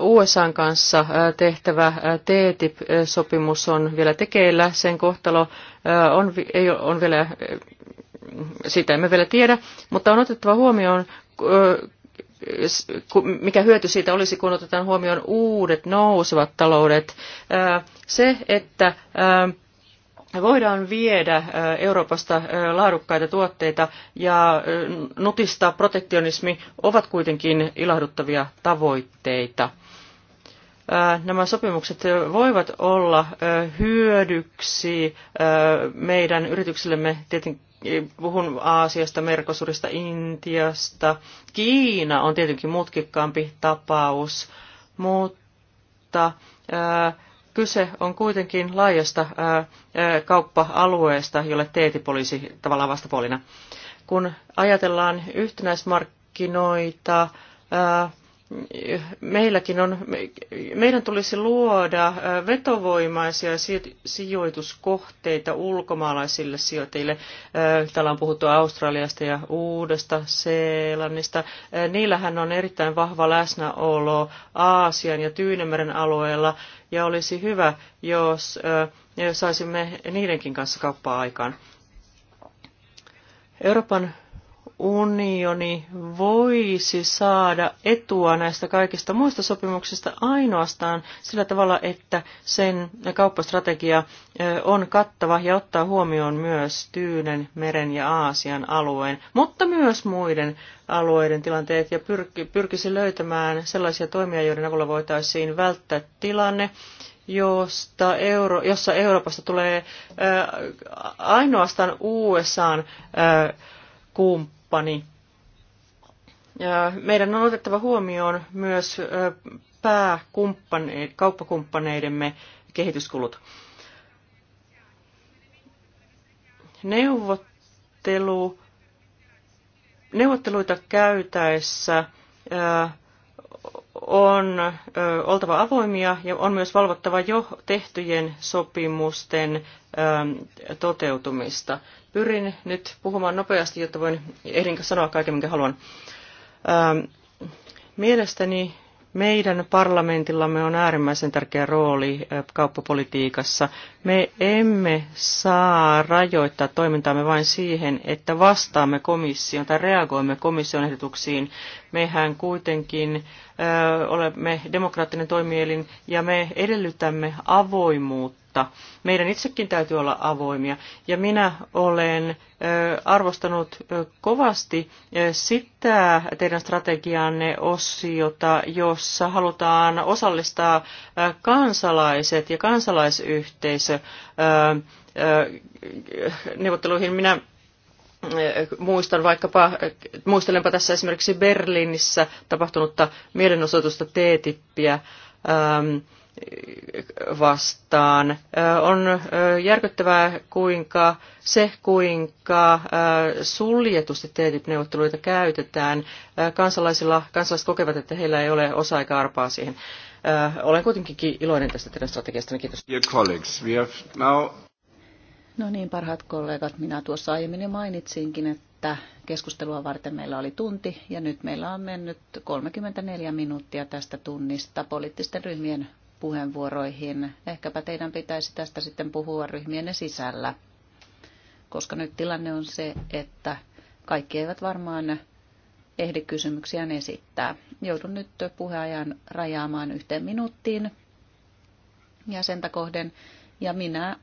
USA kanssa äh, tehtävä äh, TTIP-sopimus e on vielä tekeillä. Sen kohtalo on, ei, on vielä, sitä emme vielä tiedä, mutta on otettava huomioon, mikä hyöty siitä olisi, kun otetaan huomioon uudet nousevat taloudet. Se, että voidaan viedä Euroopasta laadukkaita tuotteita ja nutistaa protektionismi ovat kuitenkin ilahduttavia tavoitteita. Nämä sopimukset voivat olla hyödyksi meidän yrityksillemme, tietenkin e, puhun Aasiasta, Merkosurista, Intiasta. Kiina on tietenkin mutkikkaampi tapaus, mutta Kyse on kuitenkin laajasta kauppa-alueesta, jolle TTIP olisi tavallaan vastapuolina. Kun ajatellaan yhtenäismarkkinoita, meilläkin on, meidän tulisi luoda vetovoimaisia sijoituskohteita ulkomaalaisille sijoittajille. Täällä on puhuttu Australiasta ja Uudesta Seelannista. Niillähän on erittäin vahva läsnäolo Aasian ja Tyynemeren alueella, ja olisi hyvä, jos saisimme niidenkin kanssa kauppaa aikaan. Euroopan unioni voisi saada etua näistä kaikista muista sopimuksista ainoastaan sillä tavalla, että sen kauppastrategia on kattava ja ottaa huomioon myös Tyynen, Meren ja Aasian alueen, mutta myös muiden alueiden tilanteet ja pyrkisi löytämään sellaisia toimia, joiden avulla voitaisiin välttää tilanne, josta Euro, jossa Euroopasta tulee ää, ainoastaan USAn ää, kumppani kumppani. Meidän on otettava huomioon myös pääkauppakumppaneidemme kehityskulut. Neuvottelu, neuvotteluita käytäessä on ö, oltava avoimia ja on myös valvottava jo tehtyjen sopimusten ö, toteutumista. Pyrin nyt puhumaan nopeasti, jotta voin ehdin sanoa kaiken, minkä haluan. Ö, mielestäni meidän parlamentillamme on äärimmäisen tärkeä rooli kauppapolitiikassa. Me emme saa rajoittaa toimintaamme vain siihen, että vastaamme komission tai reagoimme komission ehdotuksiin, Mehän kuitenkin ö, olemme demokraattinen toimielin ja me edellytämme avoimuutta. Meidän itsekin täytyy olla avoimia. Ja minä olen ö, arvostanut ö, kovasti ö, sitä teidän strategianne osiota, jossa halutaan osallistaa ö, kansalaiset ja kansalaisyhteisö. Ö, neuvotteluihin. Minä Äh, muistan vaikkapa, äh, muistelenpa tässä esimerkiksi Berliinissä tapahtunutta mielenosoitusta T-tippiä ähm, vastaan. Äh, on järkyttävää kuinka se, kuinka suljetusti TTIP-neuvotteluita käytetään. Kansalaisilla, kansalaiset kokevat, että heillä ei ole osa eikä arpaa siihen. Olen kuitenkin iloinen tästä teidän strategiastanne. Niin kiitos. Dear colleagues, we have now No niin, parhaat kollegat, minä tuossa aiemmin jo mainitsinkin, että keskustelua varten meillä oli tunti ja nyt meillä on mennyt 34 minuuttia tästä tunnista poliittisten ryhmien puheenvuoroihin. Ehkäpä teidän pitäisi tästä sitten puhua ryhmienne sisällä, koska nyt tilanne on se, että kaikki eivät varmaan ehdi kysymyksiään esittää. Joudun nyt puheajan rajaamaan yhteen minuuttiin jäsentä kohden ja minä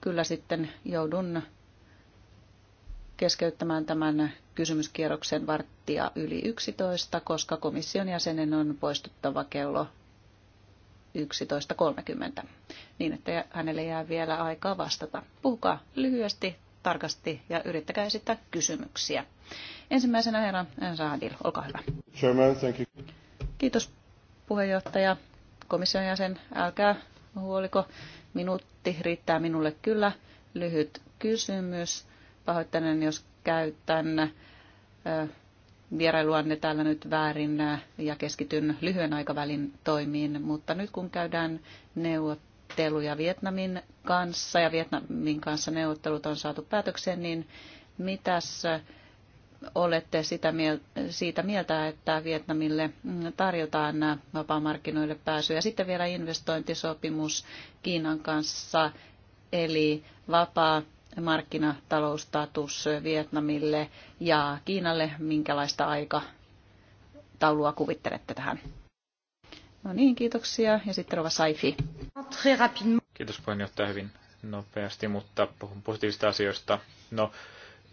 kyllä sitten joudun keskeyttämään tämän kysymyskierroksen varttia yli 11, koska komission jäsenen on poistuttava kello 11.30, niin että hänelle jää vielä aikaa vastata. Puhukaa lyhyesti, tarkasti ja yrittäkää esittää kysymyksiä. Ensimmäisenä herra Saadil, olkaa hyvä. Chairman, thank you. Kiitos puheenjohtaja, komission jäsen, älkää huoliko Minuutti riittää minulle kyllä. Lyhyt kysymys. Pahoittelen, jos käytän vierailuanne täällä nyt väärin ja keskityn lyhyen aikavälin toimiin, mutta nyt kun käydään neuvotteluja Vietnamin kanssa ja Vietnamin kanssa neuvottelut on saatu päätökseen, niin mitäs olette sitä mieltä, siitä mieltä, että Vietnamille mm, tarjotaan vapaamarkkinoille pääsy. Ja sitten vielä investointisopimus Kiinan kanssa, eli vapaa markkinataloustatus Vietnamille ja Kiinalle. Minkälaista aikataulua kuvittelette tähän? No niin, kiitoksia. Ja sitten Rova Saifi. Kiitos puheenjohtaja hyvin nopeasti, mutta puhun positiivista asioista. No,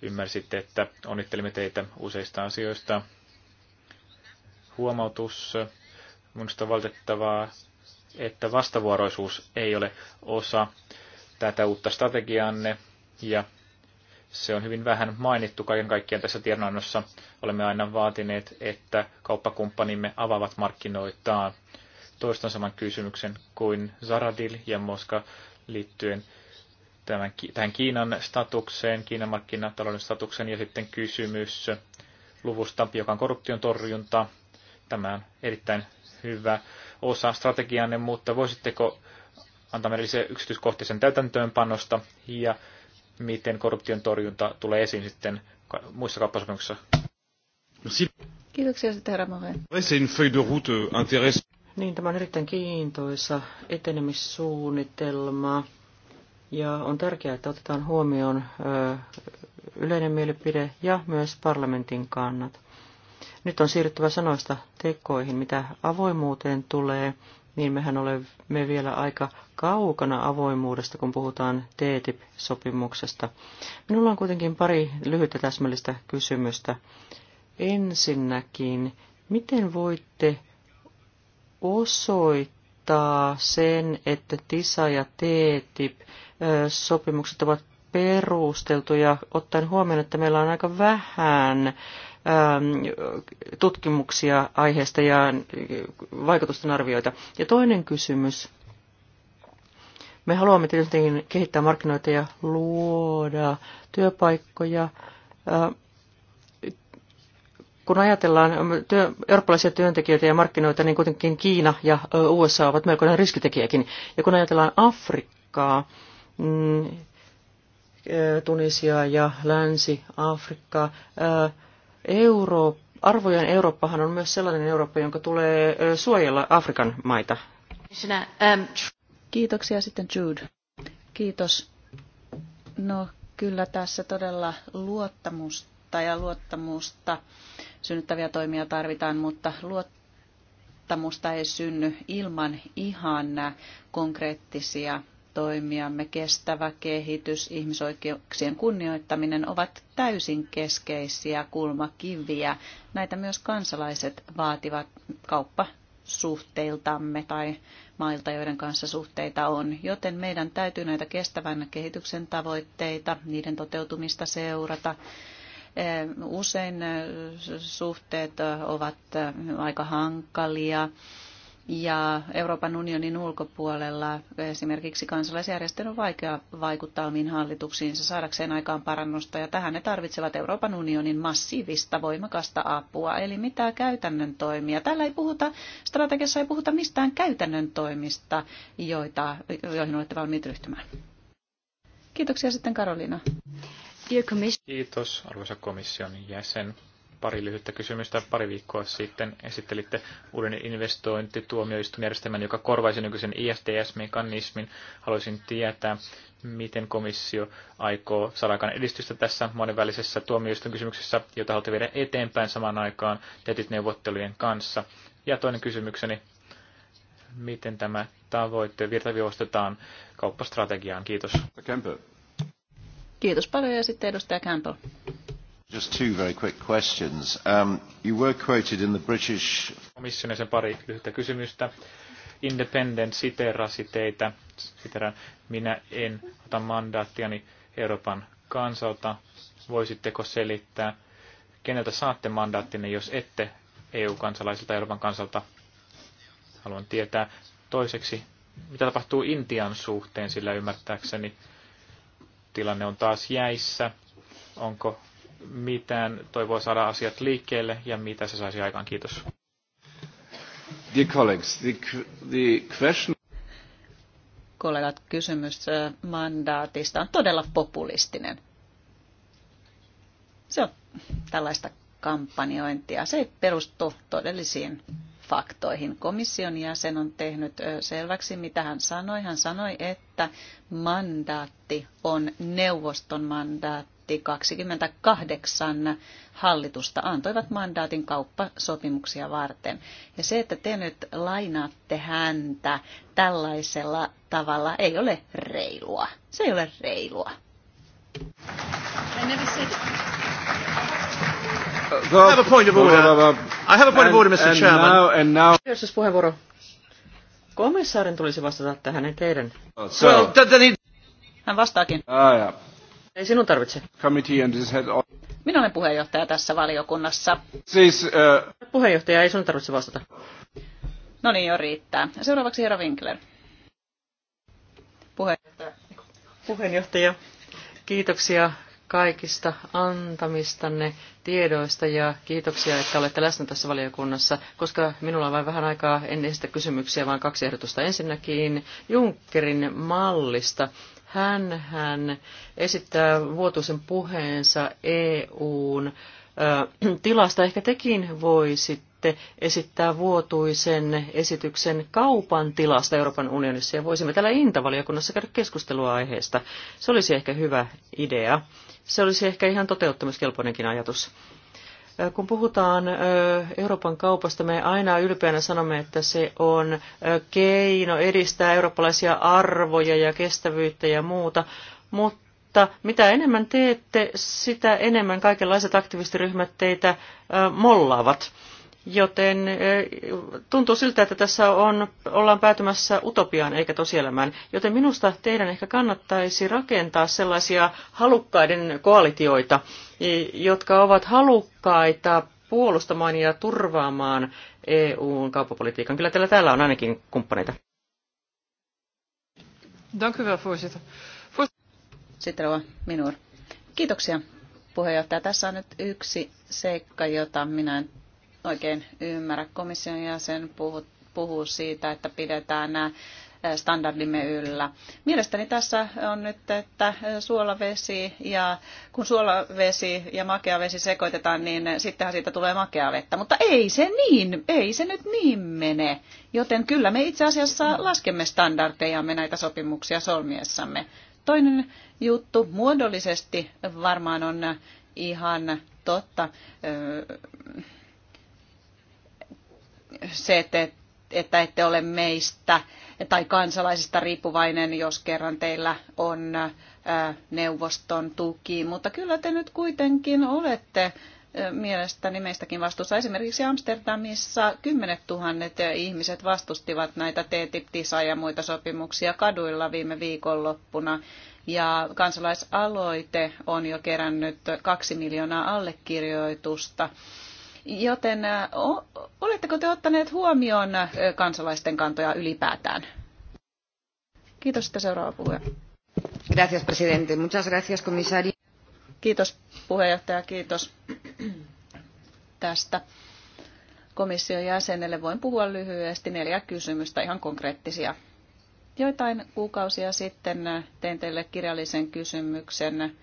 Ymmärsitte, että onnittelimme teitä useista asioista. Huomautus. Minusta on valitettavaa, että vastavuoroisuus ei ole osa tätä uutta strategiaanne ja se on hyvin vähän mainittu kaiken kaikkiaan tässä tiedonannossa. Olemme aina vaatineet, että kauppakumppanimme avaavat markkinoitaan. Toistan saman kysymyksen kuin Zaradil ja Moska liittyen tämän, tähän Kiinan statukseen, Kiinan markkinatalouden statukseen ja sitten kysymys luvusta, joka on korruption torjunta. Tämä on erittäin hyvä osa strategianne, mutta voisitteko antaa meille se yksityiskohtaisen täytäntöönpanosta ja miten korruption torjunta tulee esiin sitten muissa kauppasopimuksissa? Kiitoksia sitten herra euh, Niin, tämä on erittäin kiintoisa etenemissuunnitelma ja on tärkeää, että otetaan huomioon yleinen mielipide ja myös parlamentin kannat. Nyt on siirryttävä sanoista tekoihin. Mitä avoimuuteen tulee, niin mehän olemme vielä aika kaukana avoimuudesta, kun puhutaan TTIP-sopimuksesta. Minulla on kuitenkin pari lyhyttä täsmällistä kysymystä. Ensinnäkin, miten voitte osoittaa sen, että TISA ja TTIP sopimukset ovat perusteltuja, ottaen huomioon, että meillä on aika vähän tutkimuksia aiheesta ja vaikutusten arvioita. Ja toinen kysymys. Me haluamme tietenkin kehittää markkinoita ja luoda työpaikkoja. Kun ajatellaan työ, eurooppalaisia työntekijöitä ja markkinoita, niin kuitenkin Kiina ja USA ovat melkoinen riskitekijäkin. Ja kun ajatellaan Afrikkaa, Mm, eh, Tunisia ja länsi afrikka eh, Euro, arvojen Eurooppahan on myös sellainen Eurooppa, jonka tulee eh, suojella Afrikan maita. Um, Kiitoksia sitten Jude. Kiitos. No kyllä tässä todella luottamusta ja luottamusta synnyttäviä toimia tarvitaan, mutta luottamusta ei synny ilman ihan konkreettisia toimiamme, kestävä kehitys, ihmisoikeuksien kunnioittaminen ovat täysin keskeisiä kulmakiviä. Näitä myös kansalaiset vaativat kauppasuhteiltamme tai mailta, joiden kanssa suhteita on. Joten meidän täytyy näitä kestävän kehityksen tavoitteita, niiden toteutumista seurata. Usein suhteet ovat aika hankalia ja Euroopan unionin ulkopuolella esimerkiksi kansalaisjärjestön on vaikea vaikuttaa omiin hallituksiinsa saadakseen aikaan parannusta ja tähän ne tarvitsevat Euroopan unionin massiivista voimakasta apua. Eli mitä käytännön toimia? Täällä ei puhuta, strategiassa ei puhuta mistään käytännön toimista, joita, joihin olette valmiit ryhtymään. Kiitoksia sitten Karolina. Kiitos arvoisa komission jäsen. Pari lyhyttä kysymystä. Pari viikkoa sitten esittelitte uuden investointituomioistuinjärjestelmän, joka korvaisi nykyisen isds mekanismin Haluaisin tietää, miten komissio aikoo saada edistystä tässä monenvälisessä kysymyksessä, jota haluatte viedä eteenpäin samaan aikaan TETIT-neuvottelujen kanssa. Ja toinen kysymykseni, miten tämä tavoite virtaviivostetaan kauppastrategiaan. Kiitos. Campbell. Kiitos paljon ja sitten edustaja Campbell. Just two very quick questions. Um, you were quoted in the British... Komission sen pari lyhyttä kysymystä. Independent siterasi teitä. Siterän. Minä en ota mandaattiani Euroopan kansalta. Voisitteko selittää, keneltä saatte mandaattinne, jos ette EU-kansalaisilta Euroopan kansalta? Haluan tietää. Toiseksi, mitä tapahtuu Intian suhteen, sillä ymmärtääkseni tilanne on taas jäissä. Onko mitään toivoa saada asiat liikkeelle ja mitä se saisi aikaan. Kiitos. Dear colleagues, the, the question... Kollegat, kysymys äh, mandaatista on todella populistinen. Se on tällaista kampanjointia. Se ei perustu todellisiin faktoihin. Komission jäsen on tehnyt äh, selväksi, mitä hän sanoi. Hän sanoi, että mandaatti on neuvoston mandaatti mandaatti. 28 hallitusta antoivat mandaatin kauppasopimuksia varten. Ja se, että te nyt lainaatte häntä tällaisella tavalla, ei ole reilua. Se ei ole reilua. I have a point of order. I have a point of order, Mr. Chairman. Now, and now. puheenvuoro. Komissaarin tulisi vastata tähän, ei teidän. So. hän vastaakin. Ah, yeah. Ei sinun tarvitse. Minä olen puheenjohtaja tässä valiokunnassa. Siis, uh... Puheenjohtaja, ei sinun tarvitse vastata. No niin, jo riittää. Seuraavaksi herra Winkler. Puheenjohtaja. Puheenjohtaja, kiitoksia kaikista antamistanne tiedoista ja kiitoksia, että olette läsnä tässä valiokunnassa, koska minulla on vain vähän aikaa ennen sitä kysymyksiä, vaan kaksi ehdotusta. Ensinnäkin Junckerin mallista hän, hän esittää vuotuisen puheensa EUn äh, tilasta. Ehkä tekin voisitte esittää vuotuisen esityksen kaupan tilasta Euroopan unionissa ja voisimme täällä Intavaliokunnassa käydä keskustelua aiheesta. Se olisi ehkä hyvä idea. Se olisi ehkä ihan toteuttamiskelpoinenkin ajatus. Kun puhutaan Euroopan kaupasta, me aina ylpeänä sanomme, että se on keino edistää eurooppalaisia arvoja ja kestävyyttä ja muuta, mutta mitä enemmän teette, sitä enemmän kaikenlaiset aktivistiryhmät teitä mollaavat. Joten tuntuu siltä, että tässä on, ollaan päätymässä utopiaan eikä tosielämään. Joten minusta teidän ehkä kannattaisi rakentaa sellaisia halukkaiden koalitioita, jotka ovat halukkaita puolustamaan ja turvaamaan EUn kauppapolitiikan. Kyllä teillä täällä on ainakin kumppaneita. Dank Sitten on minua. Kiitoksia, puheenjohtaja. Tässä on nyt yksi seikka, jota minä en oikein ymmärrä. Komission jäsen puhuu siitä, että pidetään nämä standardimme yllä. Mielestäni tässä on nyt, että suolavesi ja kun suolavesi ja makeavesi sekoitetaan, niin sittenhän siitä tulee vettä. Mutta ei se niin, ei se nyt niin mene. Joten kyllä me itse asiassa laskemme standardejamme näitä sopimuksia solmiessamme. Toinen juttu muodollisesti varmaan on ihan totta se, että, että ette ole meistä tai kansalaisista riippuvainen, jos kerran teillä on neuvoston tuki. Mutta kyllä te nyt kuitenkin olette mielestäni meistäkin vastuussa. Esimerkiksi Amsterdamissa kymmenet tuhannet ihmiset vastustivat näitä TTIP, TISA ja muita sopimuksia kaduilla viime viikonloppuna. Ja kansalaisaloite on jo kerännyt kaksi miljoonaa allekirjoitusta. Joten oletteko te ottaneet huomioon kansalaisten kantoja ylipäätään? Kiitos, sitten seuraava puhuja. Gracias, presidente. Muchas gracias, komissaari. Kiitos, puheenjohtaja. Kiitos tästä komission jäsenelle. Voin puhua lyhyesti neljä kysymystä, ihan konkreettisia. Joitain kuukausia sitten tein teille kirjallisen kysymyksen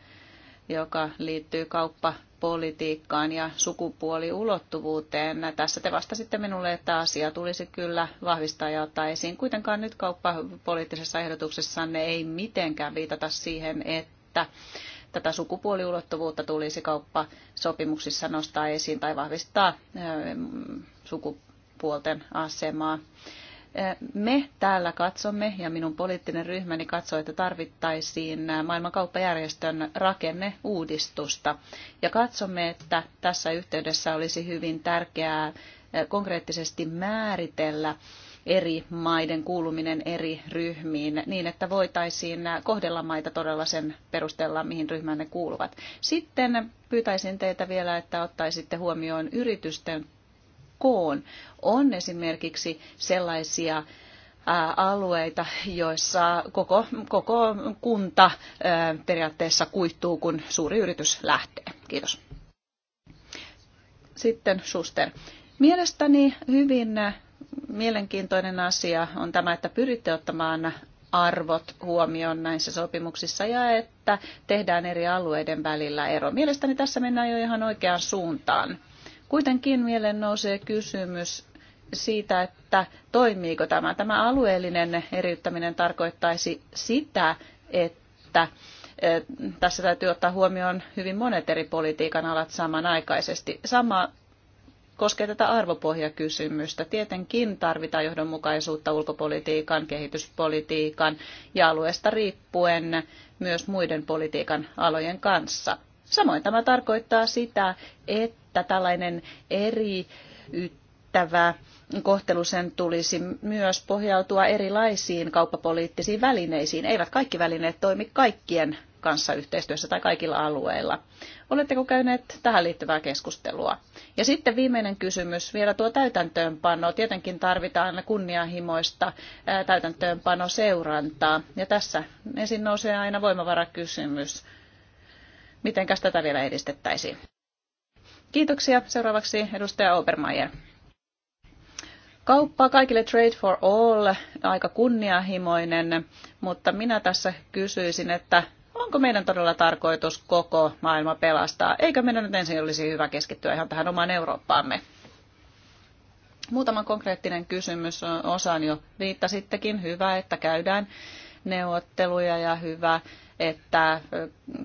joka liittyy kauppapolitiikkaan ja sukupuoliulottuvuuteen. Tässä te vastasitte minulle, että asia tulisi kyllä vahvistaa ja ottaa esiin. Kuitenkaan nyt kauppapoliittisessa ehdotuksessanne ei mitenkään viitata siihen, että tätä sukupuoliulottuvuutta tulisi kauppasopimuksissa nostaa esiin tai vahvistaa sukupuolten asemaa. Me täällä katsomme ja minun poliittinen ryhmäni katsoo, että tarvittaisiin maailmankauppajärjestön rakenneuudistusta. Ja katsomme, että tässä yhteydessä olisi hyvin tärkeää eh, konkreettisesti määritellä eri maiden kuuluminen eri ryhmiin niin, että voitaisiin eh, kohdella maita todella sen perusteella, mihin ryhmään ne kuuluvat. Sitten pyytäisin teitä vielä, että ottaisitte huomioon yritysten koon, On esimerkiksi sellaisia alueita, joissa koko, koko kunta periaatteessa kuihtuu, kun suuri yritys lähtee. Kiitos. Sitten Schuster. Mielestäni hyvin mielenkiintoinen asia on tämä, että pyritte ottamaan arvot huomioon näissä sopimuksissa ja että tehdään eri alueiden välillä ero. Mielestäni tässä mennään jo ihan oikeaan suuntaan. Kuitenkin mieleen nousee kysymys siitä, että toimiiko tämä. Tämä alueellinen eriyttäminen tarkoittaisi sitä, että eh, tässä täytyy ottaa huomioon hyvin monet eri politiikan alat samanaikaisesti. Sama koskee tätä arvopohjakysymystä. Tietenkin tarvitaan johdonmukaisuutta ulkopolitiikan, kehityspolitiikan ja alueesta riippuen myös muiden politiikan alojen kanssa. Samoin tämä tarkoittaa sitä, että tällainen eriyttävä kohtelu sen tulisi myös pohjautua erilaisiin kauppapoliittisiin välineisiin. Eivät kaikki välineet toimi kaikkien kanssa yhteistyössä tai kaikilla alueilla. Oletteko käyneet tähän liittyvää keskustelua? Ja sitten viimeinen kysymys, vielä tuo täytäntöönpano. Tietenkin tarvitaan kunnianhimoista täytäntöönpanoseurantaa. Ja tässä ensin nousee aina voimavarakysymys. Miten tätä vielä edistettäisiin? Kiitoksia. Seuraavaksi edustaja Obermeier. Kauppa kaikille Trade for All, aika kunnianhimoinen, mutta minä tässä kysyisin, että onko meidän todella tarkoitus koko maailma pelastaa, eikä meidän nyt ensin olisi hyvä keskittyä ihan tähän omaan Eurooppaamme. Muutama konkreettinen kysymys, osaan jo viittasittekin, hyvä, että käydään neuvotteluja ja hyvä, että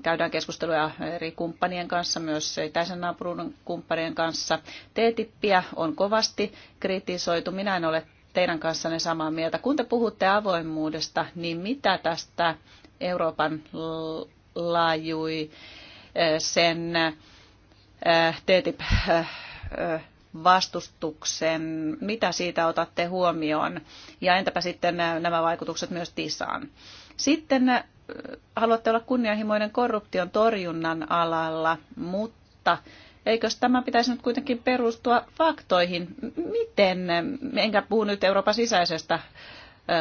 käydään keskusteluja eri kumppanien kanssa, myös itäisen naapurun kumppanien kanssa. TTIPiä on kovasti kritisoitu. Minä en ole teidän kanssanne samaa mieltä. Kun te puhutte avoimuudesta, niin mitä tästä Euroopan laajui sen TTIP-vastustuksen, mitä siitä otatte huomioon, ja entäpä sitten nämä vaikutukset myös TISAan. Sitten haluatte olla kunnianhimoinen korruption torjunnan alalla, mutta eikös tämä pitäisi nyt kuitenkin perustua faktoihin? Miten, enkä puhu nyt Euroopan sisäisestä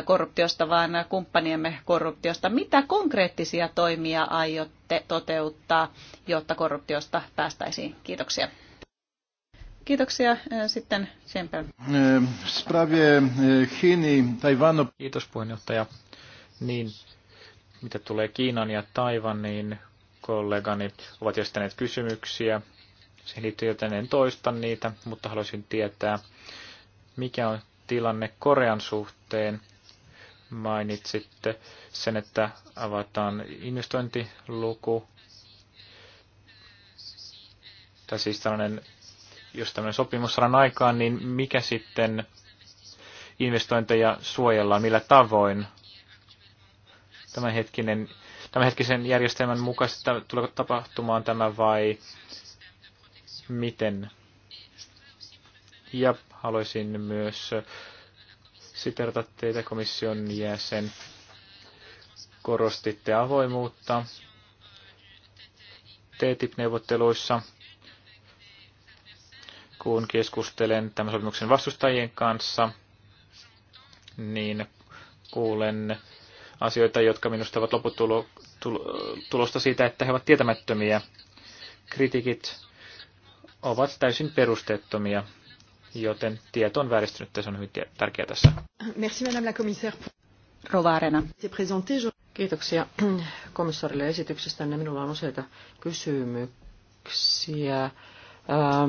korruptiosta, vaan kumppaniemme korruptiosta. Mitä konkreettisia toimia aiotte toteuttaa, jotta korruptiosta päästäisiin? Kiitoksia. Kiitoksia sitten Sempel. Kiitos puheenjohtaja. Niin, mitä tulee Kiinan ja Taivan, niin kollegani ovat jostaneet kysymyksiä. Siihen liittyy joten en toista niitä, mutta haluaisin tietää, mikä on tilanne Korean suhteen. Mainitsitte sen, että avataan investointiluku, tai siis tällainen, jos tämmöinen sopimus saadaan aikaan, niin mikä sitten investointeja suojellaan, millä tavoin? tämänhetkinen, tämänhetkisen järjestelmän mukaisesti, tuleeko tapahtumaan tämä vai miten? Ja haluaisin myös siterata teitä komission jäsen. Korostitte avoimuutta TTIP-neuvotteluissa, kun keskustelen tämän sopimuksen vastustajien kanssa, niin kuulen asioita, jotka minusta ovat lopputulosta siitä, että he ovat tietämättömiä. kritikit ovat täysin perusteettomia, joten tieto on vääristynyt. Se on hyvin tärkeää tässä. Merci, madame la commissaire. Rova Arena. Kiitoksia komissaarille esityksestä. Minulla on useita kysymyksiä. Ähm, äh,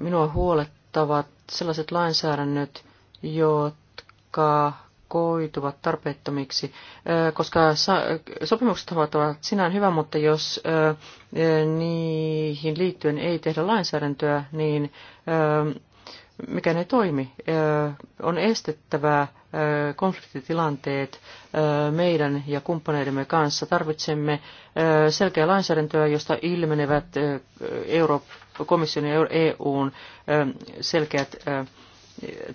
minua huolettavat sellaiset lainsäädännöt, jotka koituvat tarpeettomiksi, koska sopimukset ovat sinään hyvä, mutta jos niihin liittyen ei tehdä lainsäädäntöä, niin mikä ne toimi. On estettävä konfliktitilanteet meidän ja kumppaneidemme kanssa. Tarvitsemme selkeää lainsäädäntöä, josta ilmenevät Euroopan komission ja EUn e selkeät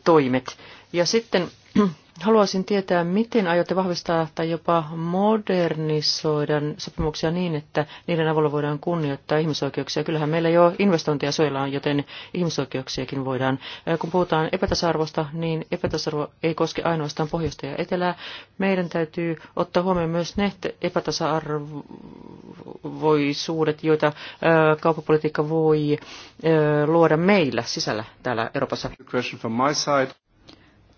toimet. Ja sitten haluaisin tietää, miten aiotte vahvistaa tai jopa modernisoida sopimuksia niin, että niiden avulla voidaan kunnioittaa ihmisoikeuksia. Kyllähän meillä jo investointia suojellaan, joten ihmisoikeuksiakin voidaan. Kun puhutaan epätasarvosta, niin epätasarvo ei koske ainoastaan pohjoista ja etelää. Meidän täytyy ottaa huomioon myös ne epätasa-arvoisuudet, joita kauppapolitiikka voi luoda meillä sisällä täällä Euroopassa.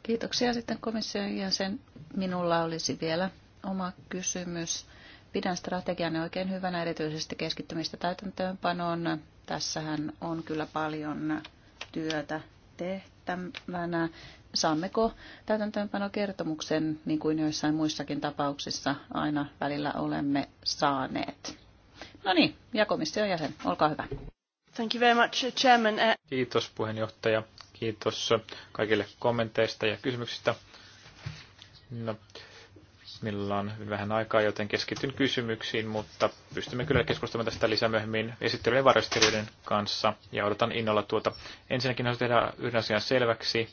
Kiitoksia sitten komission jäsen. Minulla olisi vielä oma kysymys. Pidän strategian oikein hyvänä erityisesti keskittymistä täytäntöönpanoon. Tässähän on kyllä paljon työtä tehtävänä. Saammeko täytäntöönpanokertomuksen, niin kuin joissain muissakin tapauksissa aina välillä olemme saaneet? No niin, ja komission jäsen, olkaa hyvä. Thank you very much, Chairman. Kiitos puheenjohtaja. Kiitos kaikille kommenteista ja kysymyksistä. No, meillä on vähän aikaa, joten keskityn kysymyksiin, mutta pystymme kyllä keskustelemaan tästä lisää myöhemmin esittelyjen varjostelijoiden kanssa ja odotan innolla tuota. Ensinnäkin haluan tehdä yhden asian selväksi.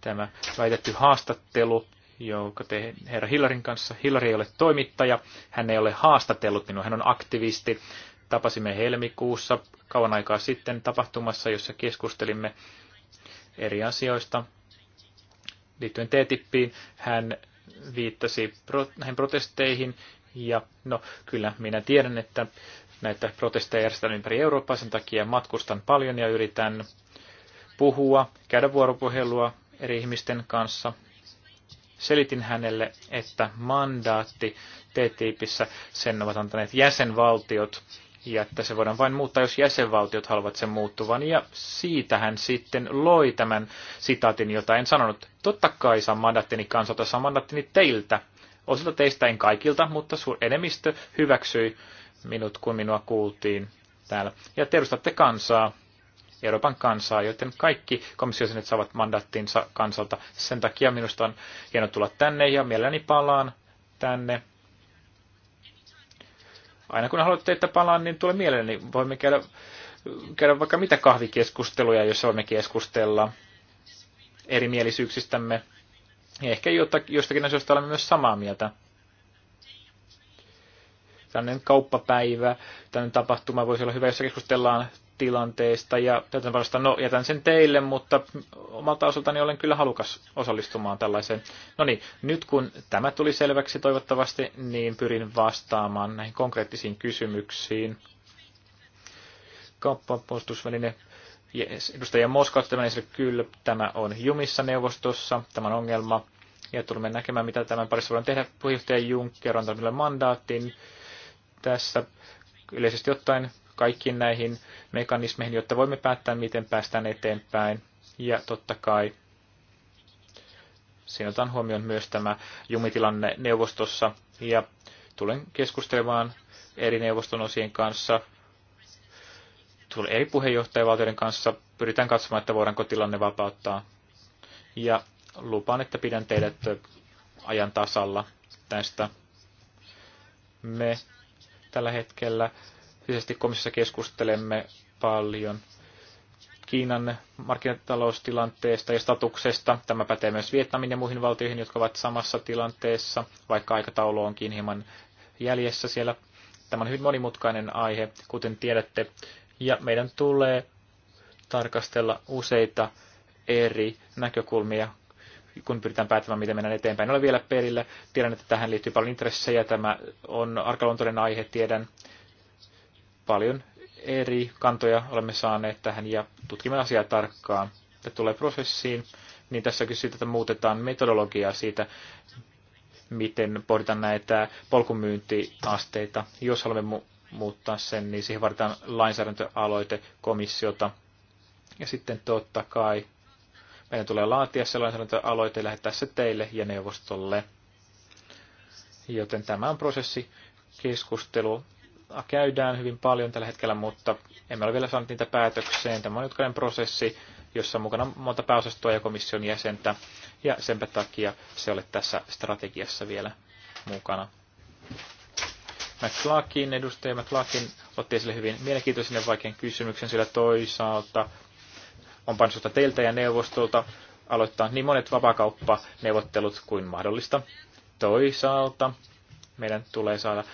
Tämä väitetty haastattelu, jonka te herra Hillarin kanssa. Hillari ei ole toimittaja, hän ei ole haastatellut minua, hän on aktivisti. Tapasimme helmikuussa kauan aikaa sitten tapahtumassa, jossa keskustelimme eri asioista. Liittyen TTIPiin hän viittasi pro, näihin protesteihin, ja no kyllä minä tiedän, että näitä protesteja järjestetään ympäri Eurooppaa, sen takia matkustan paljon ja yritän puhua, käydä vuoropuhelua eri ihmisten kanssa. Selitin hänelle, että mandaatti TTIPissä sen ovat antaneet jäsenvaltiot, ja että se voidaan vain muuttaa, jos jäsenvaltiot haluavat sen muuttuvan. Ja siitä hän sitten loi tämän sitaatin, jota en sanonut. Totta kai saa mandattini kansalta, saa mandattini teiltä. Osilta teistä en kaikilta, mutta suur enemmistö hyväksyi minut, kun minua kuultiin täällä. Ja te edustatte kansaa, Euroopan kansaa, joten kaikki komissiosenet saavat mandaattinsa kansalta. Sen takia minusta on hieno tulla tänne ja mielelläni palaan tänne Aina kun haluatte, että palaan, niin tulee mieleen, niin voimme käydä, käydä vaikka mitä kahvikeskusteluja, jos voimme keskustella erimielisyyksistämme. Ja ehkä jostakin asioista olemme myös samaa mieltä. Tällainen kauppapäivä, tällainen tapahtuma voisi olla hyvä, jossa keskustellaan tilanteista ja täytän vasta, no jätän sen teille, mutta omalta osaltani olen kyllä halukas osallistumaan tällaiseen. No niin, nyt kun tämä tuli selväksi toivottavasti, niin pyrin vastaamaan näihin konkreettisiin kysymyksiin. Kauppapuolustusväline edustaja Moskva, tämä kyllä, tämä on jumissa neuvostossa, tämä on ongelma. Ja tulemme näkemään, mitä tämän parissa voidaan tehdä. Puheenjohtaja Juncker on tämmöinen mandaatin tässä yleisesti ottaen kaikkiin näihin mekanismeihin, jotta voimme päättää, miten päästään eteenpäin. Ja totta kai siinä otan huomioon myös tämä jumitilanne neuvostossa ja tulen keskustelemaan eri neuvoston osien kanssa, tulen eri puheenjohtajavaltioiden kanssa, pyritään katsomaan, että voidaanko tilanne vapauttaa. Ja lupaan, että pidän teidät ajan tasalla tästä. Me tällä hetkellä Sisäisesti komissiossa keskustelemme paljon Kiinan markkinataloustilanteesta ja statuksesta. Tämä pätee myös Vietnamin ja muihin valtioihin, jotka ovat samassa tilanteessa, vaikka aikataulu onkin hieman jäljessä siellä. Tämä on hyvin monimutkainen aihe, kuten tiedätte, ja meidän tulee tarkastella useita eri näkökulmia, kun pyritään päättämään, miten mennään eteenpäin. En ole vielä perillä. Tiedän, että tähän liittyy paljon intressejä. Tämä on arkaluontoinen aihe, tiedän, paljon eri kantoja olemme saaneet tähän ja tutkimme asiaa tarkkaan. Ja tulee prosessiin, niin tässäkin siitä, että muutetaan metodologiaa siitä, miten pohditaan näitä polkumyyntiasteita. Jos haluamme mu- muuttaa sen, niin siihen vaaditaan lainsäädäntöaloite komissiota. Ja sitten totta kai meidän tulee laatia se lainsäädäntöaloite ja lähettää se teille ja neuvostolle. Joten tämä on prosessi, keskustelu käydään hyvin paljon tällä hetkellä, mutta emme ole vielä saaneet niitä päätökseen. Tämä on jutkainen prosessi, jossa on mukana monta pääosastoa ja komission jäsentä, ja senpä takia se ole tässä strategiassa vielä mukana. McLaughlin edustaja McLaughlin otti esille hyvin mielenkiintoisen ja vaikean kysymyksen, sillä toisaalta on panostusta teiltä ja neuvostolta aloittaa niin monet vapakauppaneuvottelut kuin mahdollista. Toisaalta meidän tulee saada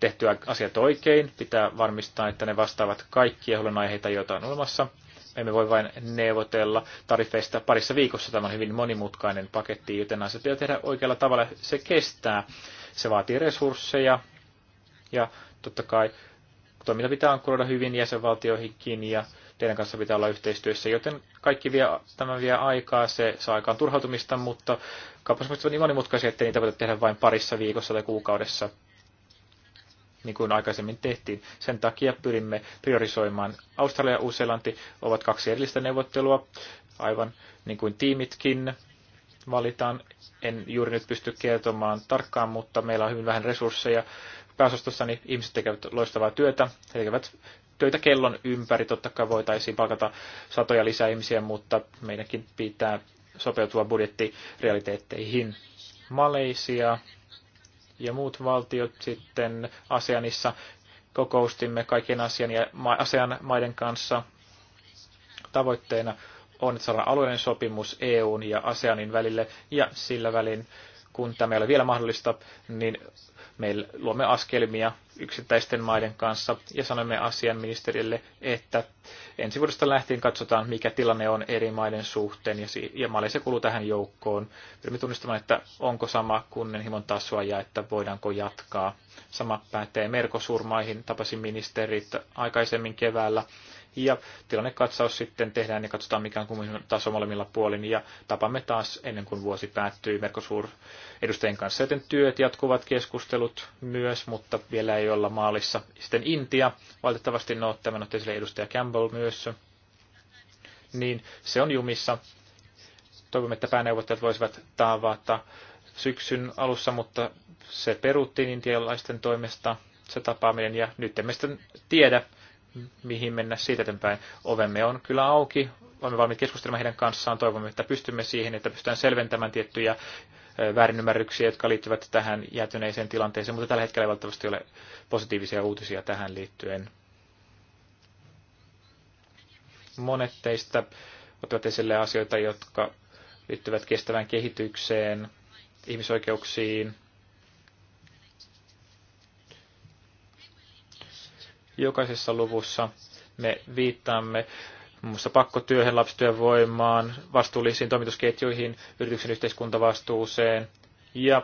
tehtyä asiat oikein. Pitää varmistaa, että ne vastaavat kaikkia huolenaiheita, joita on olemassa. Me emme voi vain neuvotella tarifeista parissa viikossa. Tämä on hyvin monimutkainen paketti, joten asiat pitää tehdä oikealla tavalla. Se kestää. Se vaatii resursseja ja totta kai toiminta pitää ankkuroida hyvin jäsenvaltioihinkin ja teidän kanssa pitää olla yhteistyössä, joten kaikki vie, tämä vie aikaa, se saa aikaan turhautumista, mutta kauppasopimukset ovat niin monimutkaisia, että niitä voi tehdä vain parissa viikossa tai kuukaudessa niin kuin aikaisemmin tehtiin. Sen takia pyrimme priorisoimaan. Australia ja Uuselanti ovat kaksi erillistä neuvottelua, aivan niin kuin tiimitkin valitaan. En juuri nyt pysty kertomaan tarkkaan, mutta meillä on hyvin vähän resursseja. Pääosastossa niin ihmiset tekevät loistavaa työtä. He tekevät töitä kellon ympäri. Totta kai voitaisiin palkata satoja lisää ihmisiä, mutta meidänkin pitää sopeutua budjettirealiteetteihin. Maleisia ja muut valtiot sitten ASEANissa kokoustimme kaiken asian ja, ASEAN maiden kanssa. Tavoitteena on saada alueellinen sopimus EUn ja ASEANin välille ja sillä välin kun tämä ei ole vielä mahdollista, niin me luomme askelmia yksittäisten maiden kanssa ja sanomme asianministerille, että ensi vuodesta lähtien katsotaan, mikä tilanne on eri maiden suhteen ja, si- ja Malesia kuuluu tähän joukkoon. Pyrimme tunnistamaan, että onko sama kunnenhimon tasoa ja että voidaanko jatkaa. Sama pätee Merkosurmaihin. Tapasin ministerit aikaisemmin keväällä ja tilannekatsaus sitten tehdään ja katsotaan mikä on kummin taso molemmilla puolin. Ja tapamme taas ennen kuin vuosi päättyy Mercosur edustajien kanssa. Joten työt jatkuvat keskustelut myös, mutta vielä ei olla maalissa. Sitten Intia, valitettavasti no, tämän otti esille edustaja Campbell myös. Niin se on jumissa. Toivomme, että pääneuvottajat voisivat tavata syksyn alussa, mutta se peruttiin intialaisten toimesta se tapaaminen ja nyt emme sitten tiedä, mihin mennä siitä eteenpäin. Ovemme on kyllä auki, olemme valmiit keskustelemaan heidän kanssaan, toivomme, että pystymme siihen, että pystytään selventämään tiettyjä väärinymmärryksiä, jotka liittyvät tähän jäätyneeseen tilanteeseen, mutta tällä hetkellä ei valitettavasti ole positiivisia uutisia tähän liittyen. Monet teistä ottavat esille asioita, jotka liittyvät kestävään kehitykseen, ihmisoikeuksiin, Jokaisessa luvussa me viittaamme muun muassa pakkotyöhön, voimaan, vastuullisiin toimitusketjuihin, yrityksen yhteiskuntavastuuseen ja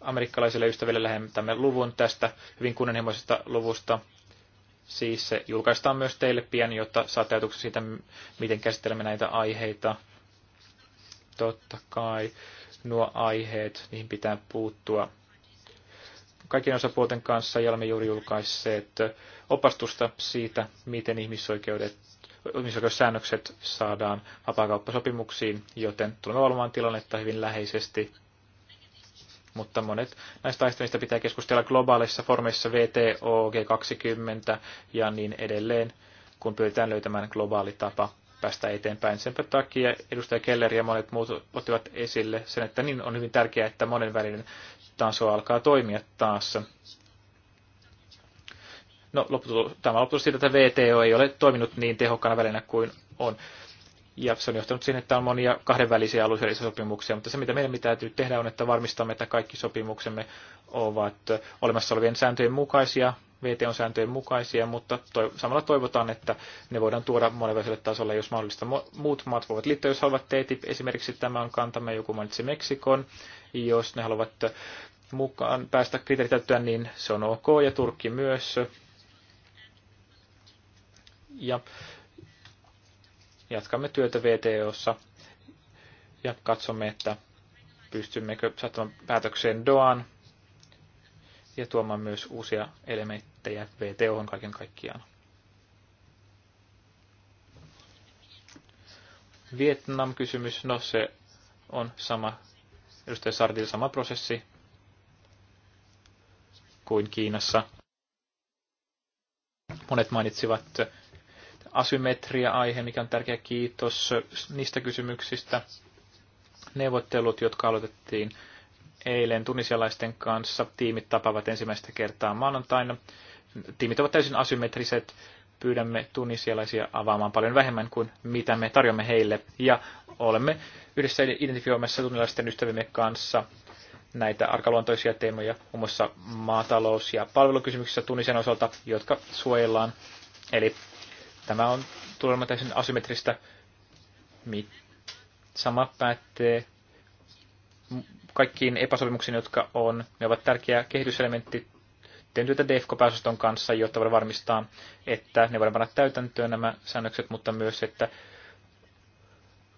amerikkalaisille ystäville lähetämme luvun tästä hyvin kunnianhimoisesta luvusta. Siis se julkaistaan myös teille pian, jotta saatte ajatuksia siitä, miten käsittelemme näitä aiheita. Totta kai nuo aiheet, niihin pitää puuttua kaikkien osapuolten kanssa ja olemme juuri julkaisseet opastusta siitä, miten ihmisoikeudet ihmisoikeussäännökset saadaan vapaakauppasopimuksiin, joten tulemme valvomaan tilannetta hyvin läheisesti. Mutta monet näistä aiheista pitää keskustella globaaleissa formeissa VTO, G20 ja niin edelleen, kun pyritään löytämään globaali tapa päästä eteenpäin. Sen takia edustaja Keller ja monet muut ottivat esille sen, että niin on hyvin tärkeää, että monenvälinen taso alkaa toimia taas. No, lopputulos, tämä lopputulos siitä, että VTO ei ole toiminut niin tehokkaana välinä kuin on. Ja se on johtanut siihen, että on monia kahdenvälisiä alueellisia sopimuksia, mutta se mitä meidän täytyy tehdä on, että varmistamme, että kaikki sopimuksemme ovat olemassa olevien sääntöjen mukaisia, VTO-sääntöjen mukaisia, mutta toiv- samalla toivotaan, että ne voidaan tuoda monenväliselle tasolle, jos mahdollista. muut maat voivat liittyä, jos haluavat TTIP. Esimerkiksi tämä on kantamme, joku mainitsi Meksikon. Jos ne haluavat mukaan päästä kriteeritettyä, niin se on ok, ja Turkki myös. Ja jatkamme työtä VTOssa ja katsomme, että pystymmekö saattamaan päätökseen Doan ja tuomaan myös uusia elementtejä VTOhon kaiken kaikkiaan. Vietnam-kysymys, no se on sama, edustaja Sardil sama prosessi kuin Kiinassa. Monet mainitsivat asymmetria-aihe, mikä on tärkeä kiitos niistä kysymyksistä. Neuvottelut, jotka aloitettiin eilen tunisialaisten kanssa. Tiimit tapaavat ensimmäistä kertaa maanantaina. Tiimit ovat täysin asymmetriset. Pyydämme tunisialaisia avaamaan paljon vähemmän kuin mitä me tarjoamme heille. Ja olemme yhdessä identifioimassa tunisialaisten ystävimme kanssa näitä arkaluontoisia teemoja, muun muassa maatalous- ja palvelukysymyksissä tunisen osalta, jotka suojellaan. Eli tämä on tulemma täysin asymmetristä. Sama pätee kaikkiin epäsopimuksiin, jotka on. Ne ovat tärkeä kehityselementti teen työtä defco pääsoston kanssa, jotta voidaan varmistaa, että ne voidaan panna täytäntöön nämä säännökset, mutta myös, että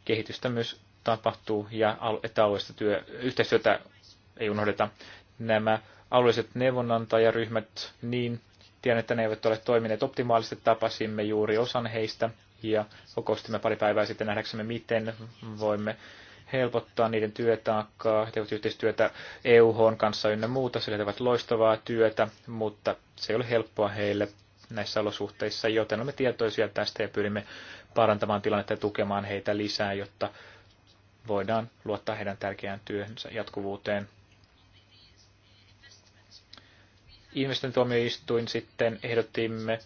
kehitystä myös tapahtuu ja että alueista työ, yhteistyötä ei unohdeta. Nämä alueelliset neuvonantajaryhmät, niin tiedän, että ne eivät ole toimineet optimaalisesti, tapasimme juuri osan heistä ja kokoustimme pari päivää sitten nähdäksemme, miten voimme helpottaa niiden työtaakkaa, he tekevät yhteistyötä EUH kanssa ynnä muuta, sillä tekevät loistavaa työtä, mutta se ei ole helppoa heille näissä olosuhteissa, joten olemme tietoisia tästä ja pyrimme parantamaan tilannetta ja tukemaan heitä lisää, jotta voidaan luottaa heidän tärkeään työhönsä jatkuvuuteen. Investointituomioistuin sitten ehdotimme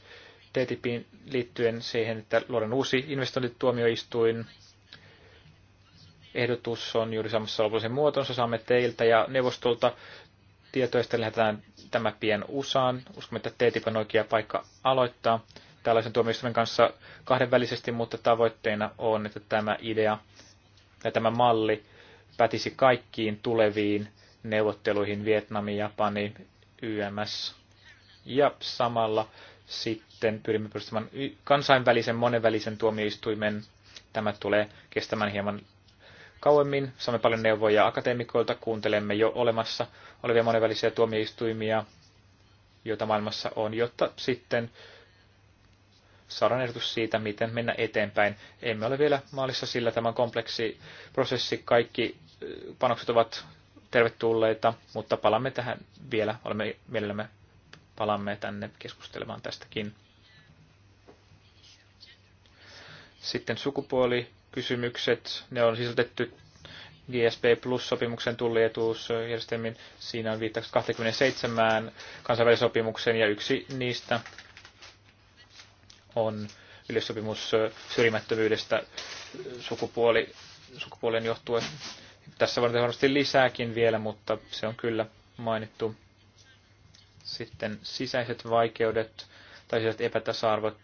TTIPin liittyen siihen, että luodaan uusi investointituomioistuin, ehdotus on juuri samassa lopullisen muotonsa, saamme teiltä ja neuvostolta tietoista lähdetään tämä pien USAan. Uskomme, että TTIP on oikea paikka aloittaa tällaisen tuomioistuimen kanssa kahdenvälisesti, mutta tavoitteena on, että tämä idea ja tämä malli pätisi kaikkiin tuleviin neuvotteluihin Vietnamiin, Japani, YMS. Ja samalla sitten pyrimme perustamaan kansainvälisen monenvälisen tuomioistuimen. Tämä tulee kestämään hieman kauemmin. Saamme paljon neuvoja akateemikoilta, kuuntelemme jo olemassa olevia monenvälisiä tuomioistuimia, joita maailmassa on, jotta sitten saadaan ehdotus siitä, miten mennä eteenpäin. Emme ole vielä maalissa, sillä tämä kompleksi prosessi, kaikki panokset ovat tervetulleita, mutta palamme tähän vielä, olemme mielellämme palamme tänne keskustelemaan tästäkin. Sitten sukupuoli kysymykset, ne on sisältetty GSP Plus-sopimuksen tullietuusjärjestelmin. Siinä on viittaukset 27 kansainvälisopimukseen ja yksi niistä on yleissopimus syrjimättömyydestä sukupuoli, sukupuolen johtuen. Tässä tehdä varmasti lisääkin vielä, mutta se on kyllä mainittu. Sitten sisäiset vaikeudet tai sisäiset epätasa-arvot.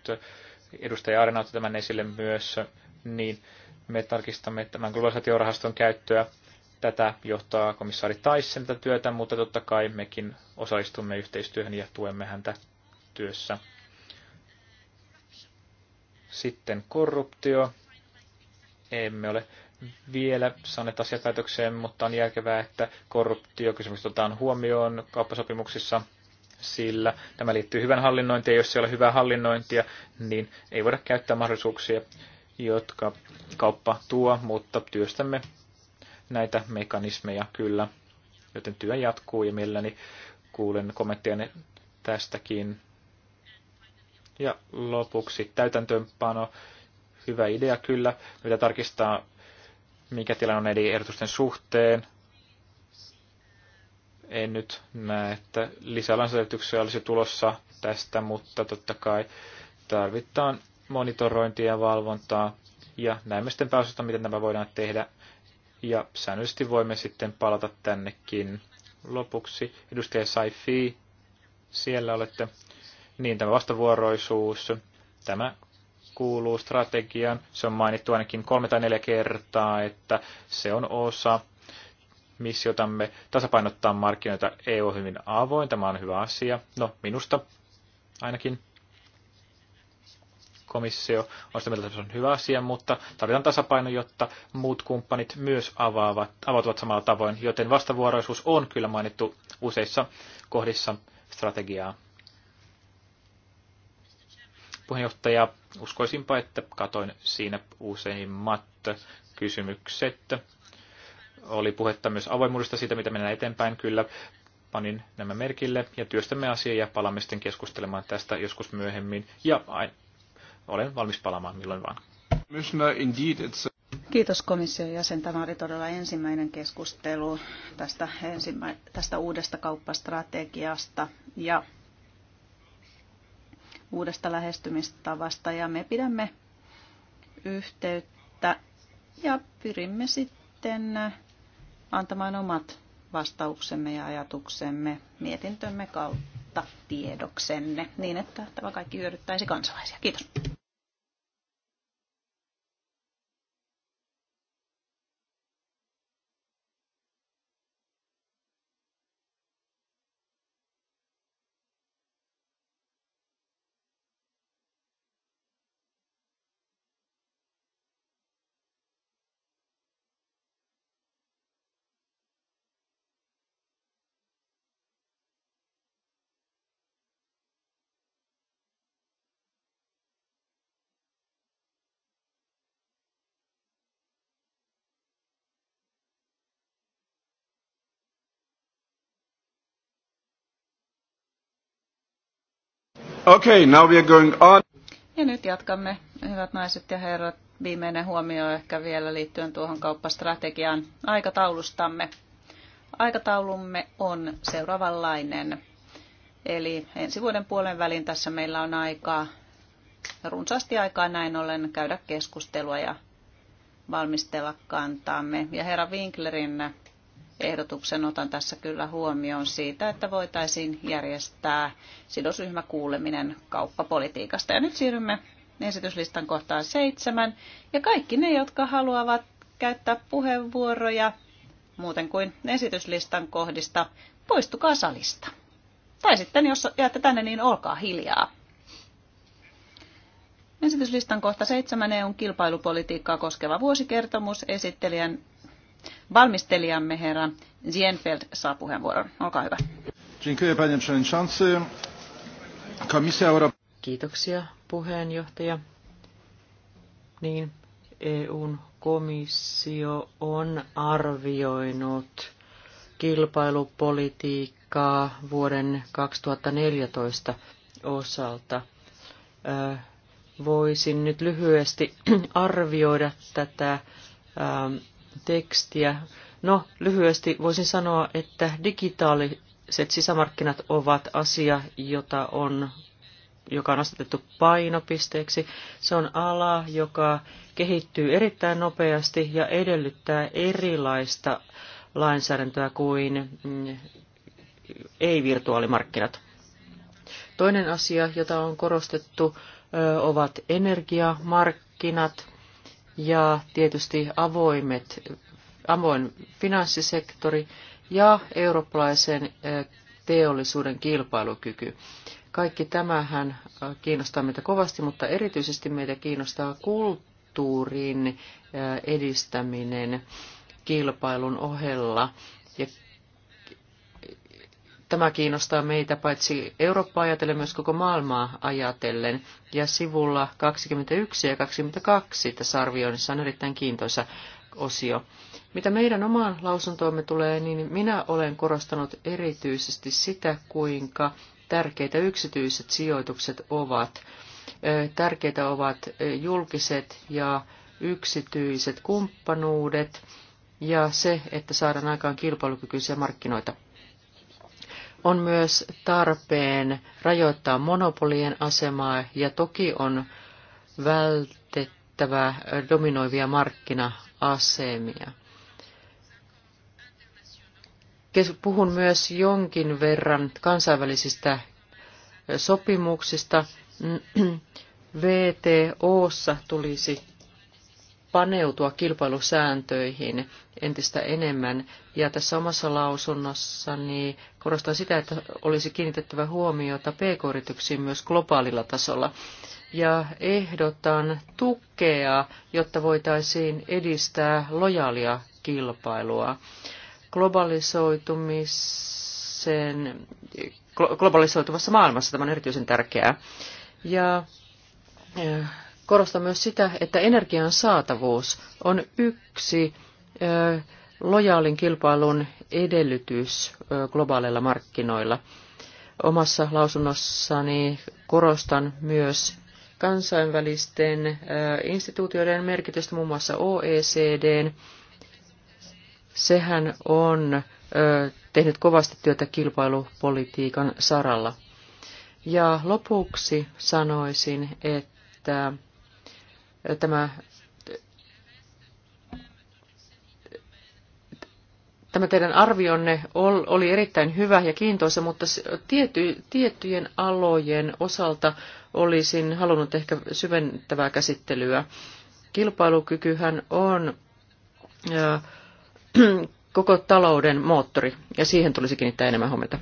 Edustaja Arena otti tämän esille myös niin me tarkistamme tämän globalisaatiorahaston käyttöä. Tätä johtaa komissaari Tyson tätä työtä, mutta totta kai mekin osallistumme yhteistyöhön ja tuemme häntä työssä. Sitten korruptio. Emme ole vielä saaneet asiapäätökseen, mutta on järkevää, että korruptiokysymys otetaan huomioon kauppasopimuksissa, sillä tämä liittyy hyvän hallinnointiin. Jos ei ole hyvää hallinnointia, niin ei voida käyttää mahdollisuuksia, jotka kauppa tuo, mutta työstämme näitä mekanismeja kyllä, joten työ jatkuu ja mielelläni kuulen kommentteja tästäkin. Ja lopuksi täytäntöönpano. Hyvä idea kyllä, mitä tarkistaa, mikä tilanne on eri ehdotusten suhteen. En nyt näe, että lisälainsäädäntöksiä olisi tulossa tästä, mutta totta kai tarvitaan monitorointia ja valvontaa, ja näemme sitten pääosasta, miten nämä voidaan tehdä, ja säännöllisesti voimme sitten palata tännekin. Lopuksi edustaja Saifi, siellä olette. Niin, tämä vastavuoroisuus, tämä kuuluu strategiaan. Se on mainittu ainakin kolme tai neljä kertaa, että se on osa missiotamme tasapainottaa markkinoita EU on hyvin avoin. Tämä on hyvä asia. No, minusta ainakin komissio on sitä mieltä, että se on hyvä asia, mutta tarvitaan tasapaino, jotta muut kumppanit myös avaavat, avautuvat samalla tavoin, joten vastavuoroisuus on kyllä mainittu useissa kohdissa strategiaa. Puheenjohtaja, uskoisinpa, että katoin siinä useimmat kysymykset. Oli puhetta myös avoimuudesta siitä, mitä mennään eteenpäin. Kyllä panin nämä merkille ja työstämme asiaa ja palaamme sitten keskustelemaan tästä joskus myöhemmin. Ja olen valmis palaamaan milloin vaan. Kiitos komission jäsen. Tämä oli todella ensimmäinen keskustelu tästä, ensimmä, tästä uudesta kauppastrategiasta ja uudesta lähestymistavasta. Ja me pidämme yhteyttä ja pyrimme sitten antamaan omat vastauksemme ja ajatuksemme mietintömme kautta tiedoksenne niin, että tämä kaikki hyödyttäisi kansalaisia. Kiitos. Okay, now we are going on. Ja nyt jatkamme, hyvät naiset ja herrat. Viimeinen huomio ehkä vielä liittyen tuohon kauppastrategian aikataulustamme. Aikataulumme on seuraavanlainen. Eli ensi vuoden puolen välin tässä meillä on aikaa, runsaasti aikaa näin ollen käydä keskustelua ja valmistella kantaamme. Ja herra Winklerin ehdotuksen otan tässä kyllä huomioon siitä, että voitaisiin järjestää sidosryhmäkuuleminen kauppapolitiikasta. Ja nyt siirrymme esityslistan kohtaan seitsemän. Ja kaikki ne, jotka haluavat käyttää puheenvuoroja muuten kuin esityslistan kohdista, poistukaa salista. Tai sitten, jos jäätte tänne, niin olkaa hiljaa. Esityslistan kohta 7 EUn kilpailupolitiikkaa koskeva vuosikertomus. Esittelijän Valmistelijamme herra Zienfeld saa puheenvuoron. Olkaa hyvä. Kiitoksia puheenjohtaja. Niin, EUn komissio on arvioinut kilpailupolitiikkaa vuoden 2014 osalta. Voisin nyt lyhyesti arvioida tätä tekstiä. No, lyhyesti voisin sanoa, että digitaaliset sisämarkkinat ovat asia, jota on, joka on asetettu painopisteeksi. Se on ala, joka kehittyy erittäin nopeasti ja edellyttää erilaista lainsäädäntöä kuin mm, ei-virtuaalimarkkinat. Toinen asia, jota on korostettu, ovat energiamarkkinat ja tietysti avoimet, avoin finanssisektori ja eurooppalaisen teollisuuden kilpailukyky. Kaikki tämähän kiinnostaa meitä kovasti, mutta erityisesti meitä kiinnostaa kulttuurin edistäminen kilpailun ohella. Ja Tämä kiinnostaa meitä paitsi Eurooppaa ajatellen, myös koko maailmaa ajatellen. Ja sivulla 21 ja 22 tässä arvioinnissa on erittäin kiintoisa osio. Mitä meidän omaan lausuntoomme tulee, niin minä olen korostanut erityisesti sitä, kuinka tärkeitä yksityiset sijoitukset ovat. Tärkeitä ovat julkiset ja yksityiset kumppanuudet ja se, että saadaan aikaan kilpailukykyisiä markkinoita. On myös tarpeen rajoittaa monopolien asemaa ja toki on vältettävä dominoivia markkina-asemia. Puhun myös jonkin verran kansainvälisistä sopimuksista. VTOssa tulisi paneutua kilpailusääntöihin entistä enemmän. Ja tässä omassa lausunnossani korostan sitä, että olisi kiinnitettävä huomiota pk-yrityksiin myös globaalilla tasolla. Ja ehdotan tukea, jotta voitaisiin edistää lojaalia kilpailua. Globalisoitumisen, globalisoitumassa maailmassa tämä on erityisen tärkeää. Ja eh, korostan myös sitä, että energian saatavuus on yksi lojaalin kilpailun edellytys globaaleilla markkinoilla. Omassa lausunnossani korostan myös kansainvälisten instituutioiden merkitystä, muun muassa OECDn. Sehän on tehnyt kovasti työtä kilpailupolitiikan saralla. Ja lopuksi sanoisin, että tämä tämä teidän arvionne oli erittäin hyvä ja kiintoisa, mutta tiety, tiettyjen alojen osalta olisin halunnut ehkä syventävää käsittelyä. Kilpailukykyhän on koko talouden moottori, ja siihen tulisi kiinnittää enemmän huomiota.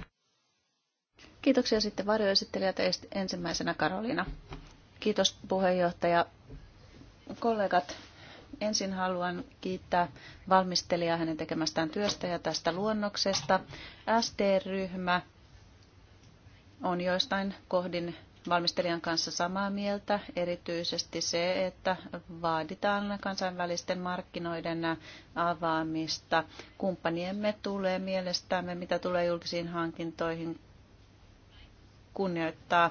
Kiitoksia sitten varjoesittelijät ensimmäisenä Karoliina. Kiitos puheenjohtaja kollegat, ensin haluan kiittää valmistelijaa hänen tekemästään työstä ja tästä luonnoksesta. SD-ryhmä on joistain kohdin valmistelijan kanssa samaa mieltä, erityisesti se, että vaaditaan kansainvälisten markkinoiden avaamista. Kumppaniemme tulee mielestämme, mitä tulee julkisiin hankintoihin, kunnioittaa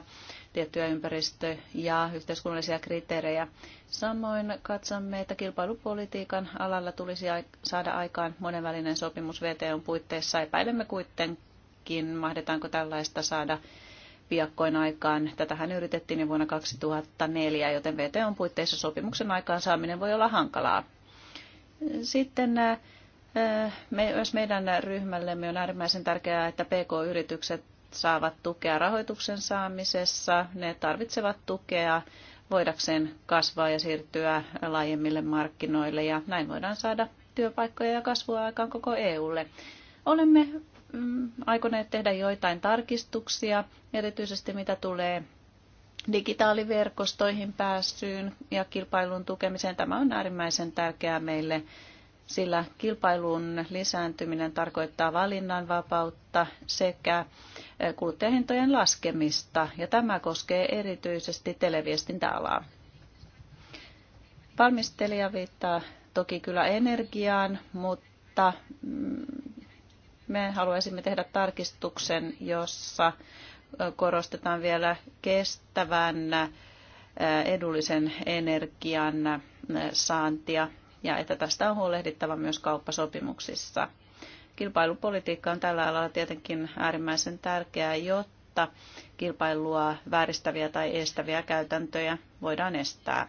tiettyjä ympäristö- ja yhteiskunnallisia kriteerejä. Samoin katsomme, että kilpailupolitiikan alalla tulisi saada aikaan monenvälinen sopimus VTOn puitteissa. Epäilemme kuitenkin, mahdetaanko tällaista saada piakkoin aikaan. Tätähän yritettiin jo vuonna 2004, joten VTOn puitteissa sopimuksen aikaansaaminen voi olla hankalaa. Sitten äh, me, myös meidän ryhmällemme on äärimmäisen tärkeää, että PK-yritykset saavat tukea rahoituksen saamisessa, ne tarvitsevat tukea voidakseen kasvaa ja siirtyä laajemmille markkinoille ja näin voidaan saada työpaikkoja ja kasvua aikaan koko EUlle. Olemme mm, aikoneet tehdä joitain tarkistuksia, erityisesti mitä tulee digitaaliverkostoihin pääsyyn ja kilpailun tukemiseen. Tämä on äärimmäisen tärkeää meille sillä kilpailun lisääntyminen tarkoittaa valinnanvapautta sekä eh, kuluttajahintojen laskemista, ja tämä koskee erityisesti televiestintäalaa. Valmistelija viittaa toki kyllä energiaan, mutta mm, me haluaisimme tehdä tarkistuksen, jossa eh, korostetaan vielä kestävän eh, edullisen energian saantia ja että tästä on huolehdittava myös kauppasopimuksissa. Kilpailupolitiikka on tällä alalla tietenkin äärimmäisen tärkeää, jotta kilpailua vääristäviä tai estäviä käytäntöjä voidaan estää.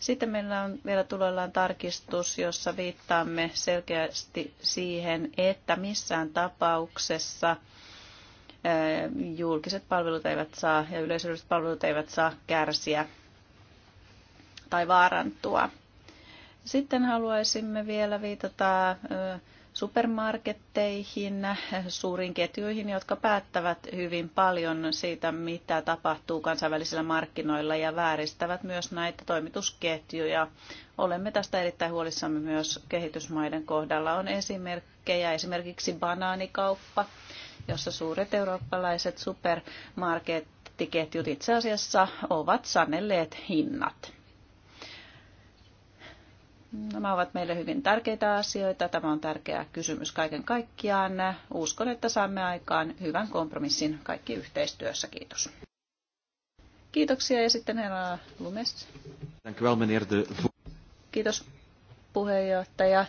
Sitten meillä on vielä tuloillaan tarkistus, jossa viittaamme selkeästi siihen, että missään tapauksessa julkiset palvelut eivät saa ja yleisölliset palvelut eivät saa kärsiä tai vaarantua. Sitten haluaisimme vielä viitata supermarketteihin, suuriin ketjuihin, jotka päättävät hyvin paljon siitä, mitä tapahtuu kansainvälisillä markkinoilla ja vääristävät myös näitä toimitusketjuja. Olemme tästä erittäin huolissamme myös kehitysmaiden kohdalla. On esimerkkejä, esimerkiksi banaanikauppa, jossa suuret eurooppalaiset supermarkettiketjut itse asiassa ovat sanelleet hinnat. Nämä ovat meille hyvin tärkeitä asioita. Tämä on tärkeä kysymys kaiken kaikkiaan. Uskon, että saamme aikaan hyvän kompromissin kaikki yhteistyössä. Kiitos. Kiitoksia ja sitten herra Lumes. Kiitos puheenjohtaja.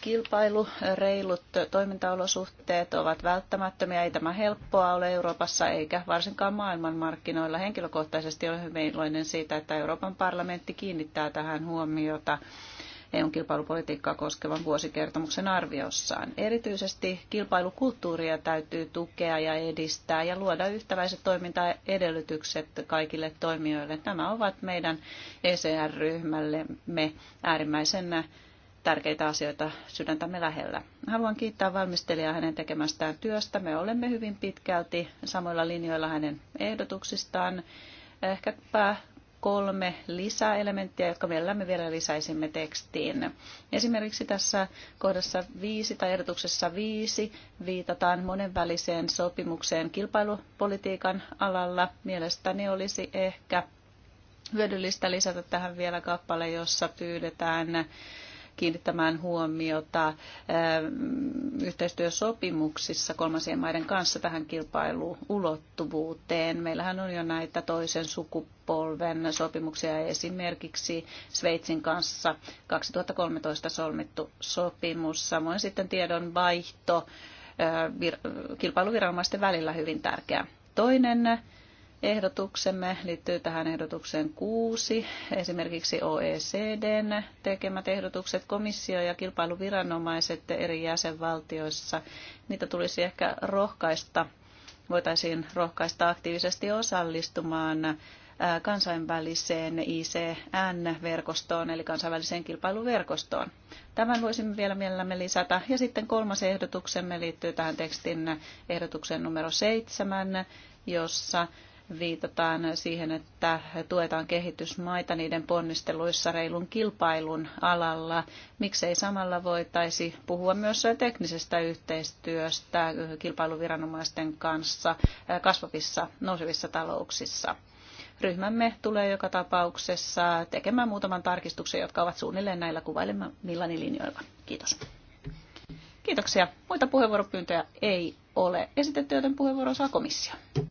Kilpailu, reilut toimintaolosuhteet ovat välttämättömiä. Ei tämä helppoa ole Euroopassa eikä varsinkaan maailmanmarkkinoilla. Henkilökohtaisesti olen hyvin iloinen siitä, että Euroopan parlamentti kiinnittää tähän huomiota. EUn kilpailupolitiikkaa koskevan vuosikertomuksen arviossaan. Erityisesti kilpailukulttuuria täytyy tukea ja edistää ja luoda yhtäväiset toimintaedellytykset kaikille toimijoille. Nämä ovat meidän ECR-ryhmällemme äärimmäisenä tärkeitä asioita sydäntämme lähellä. Haluan kiittää valmistelijaa hänen tekemästään työstä. Me olemme hyvin pitkälti samoilla linjoilla hänen ehdotuksistaan. Ehkäpä kolme lisäelementtiä, jotka mielellämme vielä lisäisimme tekstiin. Esimerkiksi tässä kohdassa 5 tai ehdotuksessa 5 viitataan monenväliseen sopimukseen kilpailupolitiikan alalla. Mielestäni olisi ehkä hyödyllistä lisätä tähän vielä kappale, jossa pyydetään kiinnittämään huomiota eh, yhteistyösopimuksissa kolmansien maiden kanssa tähän kilpailuulottuvuuteen. Meillähän on jo näitä toisen sukupolven sopimuksia esimerkiksi Sveitsin kanssa 2013 solmittu sopimus, samoin sitten tiedon vaihto eh, kilpailuviranomaisten välillä hyvin tärkeä. Toinen ehdotuksemme liittyy tähän ehdotukseen kuusi. Esimerkiksi OECDn tekemät ehdotukset, komissio ja kilpailuviranomaiset eri jäsenvaltioissa, niitä tulisi ehkä rohkaista, voitaisiin rohkaista aktiivisesti osallistumaan kansainväliseen ICN-verkostoon, eli kansainväliseen kilpailuverkostoon. Tämän voisimme vielä mielellämme lisätä. Ja sitten kolmas ehdotuksemme liittyy tähän tekstin ehdotukseen numero seitsemän, jossa viitataan siihen, että tuetaan kehitysmaita niiden ponnisteluissa reilun kilpailun alalla. Miksei samalla voitaisi puhua myös teknisestä yhteistyöstä kilpailuviranomaisten kanssa kasvavissa nousevissa talouksissa. Ryhmämme tulee joka tapauksessa tekemään muutaman tarkistuksen, jotka ovat suunnilleen näillä kuvailemillani linjoilla. Kiitos. Kiitoksia. Muita puheenvuoropyyntöjä ei ole esitetty, joten puheenvuoro saa komissio. Äh,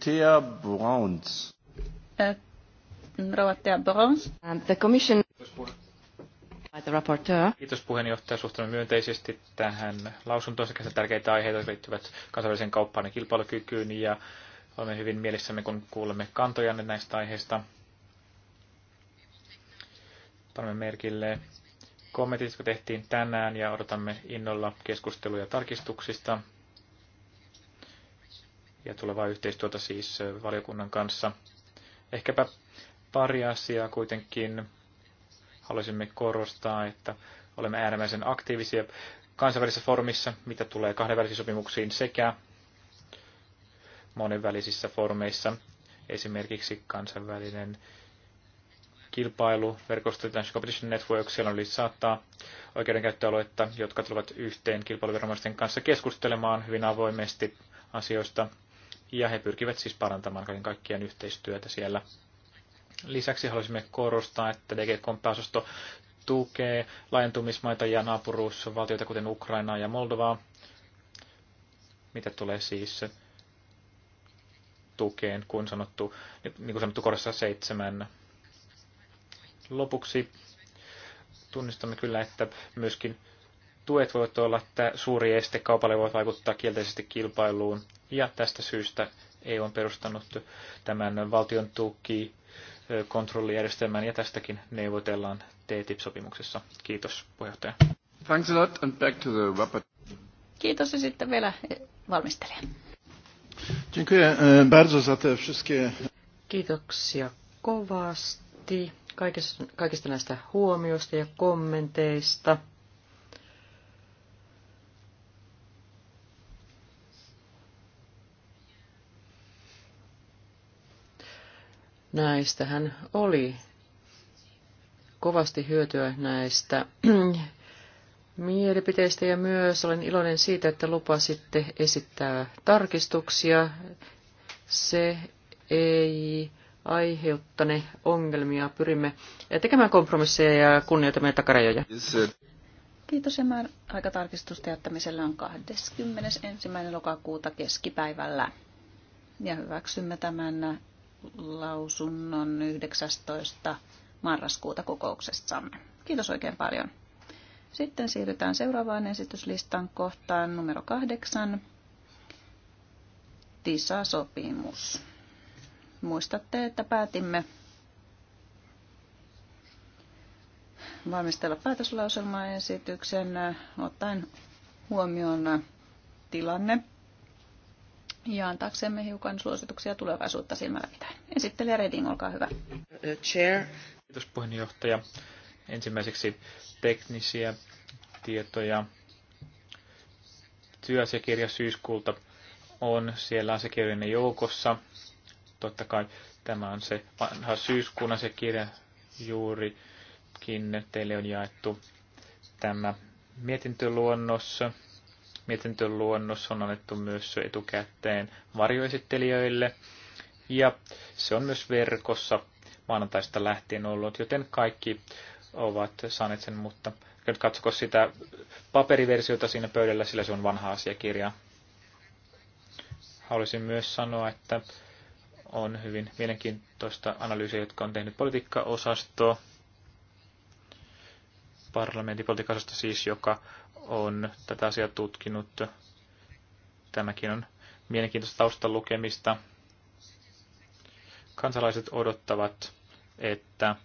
Thea Browns. Äh, Rouva Browns. Um, the commission... The rapporteur. Kiitos puheenjohtaja. Suhtamme myönteisesti tähän lausuntoon sekä tärkeitä aiheita liittyvät kansainväliseen kauppaan ja kilpailukykyyn. Ja olemme hyvin mielissämme, kun kuulemme kantojanne näistä aiheista panemme merkille kommentit, jotka tehtiin tänään ja odotamme innolla keskusteluja tarkistuksista ja tulevaa yhteistyötä siis valiokunnan kanssa. Ehkäpä pari asiaa kuitenkin haluaisimme korostaa, että olemme äärimmäisen aktiivisia kansainvälisessä formissa, mitä tulee kahdenvälisiin sopimuksiin sekä monenvälisissä formeissa, esimerkiksi kansainvälinen verkosto, International Competition Network, siellä on yli sata jotka tulevat yhteen kilpailuviranomaisten kanssa keskustelemaan hyvin avoimesti asioista, ja he pyrkivät siis parantamaan kaiken kaikkiaan yhteistyötä siellä. Lisäksi haluaisimme korostaa, että DGKn pääosasto tukee laajentumismaita ja naapuruusvaltioita, kuten Ukrainaa ja Moldovaa, mitä tulee siis tukeen, kun sanottu, niin kuin sanottu korossa seitsemän Lopuksi tunnistamme kyllä, että myöskin tuet voivat olla että suuri este kaupalle voivat vaikuttaa kielteisesti kilpailuun. Ja tästä syystä EU on perustanut tämän valtion tuki kontrollijärjestelmän ja tästäkin neuvotellaan TTIP-sopimuksessa. Kiitos puheenjohtaja. Thanks a lot and back to the rapport. Kiitos ja sitten vielä e, valmistelija. E, Kiitoksia kovasti kaikista, kaikista näistä huomioista ja kommenteista. Näistähän oli kovasti hyötyä näistä mielipiteistä ja myös olen iloinen siitä, että lupasitte esittää tarkistuksia. Se ei aiheuttane ongelmia. Pyrimme tekemään kompromisseja ja kunnioitamme takarajoja. Kiitos. Ja aikatarkistusta jättämisellä on 21. lokakuuta keskipäivällä. Ja hyväksymme tämän lausunnon 19. marraskuuta kokouksessamme. Kiitos oikein paljon. Sitten siirrytään seuraavaan esityslistan kohtaan numero kahdeksan. TISA-sopimus. Muistatte, että päätimme valmistella esityksen ottaen huomioon tilanne ja antaaksemme hiukan suosituksia tulevaisuutta silmällä pitäen. Esittelijä Reding, olkaa hyvä. Chair. Kiitos puheenjohtaja. Ensimmäiseksi teknisiä tietoja. Työasiakirja syyskuulta on siellä asiakirjojen joukossa. Totta kai tämä on se vanha se kirja juurikin. Teille on jaettu tämä mietintöluonnos. Mietintöluonnos on annettu myös etukäteen varjoesittelijöille. Ja se on myös verkossa maanantaista lähtien ollut, joten kaikki ovat saaneet sen, mutta katsoko sitä paperiversiota siinä pöydällä, sillä se on vanha asiakirja. Haluaisin myös sanoa, että on hyvin mielenkiintoista analyysiä, jotka on tehnyt politiikkaosasto, parlamentin politiikkaosasto siis, joka on tätä asiaa tutkinut. Tämäkin on mielenkiintoista taustan lukemista. Kansalaiset odottavat, että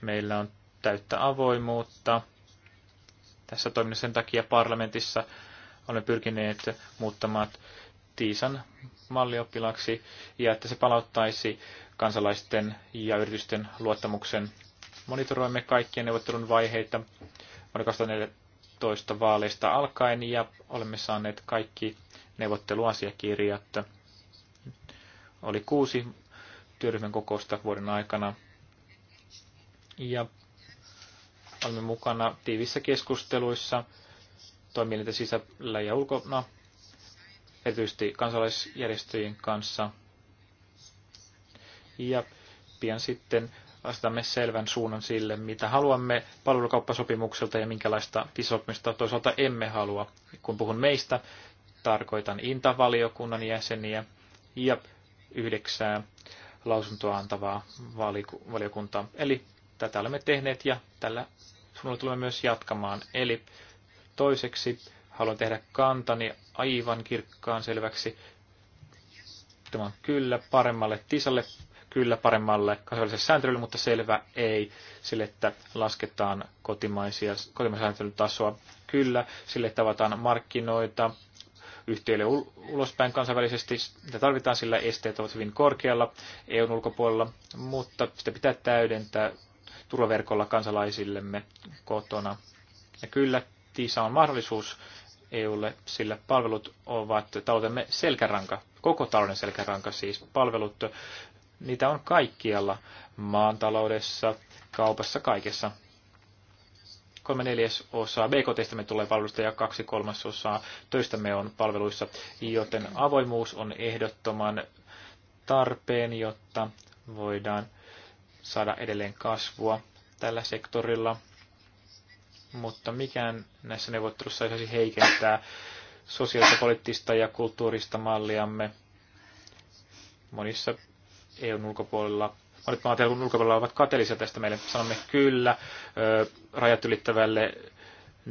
meillä on täyttä avoimuutta. Tässä toiminnassa sen takia parlamentissa olemme pyrkineet muuttamaan Tiisan mallioppilaksi ja että se palauttaisi kansalaisten ja yritysten luottamuksen. Monitoroimme kaikkia neuvottelun vaiheita vuonna 2014 vaaleista alkaen ja olemme saaneet kaikki neuvotteluasiakirjat. Oli kuusi työryhmän kokousta vuoden aikana ja olemme mukana tiivissä keskusteluissa toimielinten sisällä ja ulkona erityisesti kansalaisjärjestöjen kanssa. Ja pian sitten asetamme selvän suunnan sille, mitä haluamme palvelukauppasopimukselta ja minkälaista TISOPimista toisaalta emme halua. Kun puhun meistä, tarkoitan Inta-valiokunnan jäseniä ja yhdeksää lausuntoa antavaa valiokuntaa. Eli tätä olemme tehneet ja tällä suunnalla tulemme myös jatkamaan. Eli toiseksi haluan tehdä kantani aivan kirkkaan selväksi. Tämä on kyllä paremmalle tisalle, kyllä paremmalle kansainväliselle sääntelylle, mutta selvä ei sille, että lasketaan kotimaisia, kotimaisen sääntelyn tasoa. Kyllä sille, että avataan markkinoita yhtiöille ulospäin kansainvälisesti. Sitä tarvitaan, sillä esteet ovat hyvin korkealla EUn ulkopuolella, mutta sitä pitää täydentää turvaverkolla kansalaisillemme kotona. Ja kyllä, TISA on mahdollisuus EUlle, sillä palvelut ovat taloutemme selkäranka, koko talouden selkäranka siis. Palvelut, niitä on kaikkialla, maantaloudessa, kaupassa, kaikessa. Kolme osaa BKTstämme tulee palveluista ja kaksi osaa töistämme on palveluissa, joten avoimuus on ehdottoman tarpeen, jotta voidaan saada edelleen kasvua tällä sektorilla mutta mikään näissä neuvottelussa ei saisi heikentää sosiaalista, poliittista ja kulttuurista malliamme. Monissa EUn ulkopuolella, monet maat EUn ulkopuolella ovat kateellisia tästä. Meille sanomme kyllä rajat ylittävälle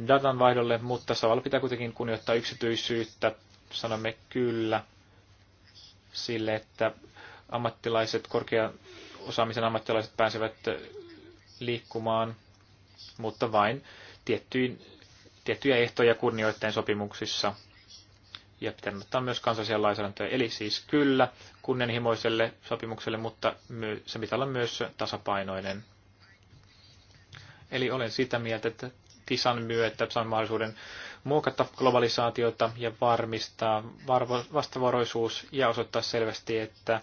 datanvaihdolle, mutta samalla pitää kuitenkin kunnioittaa yksityisyyttä. Sanomme kyllä sille, että ammattilaiset, korkean osaamisen ammattilaiset pääsevät liikkumaan, mutta vain tiettyin, tiettyjä ehtoja kunnioittain sopimuksissa. Ja pitää ottaa myös kansallisia lainsäädäntöjä. Eli siis kyllä kunnianhimoiselle sopimukselle, mutta se pitää olla myös tasapainoinen. Eli olen sitä mieltä, että TISAN myötä saan mahdollisuuden muokata globalisaatiota ja varmistaa vastavuoroisuus ja osoittaa selvästi, että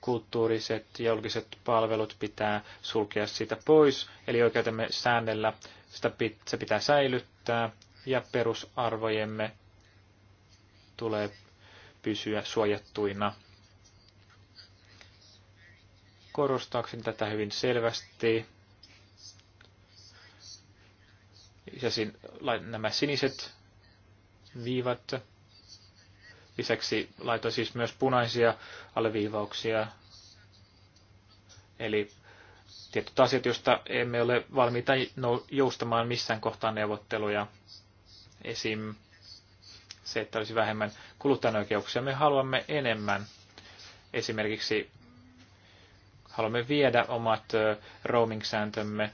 kulttuuriset ja julkiset palvelut pitää sulkea siitä pois, eli oikeutemme säännellä sitä pit, se pitää säilyttää ja perusarvojemme tulee pysyä suojattuina. Korostaakseni tätä hyvin selvästi. Lisäsin nämä siniset viivat. Lisäksi laitoin siis myös punaisia alleviivauksia. Eli tietyt asiat, joista emme ole valmiita no, joustamaan missään kohtaan neuvotteluja. Esim. se, että olisi vähemmän kuluttajan oikeuksia. Me haluamme enemmän. Esimerkiksi haluamme viedä omat roaming-sääntömme,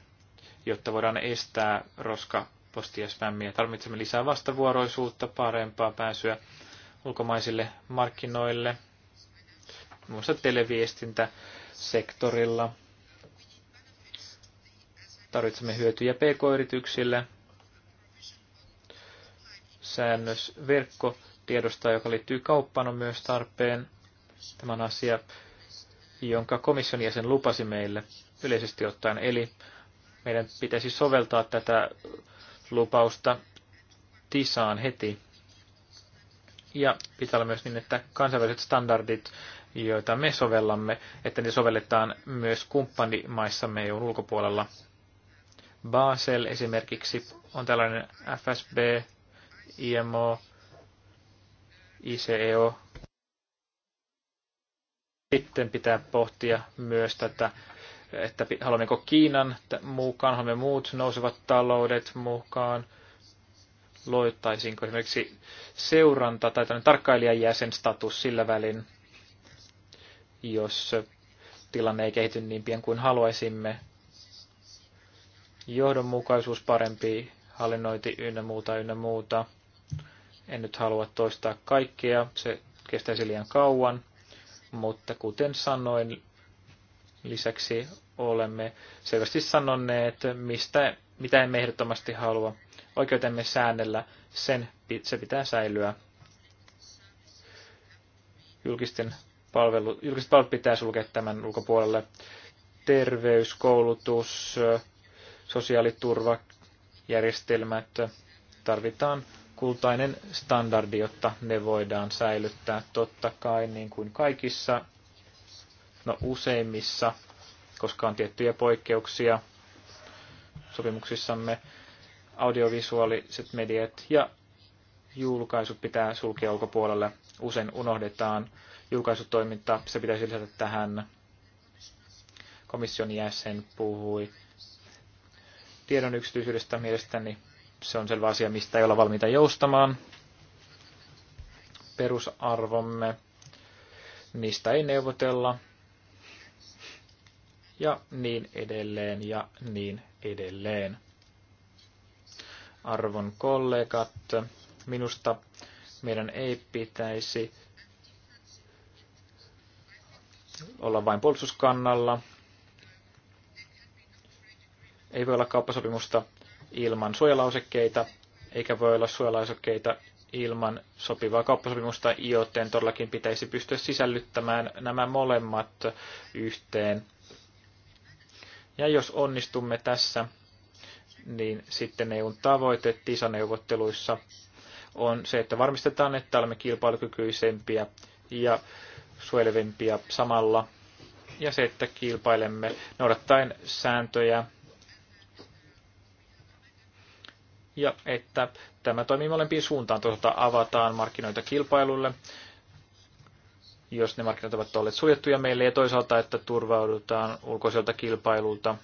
jotta voidaan estää roska ja spämmiä. Tarvitsemme lisää vastavuoroisuutta, parempaa pääsyä ulkomaisille markkinoille, muun muassa televiestintäsektorilla. sektorilla Tarvitsemme hyötyjä pk-yrityksille. Säännös verkkotiedosta, joka liittyy kauppaan, on myös tarpeen. Tämä on asia, jonka komission jäsen lupasi meille yleisesti ottaen. Eli meidän pitäisi soveltaa tätä lupausta tisaan heti. Ja pitää olla myös niin, että kansainväliset standardit, joita me sovellamme, että ne sovelletaan myös kumppanimaissamme EUn ulkopuolella. Basel esimerkiksi on tällainen FSB, IMO, ICEO. Sitten pitää pohtia myös tätä, että haluammeko Kiinan mukaan, haluamme muut nousevat taloudet mukaan, loittaisinko esimerkiksi seuranta tai tarkkailijan jäsenstatus sillä välin, jos tilanne ei kehity niin pian kuin haluaisimme johdonmukaisuus, parempi hallinnointi ynnä muuta ynnä muuta. En nyt halua toistaa kaikkea, se kestäisi liian kauan, mutta kuten sanoin, lisäksi olemme selvästi sanoneet, mistä, mitä emme ehdottomasti halua. Oikeutemme säännellä, sen, se pitää säilyä. Julkisten palvelu, julkiset palvelut pitää sulkea tämän ulkopuolelle. Terveys, koulutus, sosiaaliturvajärjestelmät. Tarvitaan kultainen standardi, jotta ne voidaan säilyttää totta kai niin kuin kaikissa, no useimmissa, koska on tiettyjä poikkeuksia sopimuksissamme, audiovisuaaliset mediat ja julkaisut pitää sulkea ulkopuolelle. Usein unohdetaan julkaisutoiminta, se pitäisi lisätä tähän. Komission jäsen puhui tiedon yksityisyydestä mielestäni se on selvä asia, mistä ei olla valmiita joustamaan. Perusarvomme, niistä ei neuvotella. Ja niin edelleen ja niin edelleen. Arvon kollegat, minusta meidän ei pitäisi olla vain puolustuskannalla, ei voi olla kauppasopimusta ilman suojalausekkeita, eikä voi olla suojalausekkeita ilman sopivaa kauppasopimusta, joten todellakin pitäisi pystyä sisällyttämään nämä molemmat yhteen. Ja jos onnistumme tässä, niin sitten EUn tavoite TISA-neuvotteluissa on se, että varmistetaan, että olemme kilpailukykyisempiä ja suojelevimpia samalla, ja se, että kilpailemme noudattaen sääntöjä, ja että tämä toimii molempiin suuntaan. Toisaalta avataan markkinoita kilpailulle, jos ne markkinat ovat olleet suljettuja meille, ja toisaalta, että turvaudutaan ulkoiselta kilpailulta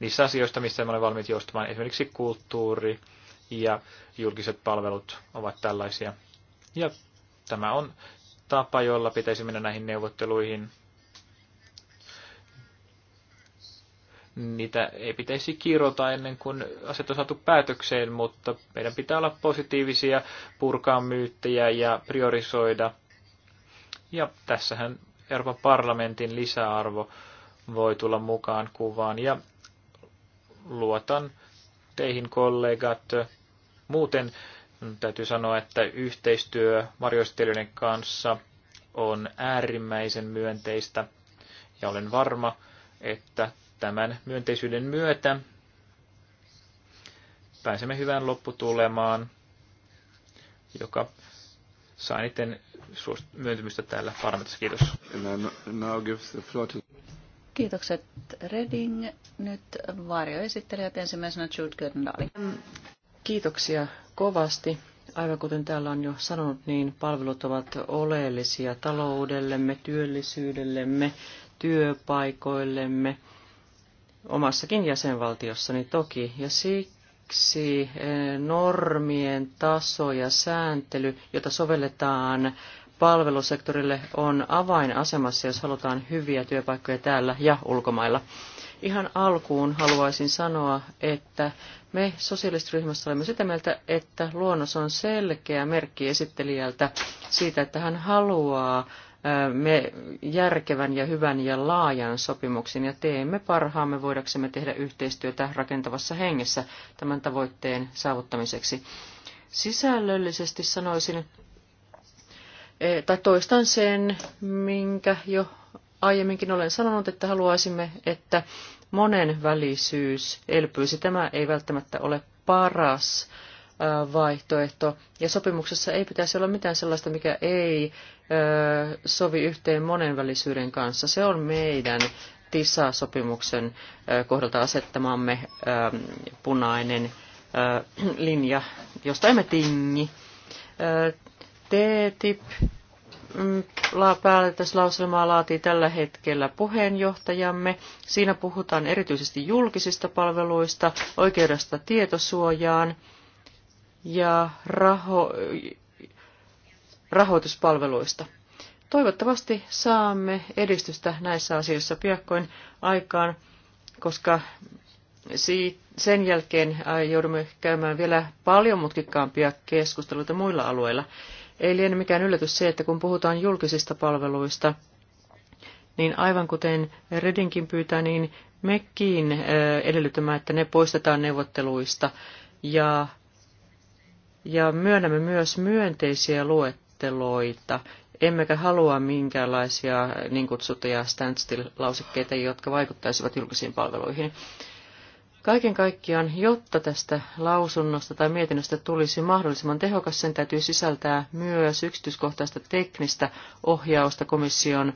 niissä asioista, missä me olemme valmiit joustamaan. Esimerkiksi kulttuuri ja julkiset palvelut ovat tällaisia. Ja tämä on tapa, jolla pitäisi mennä näihin neuvotteluihin – niitä ei pitäisi kirota ennen kuin asiat on saatu päätökseen, mutta meidän pitää olla positiivisia, purkaa myyttejä ja priorisoida. Ja tässähän Euroopan parlamentin lisäarvo voi tulla mukaan kuvaan. Ja luotan teihin kollegat. Muuten täytyy sanoa, että yhteistyö varjoistelijoiden kanssa on äärimmäisen myönteistä ja olen varma, että Tämän myönteisyyden myötä pääsemme hyvään lopputulemaan, joka saa niiden myöntymystä täällä parlamentissa. Kiitos. Kiitokset Reding. Nyt varjoesittelijät ensimmäisenä Jude Göndali. Um, kiitoksia kovasti. Aivan kuten täällä on jo sanonut, niin palvelut ovat oleellisia taloudellemme, työllisyydellemme, työpaikoillemme – omassakin jäsenvaltiossani toki, ja siksi eh, normien taso ja sääntely, jota sovelletaan palvelusektorille, on avainasemassa, jos halutaan hyviä työpaikkoja täällä ja ulkomailla. Ihan alkuun haluaisin sanoa, että me sosialistiryhmässä olemme sitä mieltä, että luonnos on selkeä merkki esittelijältä siitä, että hän haluaa me järkevän ja hyvän ja laajan sopimuksen ja teemme parhaamme voidaksemme tehdä yhteistyötä rakentavassa hengessä tämän tavoitteen saavuttamiseksi. Sisällöllisesti sanoisin, e, tai toistan sen, minkä jo aiemminkin olen sanonut, että haluaisimme, että monenvälisyys elpyisi. Tämä ei välttämättä ole paras vaihtoehto. Ja sopimuksessa ei pitäisi olla mitään sellaista, mikä ei sovi yhteen monenvälisyyden kanssa. Se on meidän TISA-sopimuksen kohdalta asettamamme punainen linja, josta emme tingi. TTIP mm, päätöslauselmaa laatii tällä hetkellä puheenjohtajamme. Siinä puhutaan erityisesti julkisista palveluista, oikeudesta tietosuojaan ja raho, rahoituspalveluista. Toivottavasti saamme edistystä näissä asioissa piakkoin aikaan, koska sen jälkeen äh, joudumme käymään vielä paljon mutkikkaampia keskusteluita muilla alueilla. Ei liene mikään yllätys se, että kun puhutaan julkisista palveluista, niin aivan kuten Redinkin pyytää, niin mekin äh, edellytämme, että ne poistetaan neuvotteluista ja ja myönnämme myös myönteisiä luetteloita, emmekä halua minkäänlaisia niin kutsuttuja standstill-lausekkeita, jotka vaikuttaisivat julkisiin palveluihin. Kaiken kaikkiaan, jotta tästä lausunnosta tai mietinnöstä tulisi mahdollisimman tehokas, sen täytyy sisältää myös yksityiskohtaista teknistä ohjausta komission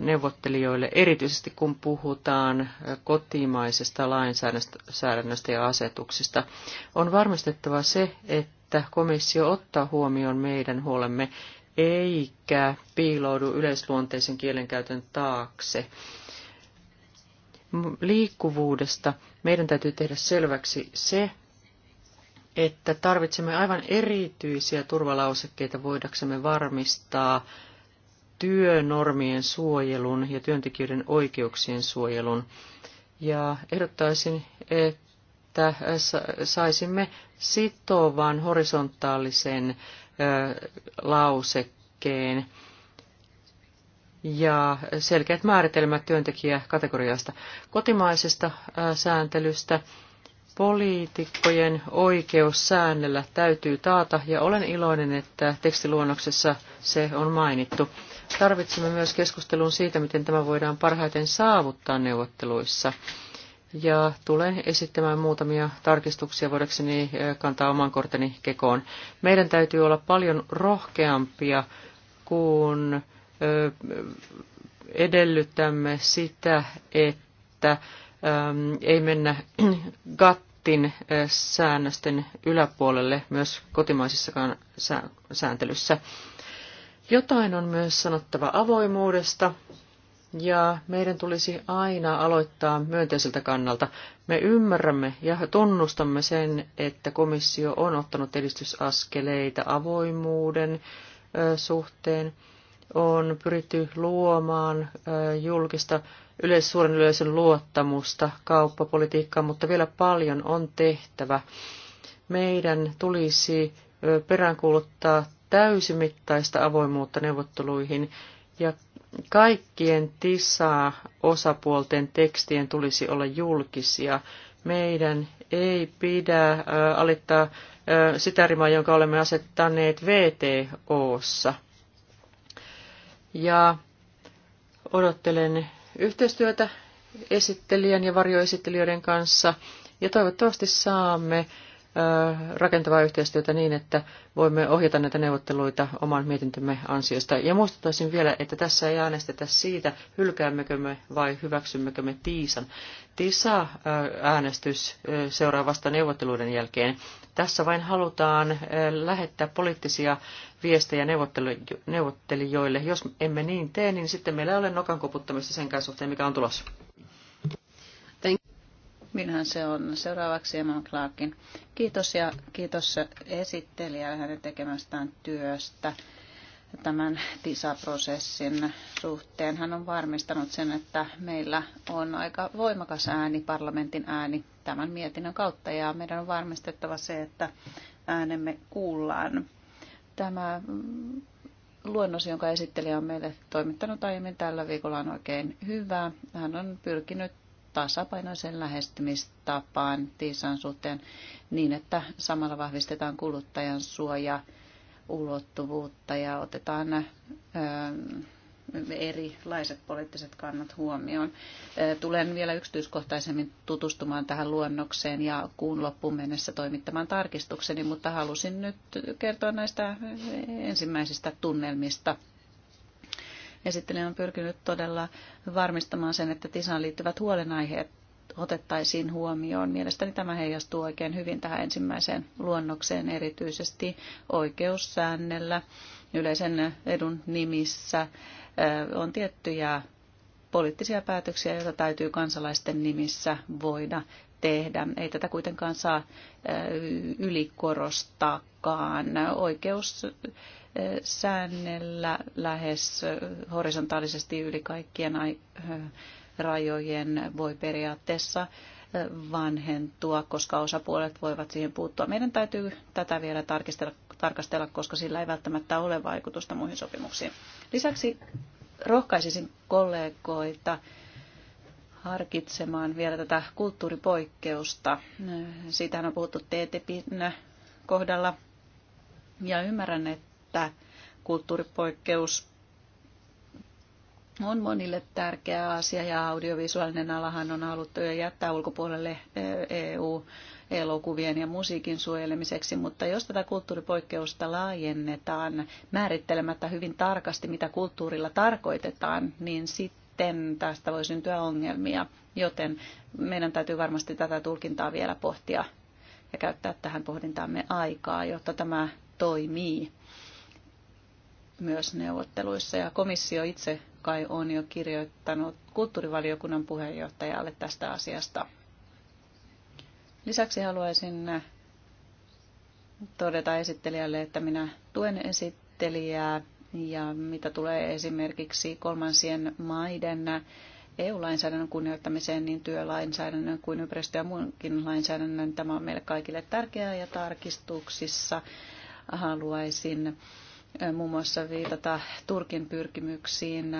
neuvottelijoille, erityisesti kun puhutaan kotimaisesta lainsäädännöstä ja asetuksista. On varmistettava se, että komissio ottaa huomioon meidän huolemme eikä piiloudu yleisluonteisen kielenkäytön taakse liikkuvuudesta meidän täytyy tehdä selväksi se, että tarvitsemme aivan erityisiä turvalausekkeita voidaksemme varmistaa työnormien suojelun ja työntekijöiden oikeuksien suojelun. Ja ehdottaisin, että saisimme sitovan horisontaalisen lausekkeen ja selkeät määritelmät työntekijäkategoriasta. Kotimaisesta äh, sääntelystä poliitikkojen oikeus säännellä täytyy taata ja olen iloinen, että tekstiluonnoksessa se on mainittu. Tarvitsemme myös keskustelun siitä, miten tämä voidaan parhaiten saavuttaa neuvotteluissa. Ja tulen esittämään muutamia tarkistuksia voidakseni äh, kantaa oman korteni kekoon. Meidän täytyy olla paljon rohkeampia, kuin edellytämme sitä, että ei mennä GATTin säännösten yläpuolelle myös kotimaisissakaan sääntelyssä. Jotain on myös sanottava avoimuudesta, ja meidän tulisi aina aloittaa myönteiseltä kannalta. Me ymmärrämme ja tunnustamme sen, että komissio on ottanut edistysaskeleita avoimuuden suhteen on pyritty luomaan julkista yleis, suuren yleisön luottamusta kauppapolitiikkaan, mutta vielä paljon on tehtävä. Meidän tulisi peräänkuuluttaa täysimittaista avoimuutta neuvotteluihin ja kaikkien TISA-osapuolten tekstien tulisi olla julkisia. Meidän ei pidä alittaa sitä rimaa, jonka olemme asettaneet VTOssa – ja odottelen yhteistyötä esittelijän ja varjoesittelijöiden kanssa ja toivottavasti saamme rakentavaa yhteistyötä niin, että voimme ohjata näitä neuvotteluita oman mietintömme ansiosta. Ja muistuttaisin vielä, että tässä ei äänestetä siitä, hylkäämmekö me vai hyväksymmekö me Tiisan. TISA-äänestys seuraa vasta neuvotteluiden jälkeen. Tässä vain halutaan lähettää poliittisia viestejä neuvottelijoille. Jos emme niin tee, niin sitten meillä ei ole nokan koputtamista senkään suhteen, mikä on tulossa. Minähän se on seuraavaksi Emma Clarkin. Kiitos ja kiitos esittelijälle hänen tekemästään työstä tämän TISA-prosessin suhteen. Hän on varmistanut sen, että meillä on aika voimakas ääni, parlamentin ääni tämän mietinnön kautta ja meidän on varmistettava se, että äänemme kuullaan. Tämä luonnos, jonka esittelijä on meille toimittanut aiemmin tällä viikolla, on oikein hyvä. Hän on pyrkinyt tasapainoisen lähestymistapaan Tiisan suhteen niin, että samalla vahvistetaan kuluttajan suoja ulottuvuutta ja otetaan ö, erilaiset poliittiset kannat huomioon. Tulen vielä yksityiskohtaisemmin tutustumaan tähän luonnokseen ja kuun loppuun mennessä toimittamaan tarkistukseni, mutta halusin nyt kertoa näistä ensimmäisistä tunnelmista Esittelijä on pyrkinyt todella varmistamaan sen, että TISAan liittyvät huolenaiheet otettaisiin huomioon. Mielestäni tämä heijastuu oikein hyvin tähän ensimmäiseen luonnokseen, erityisesti oikeussäännellä yleisen edun nimissä on tiettyjä poliittisia päätöksiä, joita täytyy kansalaisten nimissä voida tehdä. Ei tätä kuitenkaan saa ylikorostaakaan. Oikeus säännellä lähes horisontaalisesti yli kaikkien rajojen voi periaatteessa vanhentua, koska osapuolet voivat siihen puuttua. Meidän täytyy tätä vielä tarkistella, tarkastella, koska sillä ei välttämättä ole vaikutusta muihin sopimuksiin. Lisäksi rohkaisisin kollegoita harkitsemaan vielä tätä kulttuuripoikkeusta. Siitähän on puhuttu TTIPin e kohdalla. Ja ymmärrän, että että kulttuuripoikkeus on monille tärkeä asia ja audiovisuaalinen alahan on haluttu jo jättää ulkopuolelle EU eh, e elokuvien ja musiikin suojelemiseksi, mutta jos tätä kulttuuripoikkeusta laajennetaan määrittelemättä hyvin tarkasti, mitä kulttuurilla tarkoitetaan, niin sitten tästä voi syntyä ongelmia, joten meidän täytyy varmasti tätä tulkintaa vielä pohtia ja käyttää tähän pohdintaamme aikaa, jotta tämä toimii myös neuvotteluissa ja komissio itse kai on jo kirjoittanut kulttuurivaliokunnan puheenjohtajalle tästä asiasta. Lisäksi haluaisin todeta esittelijälle, että minä tuen esittelijää ja mitä tulee esimerkiksi kolmansien maiden EU-lainsäädännön kunnioittamiseen, niin työlainsäädännön kuin ympäristö- ja muunkin lainsäädännön. Tämä on meille kaikille tärkeää ja tarkistuksissa haluaisin muun muassa viitata Turkin pyrkimyksiin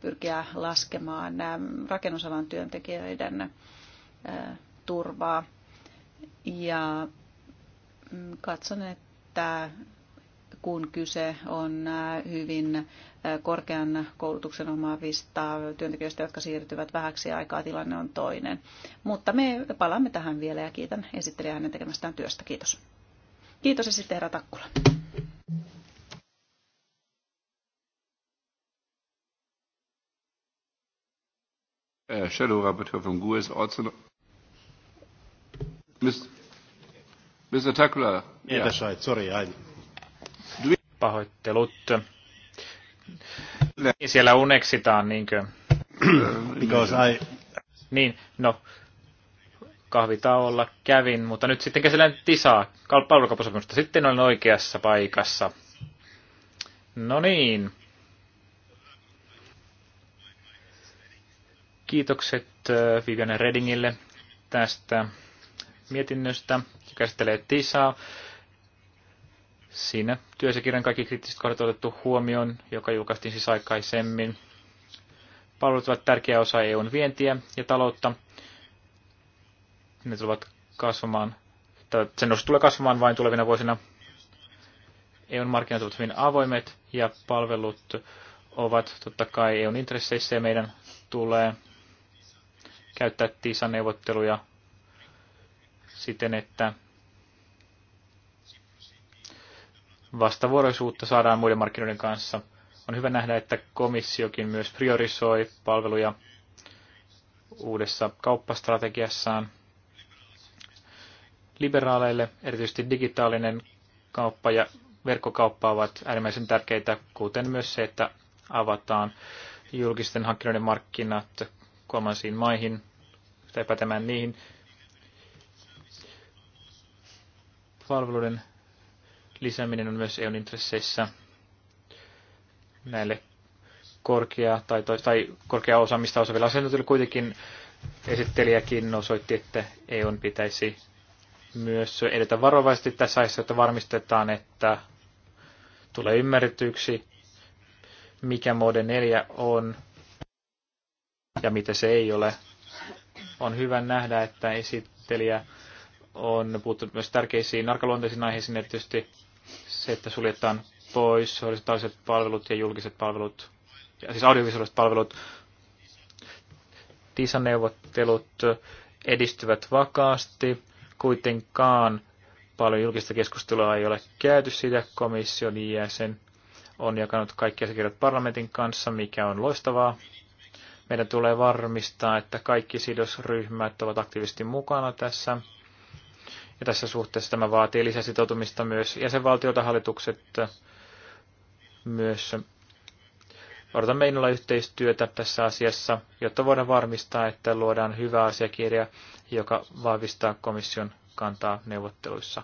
pyrkiä laskemaan rakennusalan työntekijöiden turvaa. Ja mm, katson, että kun kyse on hyvin korkean koulutuksen omaavista työntekijöistä, jotka siirtyvät vähäksi aikaa, tilanne on toinen. Mutta me palaamme tähän vielä ja kiitän esittelijä hänen tekemästään työstä. Kiitos. Kiitos ja sitten herra Takkula. Äh, Shadow Rapporteur GUE Mr. Takula. Yeah, that's right. Sorry, I... Pahoittelut. Niin siellä uneksitaan, niinkö? Äh, Because I... Niin, no, kahvitaolla kävin, mutta nyt sitten käsillään tisaa palvelukauppasopimusta. Sitten olen oikeassa paikassa. No niin. Kiitokset äh, Viviane Redingille tästä mietinnöstä, joka käsittelee TISAa. Siinä työsekirjan kaikki kriittiset kohdat on otettu huomioon, joka julkaistiin siis aikaisemmin. Palvelut ovat tärkeä osa EUn vientiä ja taloutta. Ne tulevat kasvamaan, tai sen osuus tulee kasvamaan vain tulevina vuosina. EUn markkinat ovat hyvin avoimet ja palvelut ovat totta kai EUn intresseissä ja meidän tulee käyttää TISA-neuvotteluja siten, että vastavuoroisuutta saadaan muiden markkinoiden kanssa. On hyvä nähdä, että komissiokin myös priorisoi palveluja uudessa kauppastrategiassaan. Liberaaleille erityisesti digitaalinen kauppa ja verkkokauppa ovat äärimmäisen tärkeitä, kuten myös se, että avataan julkisten hankkinoiden markkinat kolmansiin maihin tai pätemään niihin palveluiden lisääminen on myös EUn intresseissä näille korkea tai, tai, tai korkea osaamista osaavilla asiantuntijoilla kuitenkin esittelijäkin osoitti, että EUn pitäisi myös edetä varovaisesti tässä ajassa, että varmistetaan, että tulee ymmärretyksi, mikä Mode 4 on ja mitä se ei ole. On hyvä nähdä, että esittelijä on puuttunut myös tärkeisiin arkaluonteisiin aiheisiin, ja tietysti se, että suljetaan pois horisontaaliset palvelut ja julkiset palvelut, ja siis audiovisuaaliset palvelut. TISA-neuvottelut edistyvät vakaasti, kuitenkaan paljon julkista keskustelua ei ole käyty siitä. Komission jäsen on jakanut kaikki asiakirjat parlamentin kanssa, mikä on loistavaa. Meidän tulee varmistaa, että kaikki sidosryhmät ovat aktiivisesti mukana tässä. Ja tässä suhteessa tämä vaatii lisäsitoutumista myös jäsenvaltioita hallitukset myös. Odotamme innolla yhteistyötä tässä asiassa, jotta voidaan varmistaa, että luodaan hyvä asiakirja, joka vahvistaa komission kantaa neuvotteluissa.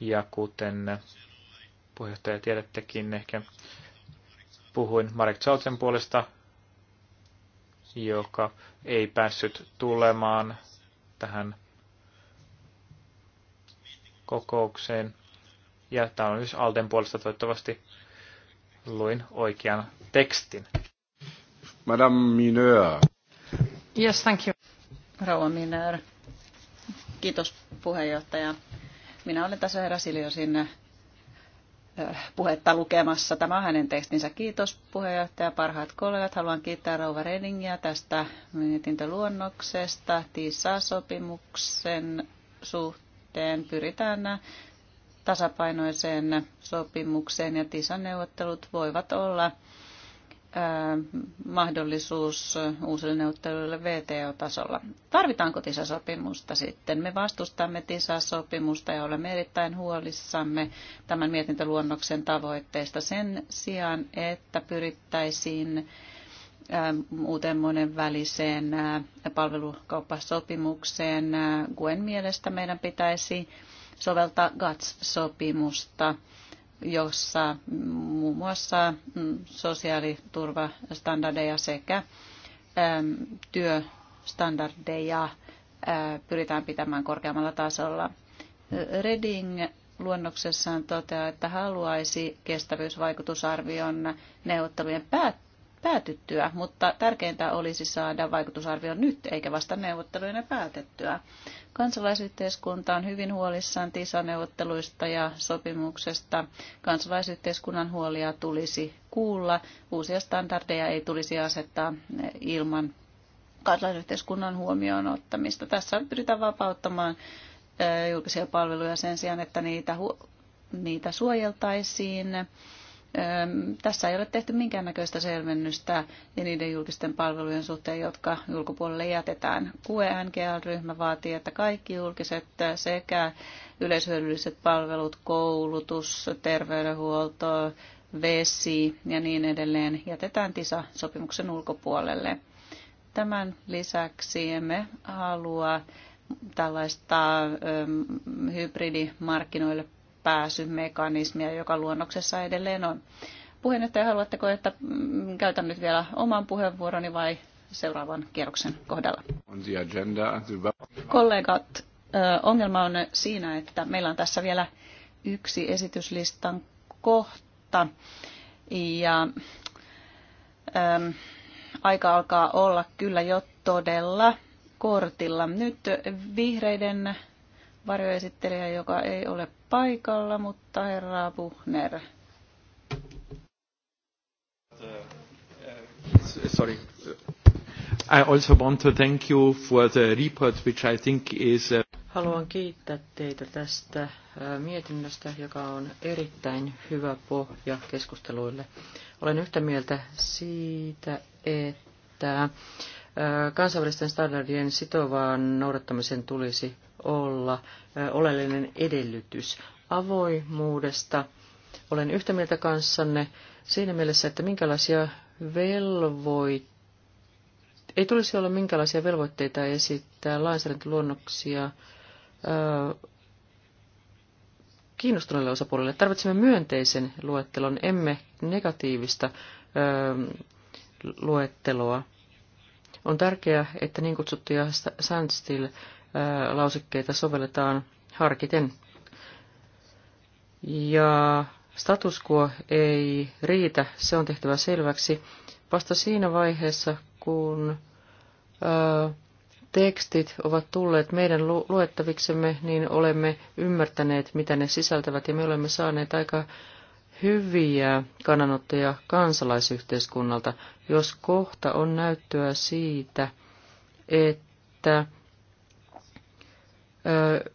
Ja kuten puheenjohtaja tiedättekin ehkä, puhuin Marek Chaltsen puolesta, joka ei päässyt tulemaan tähän kokoukseen. Ja tämä on myös siis Alten puolesta toivottavasti luin oikean tekstin. Madame Mineur. Yes, thank you. Rauha Mineur. Kiitos puheenjohtaja. Minä olen tässä herra sinne. Äh, puhetta lukemassa. Tämä on hänen tekstinsä. Kiitos puheenjohtaja, parhaat kollegat. Haluan kiittää Rouva Redingia tästä mietintöluonnoksesta. TISA-sopimuksen suhteen pyritään tasapainoiseen sopimukseen ja TISA-neuvottelut voivat olla mahdollisuus uusille neuvotteluille VTO-tasolla. Tarvitaanko TISA-sopimusta sitten? Me vastustamme TISA-sopimusta ja olemme erittäin huolissamme tämän mietintöluonnoksen tavoitteista sen sijaan, että pyrittäisiin ähm, uuteen väliseen äh, palvelukauppasopimukseen. Äh, Guen mielestä meidän pitäisi soveltaa GATS-sopimusta jossa muun muassa mm, sosiaaliturvastandardeja sekä työstandardeja pyritään pitämään korkeammalla tasolla. Reding luonnoksessaan toteaa, että haluaisi kestävyysvaikutusarvion neuvottelujen päättyä päätyttyä, mutta tärkeintä olisi saada vaikutusarvio nyt, eikä vasta neuvotteluina päätettyä. Kansalaisyhteiskunta on hyvin huolissaan TISA-neuvotteluista ja sopimuksesta. Kansalaisyhteiskunnan huolia tulisi kuulla. Uusia standardeja ei tulisi asettaa ilman kansalaisyhteiskunnan huomioon ottamista. Tässä pyritään vapauttamaan julkisia palveluja sen sijaan, että niitä, niitä suojeltaisiin tässä ei ole tehty minkäännäköistä selvennystä ja niiden julkisten palvelujen suhteen, jotka ulkopuolelle jätetään. qe ryhmä vaatii, että kaikki julkiset sekä yleishyödylliset palvelut, koulutus, terveydenhuolto, vesi ja niin edelleen jätetään TISA-sopimuksen ulkopuolelle. Tämän lisäksi emme halua tällaista hybridimarkkinoille pääsymekanismia, joka luonnoksessa edelleen on. Puheenjohtaja, haluatteko, että mm, käytän nyt vielä oman puheenvuoroni vai seuraavan kierroksen kohdalla? Kollegat, ongelma on siinä, että meillä on tässä vielä yksi esityslistan kohta. Ja ähm, aika alkaa olla kyllä jo todella kortilla. Nyt vihreiden varjoesittelijä, joka ei ole paikalla, mutta herra Buchner. Sorry. I also want to thank you for the report, which I think is... Uh, Haluan kiittää teitä tästä uh, mietinnöstä, joka on erittäin hyvä pohja keskusteluille. Olen yhtä mieltä siitä, että että Kansainvälisten standardien sitovaan noudattamisen tulisi olla oleellinen edellytys avoimuudesta. Olen yhtä mieltä kanssanne siinä mielessä, että minkälaisia velvoitteita ei tulisi olla minkälaisia velvoitteita esittää lainsäädäntöluonnoksia kiinnostuneille osapuolille. Tarvitsemme myönteisen luettelon, emme negatiivista luetteloa. On tärkeää, että niin kutsuttuja sandstill lausekkeita sovelletaan harkiten. Ja status quo ei riitä, se on tehtävä selväksi vasta siinä vaiheessa, kun ö, tekstit ovat tulleet meidän lu- luettaviksemme, niin olemme ymmärtäneet, mitä ne sisältävät, ja me olemme saaneet aika hyviä kannanottoja kansalaisyhteiskunnalta, jos kohta on näyttöä siitä, että ö,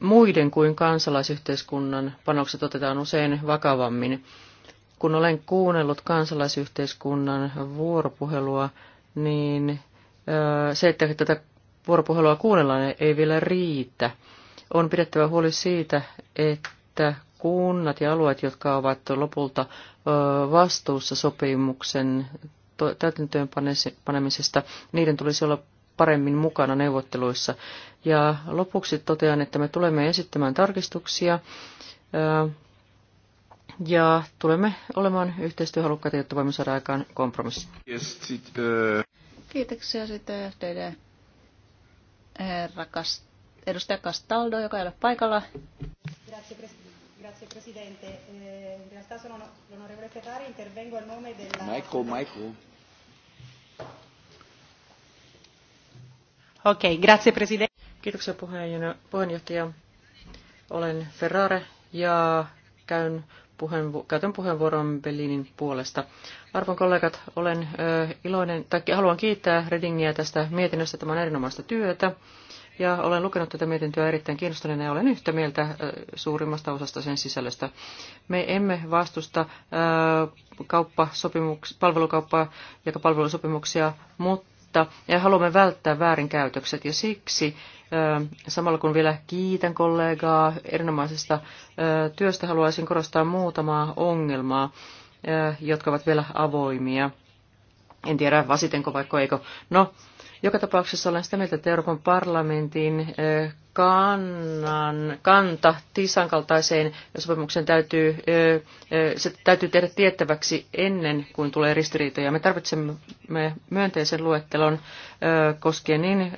muiden kuin kansalaisyhteiskunnan panokset otetaan usein vakavammin. Kun olen kuunnellut kansalaisyhteiskunnan vuoropuhelua, niin ö, se, että tätä vuoropuhelua kuunnellaan, ei vielä riitä. On pidettävä huoli siitä, että kunnat ja alueet, jotka ovat lopulta vastuussa sopimuksen täytäntöön panemisesta, niiden tulisi olla paremmin mukana neuvotteluissa. Ja lopuksi totean, että me tulemme esittämään tarkistuksia ja tulemme olemaan yhteistyöhalukkaita, jotta voimme saada aikaan kompromissi. Kiitoksia sitten FDD. Herra Kast- edustaja Castaldo, joka ei ole paikalla. Grazie Presidente, eh, in realtà sono l'onorevole Ferrari, intervengo a nome della... Michael, Michael. Okei, okay, grazie Presidente. Kiitoksia puheenjohtaja. Olen Ferrare ja käyn puheenvu- käytän puheenvuoron Bellinin puolesta. Arvon kollegat, olen ö, iloinen, tai haluan kiittää Redingiä tästä mietinnöstä. Tämä on erinomaista työtä ja olen lukenut tätä mietintöä erittäin kiinnostuneena ja olen yhtä mieltä suurimmasta osasta sen sisällöstä. Me emme vastusta palvelukauppaa ja palvelusopimuksia, mutta ja haluamme välttää väärinkäytökset ja siksi samalla kun vielä kiitän kollegaa erinomaisesta työstä, haluaisin korostaa muutamaa ongelmaa, jotka ovat vielä avoimia. En tiedä, vasitenko vaikka eikö. No, joka tapauksessa olen sitä mieltä, että Euroopan parlamentin kannan, kanta TISAN kaltaiseen sopimukseen täytyy, se täytyy tehdä tiettäväksi ennen kuin tulee ristiriitoja. Me tarvitsemme myönteisen luettelon koskien niin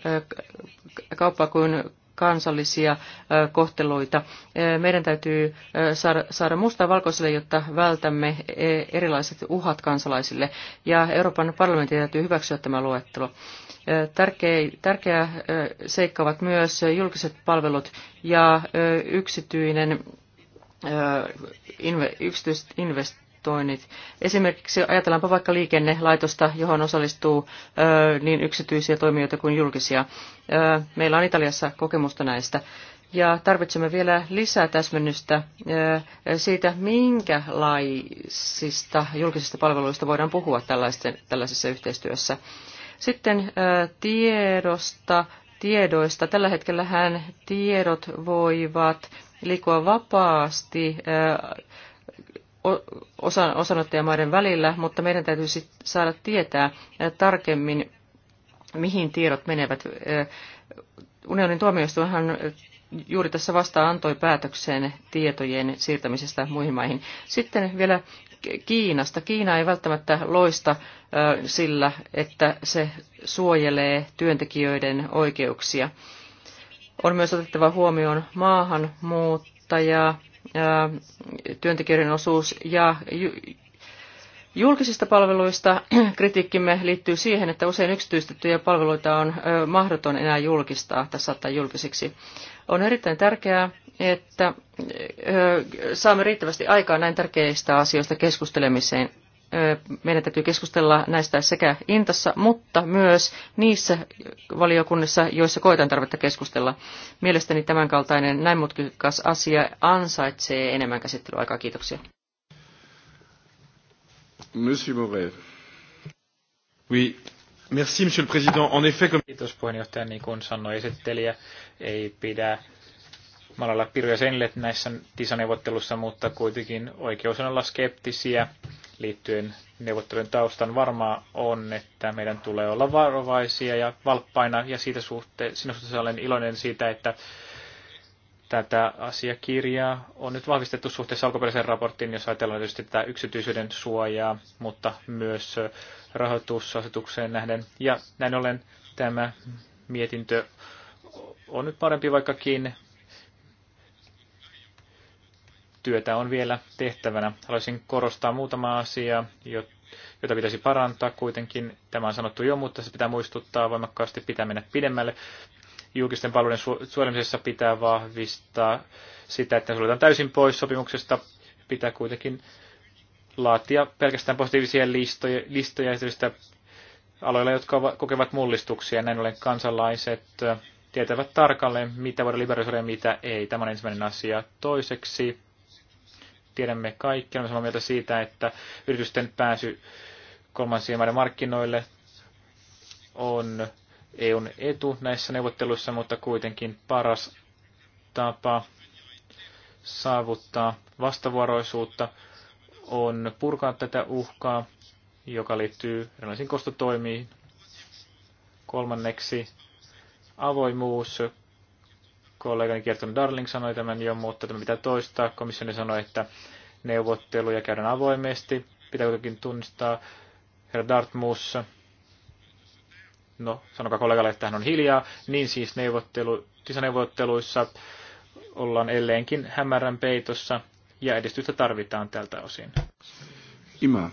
kauppaa kuin kansallisia kohteluita. Meidän täytyy saada, mustaa musta valkoiselle, jotta vältämme e, erilaiset uhat kansalaisille. Ja Euroopan parlamentin täytyy hyväksyä tämä luettelo. Tärkeä, tärkeä seikka ovat myös julkiset palvelut ja yksityinen yksityiset investoinnit. Esimerkiksi ajatellaanpa vaikka liikennelaitosta, johon osallistuu niin yksityisiä toimijoita kuin julkisia. Meillä on Italiassa kokemusta näistä. Ja tarvitsemme vielä lisää täsmennystä siitä, minkälaisista julkisista palveluista voidaan puhua tällaisessa yhteistyössä. Sitten tiedosta, tiedoista. Tällä hetkellä tiedot voivat liikkua vapaasti osan, osanottajamaiden välillä, mutta meidän täytyy saada tietää eh, tarkemmin, mihin tiedot menevät. Eh, unionin tuomioistuinhan juuri tässä vasta antoi päätökseen tietojen siirtämisestä muihin maihin. Sitten vielä Kiinasta. Kiina ei välttämättä loista eh, sillä, että se suojelee työntekijöiden oikeuksia. On myös otettava huomioon maahanmuuttajaa työntekijöiden osuus ja Julkisista palveluista kritiikkimme liittyy siihen, että usein yksityistettyjä palveluita on mahdoton enää julkistaa tai saattaa julkisiksi. On erittäin tärkeää, että saamme riittävästi aikaa näin tärkeistä asioista keskustelemiseen meidän täytyy keskustella näistä sekä Intassa, mutta myös niissä valiokunnissa, joissa koetaan tarvetta keskustella. Mielestäni tämänkaltainen näin mutkikas asia ansaitsee enemmän käsittelyaikaa. Kiitoksia. Monsieur Morel. Oui. Merci, monsieur le président. En effet, comme... Kiitos puheenjohtaja, niin kuin sanoi esittelijä, ei pidä malalla piruja senille näissä tisaneuvottelussa, mutta kuitenkin oikeus on olla skeptisiä liittyen neuvottelujen taustan varmaa on, että meidän tulee olla varovaisia ja valppaina, ja siitä suhte, siinä suhteessa olen iloinen siitä, että tätä asiakirjaa on nyt vahvistettu suhteessa alkuperäiseen raporttiin, jos ajatellaan tietysti tätä yksityisyyden suojaa, mutta myös rahoitusasetukseen nähden. Ja näin ollen tämä mietintö on nyt parempi, vaikkakin työtä on vielä tehtävänä. Haluaisin korostaa muutamaa asiaa, jota pitäisi parantaa kuitenkin. Tämä on sanottu jo, mutta se pitää muistuttaa voimakkaasti, pitää mennä pidemmälle. Julkisten palveluiden su- suojelemisessa pitää vahvistaa sitä, että suljetaan täysin pois sopimuksesta. Pitää kuitenkin laatia pelkästään positiivisia listoja, listoja esimerkiksi aloilla, jotka kokevat mullistuksia. Näin ollen kansalaiset tietävät tarkalleen, mitä voidaan liberalisoida ja mitä ei. Tämä on ensimmäinen asia. Toiseksi tiedämme kaikki, olemme samaa mieltä siitä, että yritysten pääsy kolmansien maiden markkinoille on EUn etu näissä neuvotteluissa, mutta kuitenkin paras tapa saavuttaa vastavuoroisuutta on purkaa tätä uhkaa, joka liittyy erilaisiin kostotoimiin. Kolmanneksi avoimuus kollegani Kerton Darling sanoi tämän jo, mutta tämä pitää toistaa. Komissioni sanoi, että neuvotteluja käydään avoimesti. Pitää kuitenkin tunnistaa herra Dartmouth, no sanokaa kollegalle, että hän on hiljaa, niin siis neuvottelu, neuvotteluissa ollaan elleenkin hämärän peitossa ja edistystä tarvitaan tältä osin. Ima.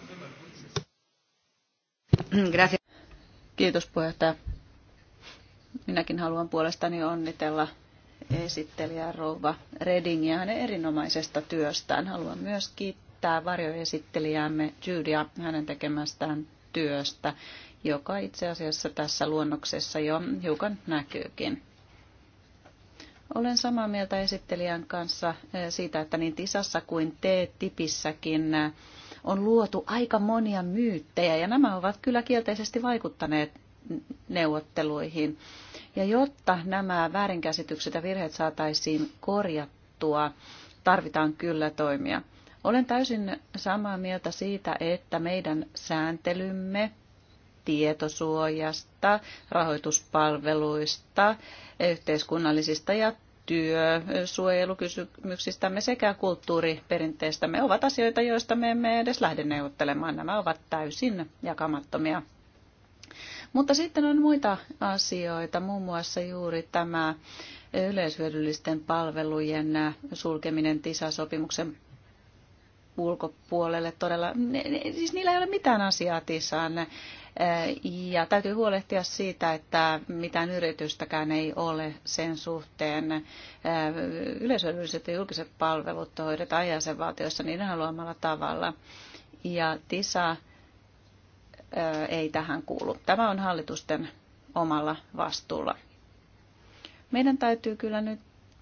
Kiitos puheenjohtaja. Minäkin haluan puolestani onnitella esittelijä Rouva Reding ja hänen erinomaisesta työstään. Haluan myös kiittää varjoesittelijäämme Judia hänen tekemästään työstä, joka itse asiassa tässä luonnoksessa jo hiukan näkyykin. Olen samaa mieltä esittelijän kanssa eh, siitä, että niin Tisassa kuin T-tipissäkin eh, on luotu aika monia myyttejä ja nämä ovat kyllä kielteisesti vaikuttaneet neuvotteluihin. Ja jotta nämä väärinkäsitykset ja virheet saataisiin korjattua, tarvitaan kyllä toimia. Olen täysin samaa mieltä siitä, että meidän sääntelymme tietosuojasta, rahoituspalveluista, yhteiskunnallisista ja työsuojelukysymyksistämme sekä kulttuuriperinteistämme ovat asioita, joista me emme edes lähde neuvottelemaan. Nämä ovat täysin jakamattomia mutta sitten on muita asioita, muun muassa juuri tämä yleishyödyllisten palvelujen sulkeminen TISA-sopimuksen ulkopuolelle todella, ne, ne, siis niillä ei ole mitään asiaa Tisaan Ja täytyy huolehtia siitä, että mitään yritystäkään ei ole sen suhteen. Yleisölliset ja julkiset palvelut hoidetaan jäsenvaltioissa niiden haluamalla tavalla. Ja TISA ei tähän kuulu. Tämä on hallitusten omalla vastuulla. Meidän täytyy kyllä nyt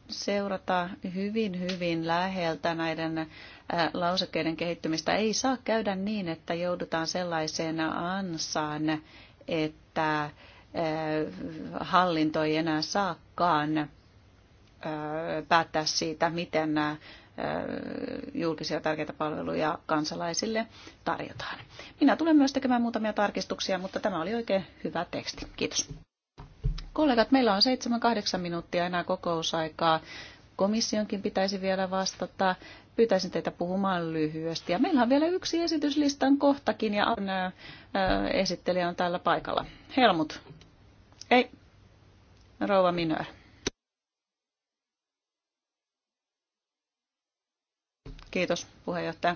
seurata hyvin, hyvin läheltä näiden lausekkeiden kehittymistä. Ei saa käydä niin, että joudutaan sellaiseen ansaan, että hallinto ei enää saakaan päättää siitä, miten julkisia tärkeitä palveluja kansalaisille tarjotaan. Minä tulen myös tekemään muutamia tarkistuksia, mutta tämä oli oikein hyvä teksti. Kiitos. Kollegat, meillä on 7-8 minuuttia enää kokousaikaa. Komissionkin pitäisi vielä vastata. Pyytäisin teitä puhumaan lyhyesti. Ja meillä on vielä yksi esityslistan kohtakin ja esittelijä on täällä paikalla. Helmut. Ei. Rouva Minör. Kiitos puheenjohtaja.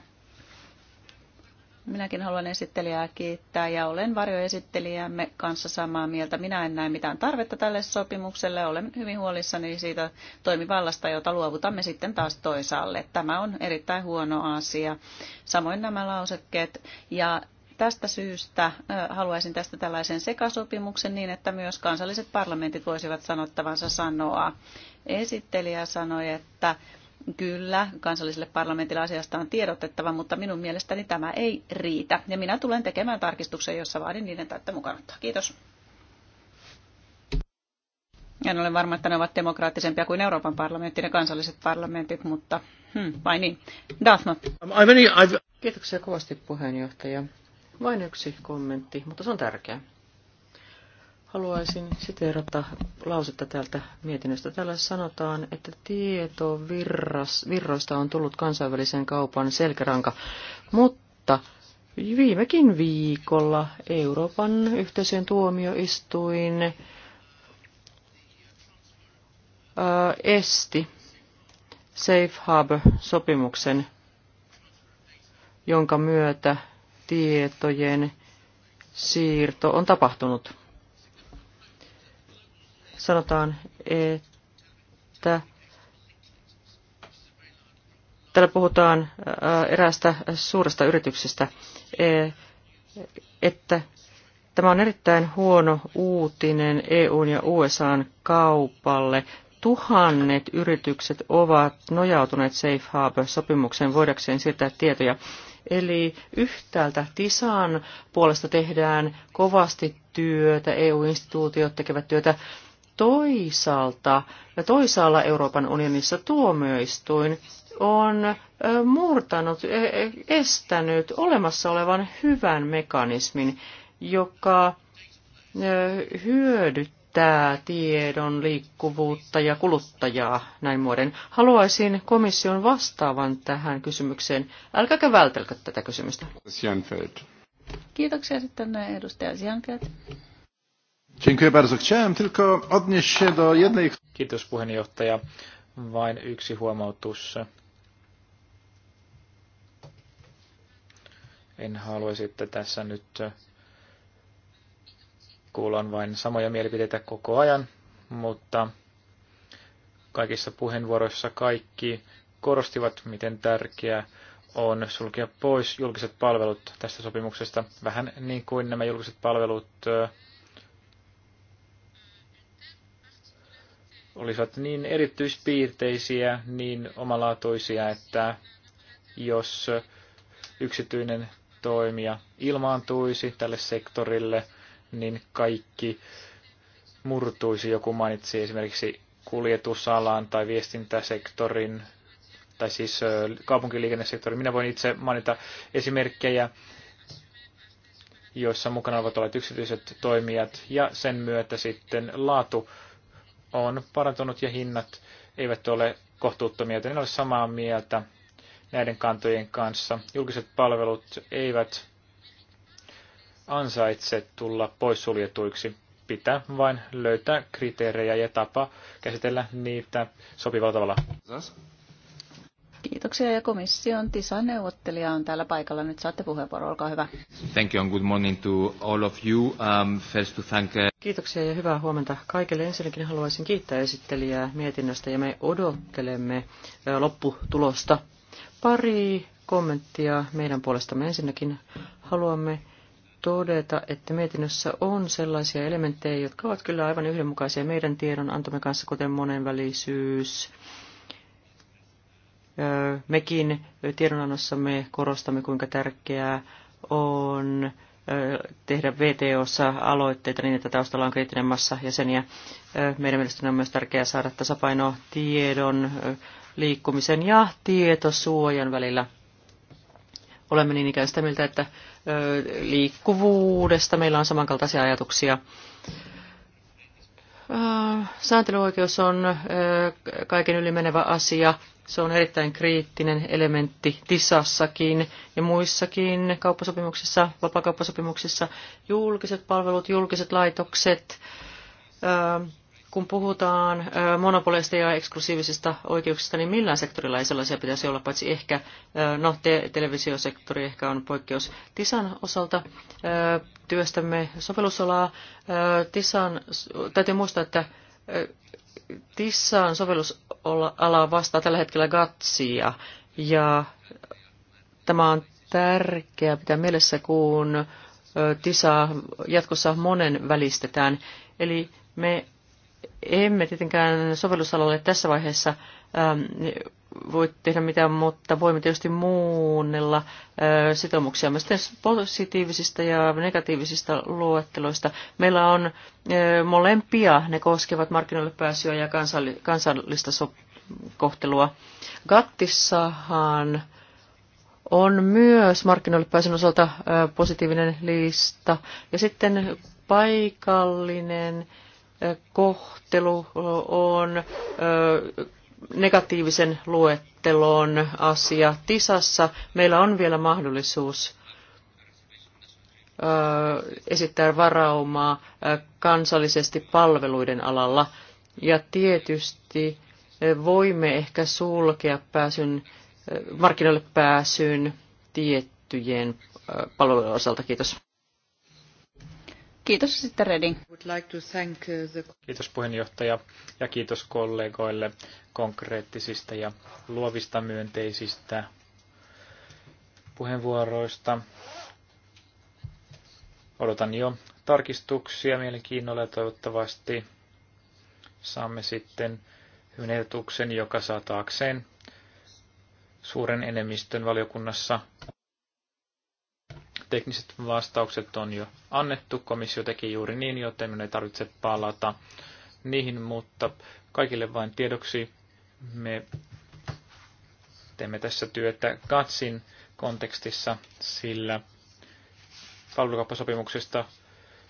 Minäkin haluan esittelijää kiittää ja olen varjoesittelijämme kanssa samaa mieltä. Minä en näe mitään tarvetta tälle sopimukselle. Olen hyvin huolissani siitä toimivallasta, jota luovutamme sitten taas toisaalle. Tämä on erittäin huono asia. Samoin nämä lausekkeet ja tästä syystä haluaisin tästä tällaisen sekasopimuksen niin, että myös kansalliset parlamentit voisivat sanottavansa sanoa. Esittelijä sanoi, että Kyllä, kansalliselle parlamentille asiasta on tiedotettava, mutta minun mielestäni tämä ei riitä. Ja minä tulen tekemään tarkistuksen, jossa vaadin niiden täyttä mukana. Kiitos. En ole varma, että ne ovat demokraattisempia kuin Euroopan parlamentti ja kansalliset parlamentit, mutta hmm, vai niin. Dathma. Um, Kiitoksia kovasti puheenjohtaja. Vain yksi kommentti, mutta se on tärkeä. Haluaisin siteerata lausetta täältä mietinnöstä. Täällä sanotaan, että tieto virroista on tullut kansainvälisen kaupan selkäranka, mutta viimekin viikolla Euroopan yhteisen tuomioistuin äh, esti Safe Harbor-sopimuksen, jonka myötä tietojen siirto on tapahtunut sanotaan, että täällä puhutaan äh, eräästä suuresta yrityksestä, eh, että tämä on erittäin huono uutinen EUn ja USAn kaupalle. Tuhannet yritykset ovat nojautuneet Safe Harbor-sopimukseen voidakseen siirtää tietoja. Eli yhtäältä TISAN puolesta tehdään kovasti työtä, EU-instituutiot tekevät työtä Toisaalta, ja toisaalla Euroopan unionissa tuomioistuin on murtanut, e, e, estänyt olemassa olevan hyvän mekanismin, joka hyödyttää tiedon liikkuvuutta ja kuluttajaa näin muoden. Haluaisin komission vastaavan tähän kysymykseen. Älkääkä vältelkö tätä kysymystä. Sienfeld. Kiitoksia sitten edustaja Sienfeld. Dziękuję bardzo. Chciałem tylko odnieść się do jednej... Kiitos puheenjohtaja. Vain yksi huomautus. En haluaisi, että tässä nyt kuullaan vain samoja mielipiteitä koko ajan, mutta kaikissa puheenvuoroissa kaikki korostivat, miten tärkeää on sulkea pois julkiset palvelut tästä sopimuksesta, vähän niin kuin nämä julkiset palvelut olisivat niin erityispiirteisiä, niin omalaatuisia, että jos yksityinen toimija ilmaantuisi tälle sektorille, niin kaikki murtuisi. Joku mainitsi esimerkiksi kuljetusalan tai viestintäsektorin tai siis kaupunkiliikennesektorin. Minä voin itse mainita esimerkkejä, joissa mukana ovat olleet yksityiset toimijat ja sen myötä sitten laatu on parantunut ja hinnat eivät ole kohtuuttomia, joten en ole samaa mieltä näiden kantojen kanssa. Julkiset palvelut eivät ansaitse tulla poissuljetuiksi. Pitää vain löytää kriteerejä ja tapa käsitellä niitä sopivalla tavalla. Kiitoksia ja komission TISA-neuvottelija on täällä paikalla. Nyt saatte puheenvuoro, olkaa hyvä. Thank you and good morning to all of you. Um, first to thank... Uh, Kiitoksia ja hyvää huomenta kaikille. Ensinnäkin haluaisin kiittää esittelijää mietinnöstä ja me odottelemme uh, lopputulosta. Pari kommenttia meidän puolestamme. Ensinnäkin haluamme todeta, että mietinnössä on sellaisia elementtejä, jotka ovat kyllä aivan yhdenmukaisia meidän tiedon antamme kanssa, kuten monenvälisyys, Mekin tiedonannossamme korostamme, kuinka tärkeää on tehdä VTOssa aloitteita niin, että taustalla on kriittinen massa jäseniä. Meidän mielestämme on myös tärkeää saada tasapaino tiedon liikkumisen ja tietosuojan välillä. Olemme niin ikään sitä mieltä, että liikkuvuudesta meillä on samankaltaisia ajatuksia. Sääntelyoikeus on kaiken ylimenevä asia. Se on erittäin kriittinen elementti TISassakin ja muissakin kauppasopimuksissa, vapakauppasopimuksissa. Julkiset palvelut, julkiset laitokset, kun puhutaan monopoleista ja eksklusiivisista oikeuksista, niin millään sektorilla ei sellaisia pitäisi olla, paitsi ehkä, no te- televisiosektori ehkä on poikkeus. Tisan osalta työstämme sovellusalaa. Tisan, täytyy muistaa, että Tissaan sovellusala vastaa tällä hetkellä GATSia ja tämä on tärkeää pitää mielessä, kun TISA jatkossa monen välistetään. Eli me emme tietenkään sovellusalalle tässä vaiheessa voi tehdä mitään, mutta voimme tietysti muunnella sitoumuksia myös positiivisista ja negatiivisista luetteloista. Meillä on molempia, ne koskevat markkinoille pääsyä ja kansallista kohtelua. Gattissahan on myös markkinoille pääsyn osalta positiivinen lista ja sitten paikallinen kohtelu on negatiivisen luettelon asia. Tisassa meillä on vielä mahdollisuus esittää varaumaa kansallisesti palveluiden alalla. Ja tietysti voimme ehkä sulkea pääsyn, markkinoille pääsyn tiettyjen palvelujen osalta. Kiitos. Kiitos sitten Redin. Uh, kiitos puheenjohtaja ja kiitos kollegoille konkreettisista ja luovista myönteisistä puheenvuoroista. Odotan jo tarkistuksia mielenkiinnolla ja toivottavasti saamme sitten hyvän ehdotuksen, joka saa taakseen suuren enemmistön valiokunnassa. Tekniset vastaukset on jo annettu, komissio teki juuri niin, joten minun ei tarvitse palata niihin, mutta kaikille vain tiedoksi me teemme tässä työtä katsin kontekstissa, sillä palvelukauppasopimuksesta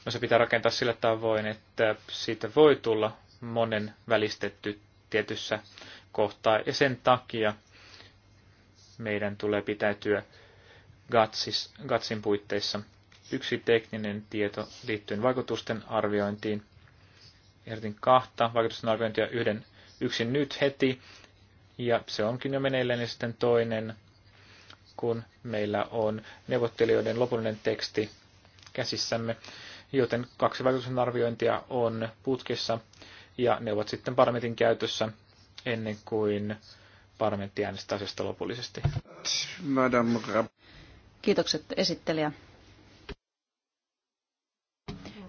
no se pitää rakentaa sillä tavoin, että siitä voi tulla monen välistetty tietyssä kohtaa, ja sen takia meidän tulee pitäytyä GATSis, GATSin puitteissa. Yksi tekninen tieto liittyen vaikutusten arviointiin. Ehdotin kahta vaikutusten arviointia yhden yksin nyt heti, ja se onkin jo meneillään, ja sitten toinen, kun meillä on neuvottelijoiden lopullinen teksti käsissämme, joten kaksi vaikutusten arviointia on putkissa, ja ne ovat sitten parlamentin käytössä ennen kuin parlamentti äänestää asiasta lopullisesti. Madame Kiitokset esittelijä.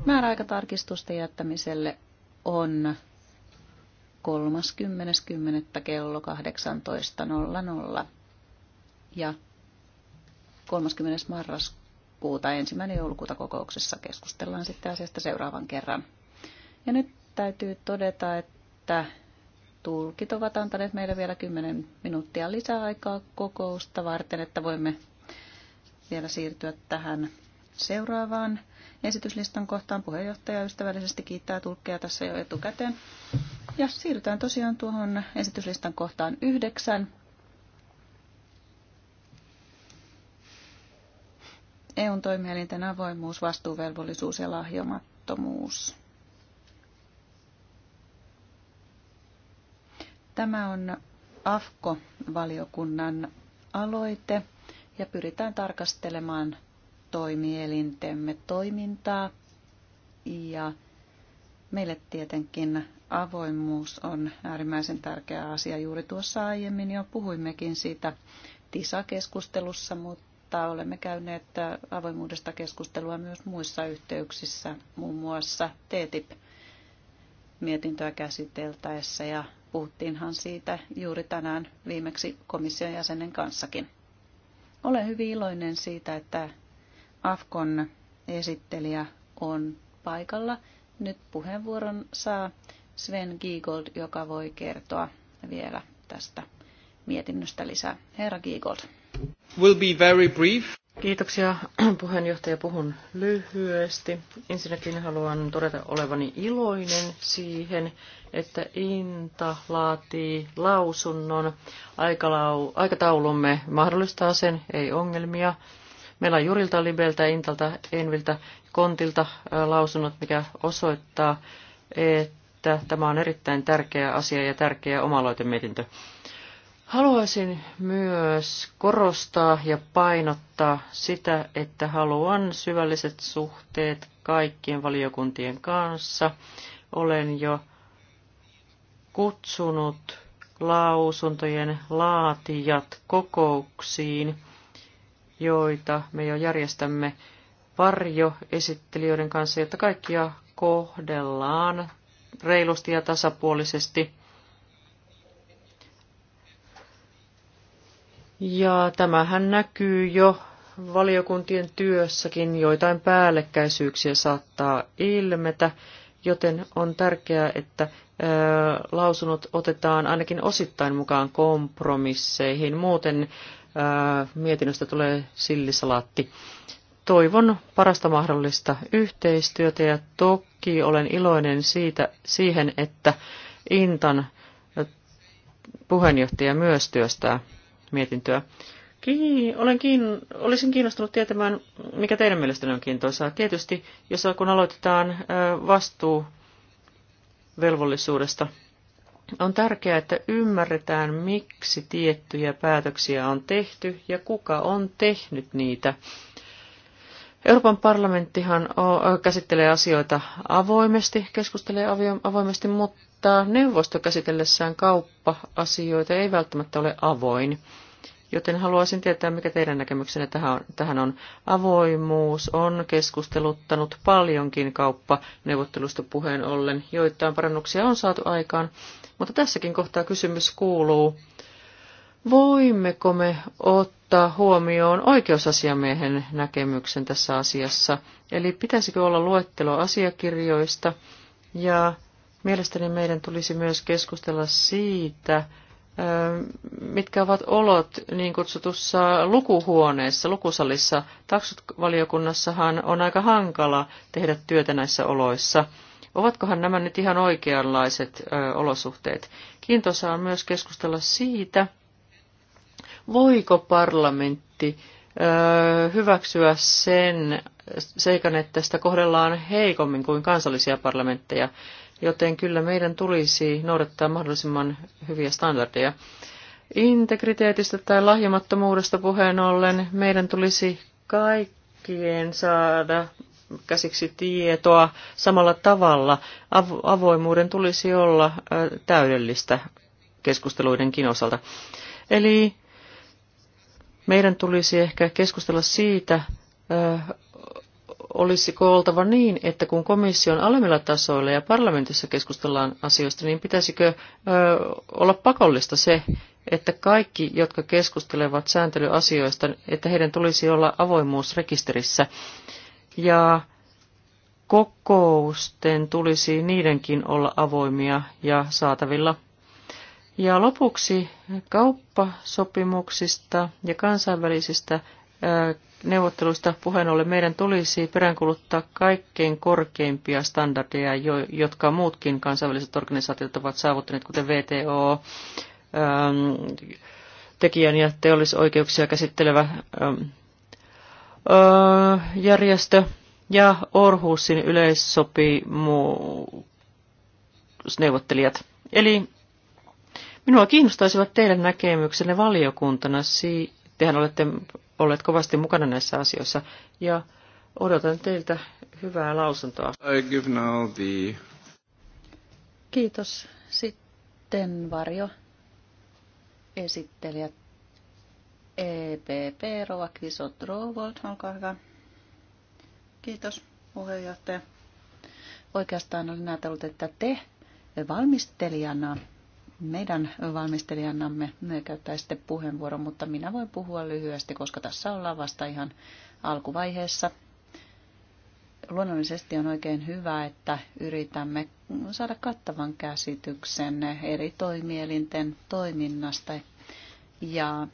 Määräaikatarkistusten jättämiselle on 30.10. kello 18.00 ja 30. marraskuuta ensimmäinen joulukuuta kokouksessa keskustellaan sitten asiasta seuraavan kerran. Ja nyt täytyy todeta, että tulkit ovat antaneet meille vielä 10 minuuttia lisäaikaa kokousta varten, että voimme vielä siirtyä tähän seuraavaan esityslistan kohtaan. Puheenjohtaja ystävällisesti kiittää tulkkeja tässä jo etukäteen. Ja siirrytään tosiaan tuohon esityslistan kohtaan yhdeksän. EUn toimielinten avoimuus, vastuuvelvollisuus ja lahjomattomuus. Tämä on AFKO-valiokunnan aloite ja pyritään tarkastelemaan toimielintemme toimintaa. Ja meille tietenkin avoimuus on äärimmäisen tärkeä asia. Juuri tuossa aiemmin jo puhuimmekin siitä TISA-keskustelussa, mutta olemme käyneet avoimuudesta keskustelua myös muissa yhteyksissä, muun muassa TTIP-mietintöä käsiteltäessä ja puhuttiinhan siitä juuri tänään viimeksi komission jäsenen kanssakin. Olen hyvin iloinen siitä, että Afkon esittelijä on paikalla. Nyt puheenvuoron saa Sven Giegold, joka voi kertoa vielä tästä mietinnöstä lisää. Herra Giegold. Will be very brief. Kiitoksia puheenjohtaja. Puhun lyhyesti. Ensinnäkin haluan todeta olevani iloinen siihen, että Inta laatii lausunnon. Aikalau, aikataulumme mahdollistaa sen, ei ongelmia. Meillä on Jurilta, Libeltä, Intalta, Enviltä, Kontilta lausunnot, mikä osoittaa, että tämä on erittäin tärkeä asia ja tärkeä omaloitemietintö. mietintö. Haluaisin myös korostaa ja painottaa sitä, että haluan syvälliset suhteet kaikkien valiokuntien kanssa. Olen jo kutsunut lausuntojen laatijat kokouksiin, joita me jo järjestämme varjoesittelijöiden kanssa, jotta kaikkia kohdellaan reilusti ja tasapuolisesti – Ja tämähän näkyy jo valiokuntien työssäkin, joitain päällekkäisyyksiä saattaa ilmetä, joten on tärkeää, että lausunnot otetaan ainakin osittain mukaan kompromisseihin. Muuten mietinnöstä tulee sillisalaatti. Toivon parasta mahdollista yhteistyötä ja toki olen iloinen siitä, siihen, että Intan puheenjohtaja myös työstää mietintöä. Kiin, olen kiin- olisin kiinnostunut tietämään, mikä teidän mielestänne on kiintoisaa. Tietysti, jos kun aloitetaan vastuu velvollisuudesta, on tärkeää, että ymmärretään, miksi tiettyjä päätöksiä on tehty ja kuka on tehnyt niitä. Euroopan parlamenttihan käsittelee asioita avoimesti, keskustelee avoimesti, mutta mutta neuvosto käsitellessään kauppa-asioita ei välttämättä ole avoin. Joten haluaisin tietää, mikä teidän näkemyksenne tähän on. Avoimuus on keskusteluttanut paljonkin kauppaneuvottelusta puheen ollen. Joitain parannuksia on saatu aikaan, mutta tässäkin kohtaa kysymys kuuluu, voimmeko me ottaa huomioon oikeusasiamiehen näkemyksen tässä asiassa? Eli pitäisikö olla luettelo asiakirjoista ja Mielestäni meidän tulisi myös keskustella siitä, mitkä ovat olot niin kutsutussa lukuhuoneessa, lukusalissa. Taksutvaliokunnassahan on aika hankala tehdä työtä näissä oloissa. Ovatkohan nämä nyt ihan oikeanlaiset ö, olosuhteet? Kiintoisa on myös keskustella siitä, voiko parlamentti ö, hyväksyä sen seikan, että sitä kohdellaan heikommin kuin kansallisia parlamentteja joten kyllä meidän tulisi noudattaa mahdollisimman hyviä standardeja. Integriteetistä tai lahjamattomuudesta puheen ollen meidän tulisi kaikkien saada käsiksi tietoa samalla tavalla. avoimuuden tulisi olla täydellistä keskusteluidenkin osalta. Eli meidän tulisi ehkä keskustella siitä, olisiko oltava niin, että kun komission alemmilla tasoilla ja parlamentissa keskustellaan asioista, niin pitäisikö ö, olla pakollista se, että kaikki, jotka keskustelevat sääntelyasioista, että heidän tulisi olla avoimuusrekisterissä. Ja kokousten tulisi niidenkin olla avoimia ja saatavilla. Ja lopuksi kauppasopimuksista ja kansainvälisistä neuvotteluista puheen ollen meidän tulisi peräänkuluttaa kaikkein korkeimpia standardeja, jotka muutkin kansainväliset organisaatiot ovat saavuttaneet, kuten VTO, ähm, tekijän ja teollisoikeuksia käsittelevä ähm, äh, järjestö ja Orhusin yleissopimusneuvottelijat. Eli minua kiinnostaisivat teidän näkemyksenne valiokuntana. Tehän olette olleet kovasti mukana näissä asioissa ja odotan teiltä hyvää lausuntoa. I give now the... Kiitos. Sitten Varjo, esittelijä EPP, Rova Kisot Rovold, olkaa hyvä. Kiitos puheenjohtaja. Oikeastaan olin ajatellut, että te valmistelijana meidän valmistelijannamme sitten puheenvuoron, mutta minä voin puhua lyhyesti, koska tässä ollaan vasta ihan alkuvaiheessa. Luonnollisesti on oikein hyvä, että yritämme saada kattavan käsityksen eri toimielinten toiminnasta ja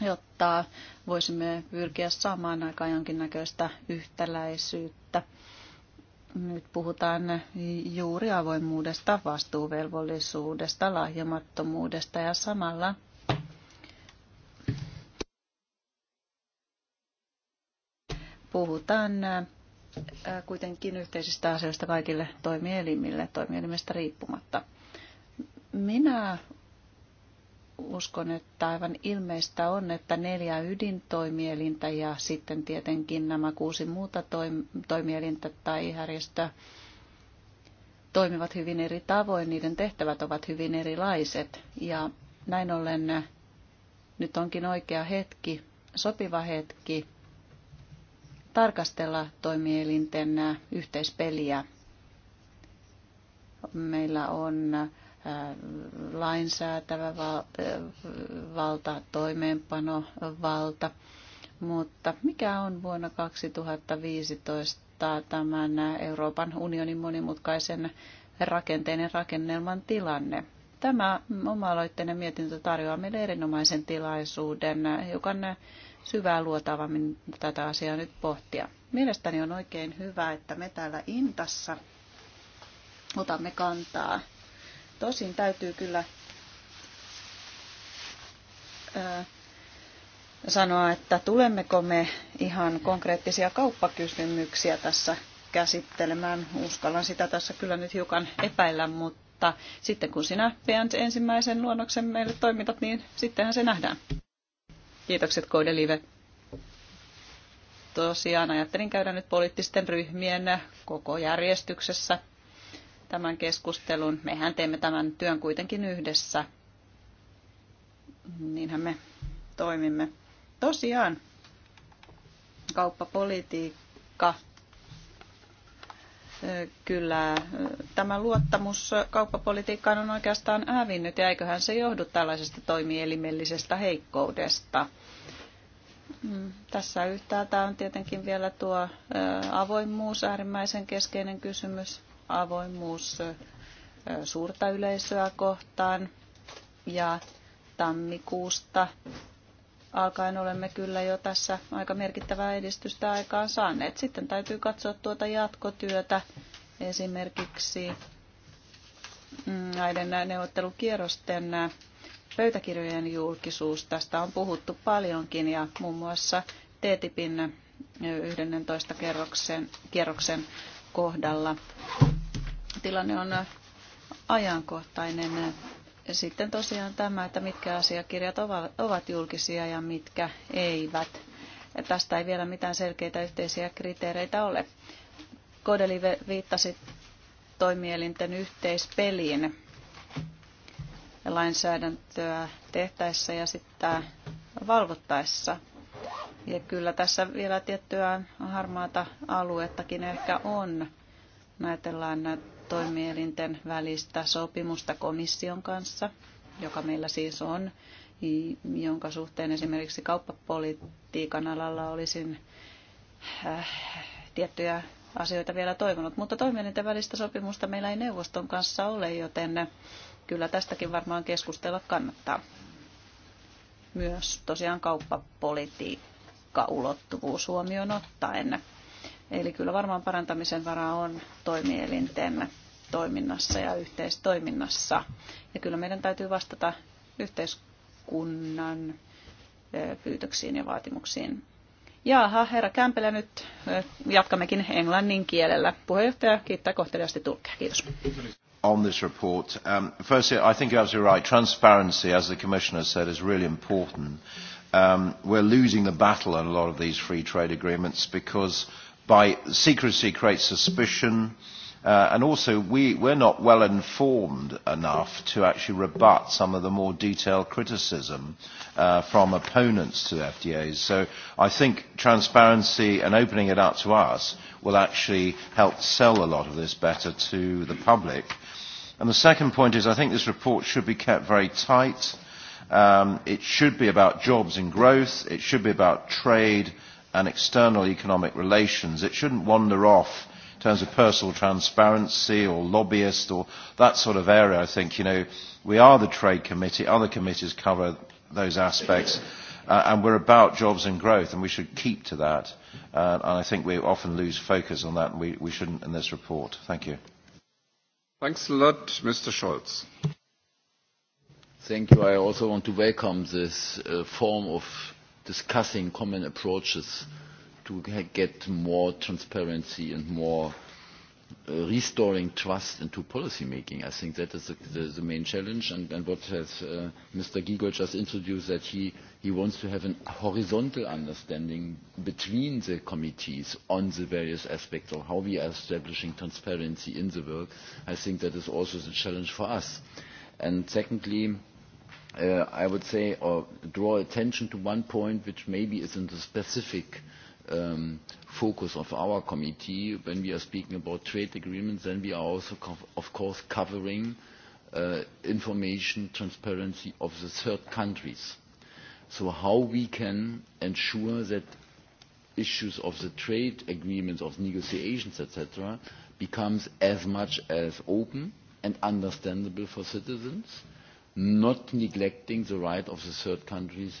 jotta voisimme pyrkiä saamaan aikaan jonkinnäköistä yhtäläisyyttä nyt puhutaan juuri avoimuudesta, vastuuvelvollisuudesta, lahjomattomuudesta ja samalla puhutaan äh, kuitenkin yhteisistä asioista kaikille toimielimille toimielimestä riippumatta. Minä uskon, että aivan ilmeistä on, että neljä ydintoimielintä ja sitten tietenkin nämä kuusi muuta toimielintä tai järjestöä toimivat hyvin eri tavoin, niiden tehtävät ovat hyvin erilaiset. Ja näin ollen äh, nyt onkin oikea hetki, sopiva hetki tarkastella toimielinten äh, yhteispeliä. Meillä on äh, lainsäätävä valta, toimeenpano valta. Mutta mikä on vuonna 2015 tämän Euroopan unionin monimutkaisen rakenteinen rakennelman tilanne? Tämä oma-aloitteinen mietintö tarjoaa meille erinomaisen tilaisuuden hiukan syvää luotavammin tätä asiaa nyt pohtia. Mielestäni on oikein hyvä, että me täällä Intassa otamme kantaa Tosin täytyy kyllä sanoa, että tulemmeko me ihan konkreettisia kauppakysymyksiä tässä käsittelemään. Uskallan sitä tässä kyllä nyt hiukan epäillä, mutta sitten kun sinä pian ensimmäisen luonnoksen meille toimitat, niin sittenhän se nähdään. Kiitokset koidelive. Live. Tosiaan ajattelin käydä nyt poliittisten ryhmien koko järjestyksessä tämän keskustelun. Mehän teemme tämän työn kuitenkin yhdessä. Niinhän me toimimme. Tosiaan, kauppapolitiikka kyllä tämä luottamus kauppapolitiikkaan on oikeastaan hävinnyt ja eiköhän se johdu tällaisesta toimielimellisestä heikkoudesta. Mm, tässä yhtäältä on tietenkin vielä tuo avoimuus äärimmäisen keskeinen kysymys avoimuus suurta yleisöä kohtaan. Ja tammikuusta alkaen olemme kyllä jo tässä aika merkittävää edistystä aikaan saaneet. Sitten täytyy katsoa tuota jatkotyötä esimerkiksi mm, näiden neuvottelukierrosten pöytäkirjojen julkisuus. Tästä on puhuttu paljonkin ja muun muassa TTIPin 11 kerroksen, kierroksen kohdalla tilanne on äh, ajankohtainen. Sitten tosiaan tämä, että mitkä asiakirjat ovat julkisia ja mitkä eivät. Ja tästä ei vielä mitään selkeitä yhteisiä kriteereitä ole. Kodeli viittasi toimielinten yhteispeliin lainsäädäntöä tehtäessä ja sitten valvottaessa. Ja kyllä tässä vielä tiettyä harmaata aluettakin ehkä on. Ajatellaan toimielinten välistä sopimusta komission kanssa, joka meillä siis on, jonka suhteen esimerkiksi kauppapolitiikan alalla olisin äh, tiettyjä asioita vielä toivonut. Mutta toimielinten välistä sopimusta meillä ei neuvoston kanssa ole, joten kyllä tästäkin varmaan keskustella kannattaa. Myös tosiaan kauppapolitiikka ulottuvuus huomioon ottaen. Eli kyllä varmaan parantamisen varaa on toimielinten toiminnassa ja yhteistoiminnassa. Ja kyllä meidän täytyy vastata yhteiskunnan pyytöksiin ja vaatimuksiin. Jaaha, herra Kämpelä, nyt jatkammekin englannin kielellä. Puheenjohtaja kiittää kohteliaasti tulkkia. Kiitos. On this report, um, firstly, I think you're absolutely right. Transparency, as the Commissioner said, is really important. Um, we're losing the battle on a lot of these free trade agreements because by secrecy creates suspicion, Uh, and also, we, we're not well informed enough to actually rebut some of the more detailed criticism uh, from opponents to the FDAs. So I think transparency and opening it up to us will actually help sell a lot of this better to the public. And the second point is I think this report should be kept very tight. Um, it should be about jobs and growth. It should be about trade and external economic relations. It shouldn't wander off terms of personal transparency or lobbyist or that sort of area, I think, you know, we are the trade committee, other committees cover those aspects, uh, and we're about jobs and growth, and we should keep to that. Uh, and I think we often lose focus on that, and we, we shouldn't in this report. Thank you. Thanks a lot, Mr. Scholz. Thank you. I also want to welcome this uh, form of discussing common approaches. Mm-hmm to get more transparency and more uh, restoring trust into policy making. I think that is the, the, the main challenge, and, and what has uh, Mr. Giegold just introduced, that he, he wants to have a horizontal understanding between the committees on the various aspects of how we are establishing transparency in the work. I think that is also the challenge for us. And secondly, uh, I would say, or draw attention to one point which maybe is in the specific um, focus of our committee when we are speaking about trade agreements, then we are also, of course, covering uh, information transparency of the third countries. So how we can ensure that issues of the trade agreements, of negotiations, etc., becomes as much as open and understandable for citizens, not neglecting the right of the third countries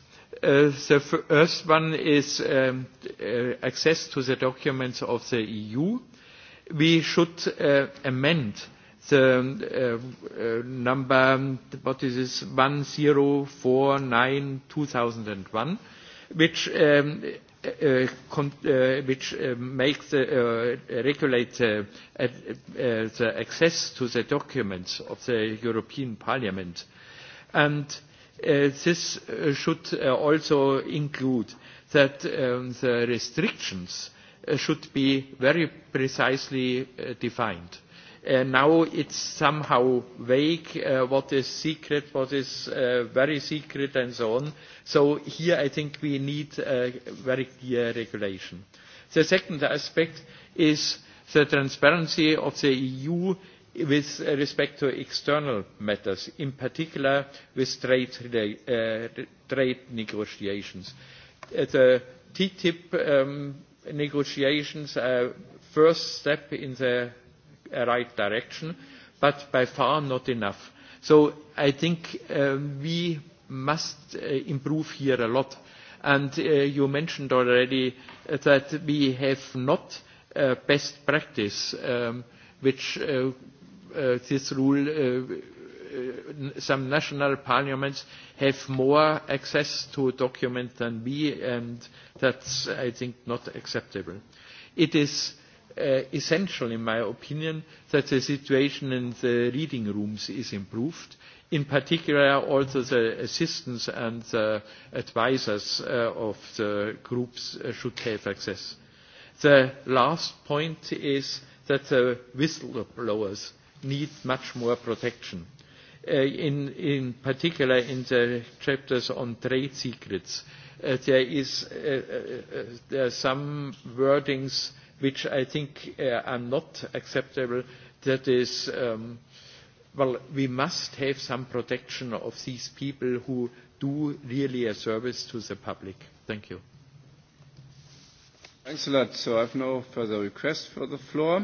Uh, the first one is um, uh, access to the documents of the EU. We should uh, amend the uh, uh, number, what is this, 1049-2001, which um, Uh, con, uh, which uh, makes the, uh, regulate the, uh, uh, the access to the documents of the European Parliament. And Uh, this uh, should uh, also include that um, the restrictions should be very precisely defined. Now it is somehow vague what is secret, what is very secret and so on. So here I think we need a very clear regulation. The second aspect is the transparency of the EU with respect to external matters, in particular with trade, uh, trade negotiations. Uh, the TTIP um, negotiations are first step in the right direction, but by far not enough. So I think um, we must uh, improve here a lot. And uh, you mentioned already that we have not uh, best practice um, which uh, uh, this rule, uh, uh, some national parliaments have more access to a document than we, and that's, I think, not acceptable. It is uh, essential, in my opinion, that the situation in the reading rooms is improved. In particular, also the assistants and the advisors uh, of the groups uh, should have access. The last point is that the whistleblowers need much more protection, uh, in, in particular in the chapters on trade secrets. Uh, there is uh, there are some wordings which I think are not acceptable. That is, um, well, we must have some protection of these people who do really a service to the public. Thank you. Thanks a lot. So I have no further requests for the floor.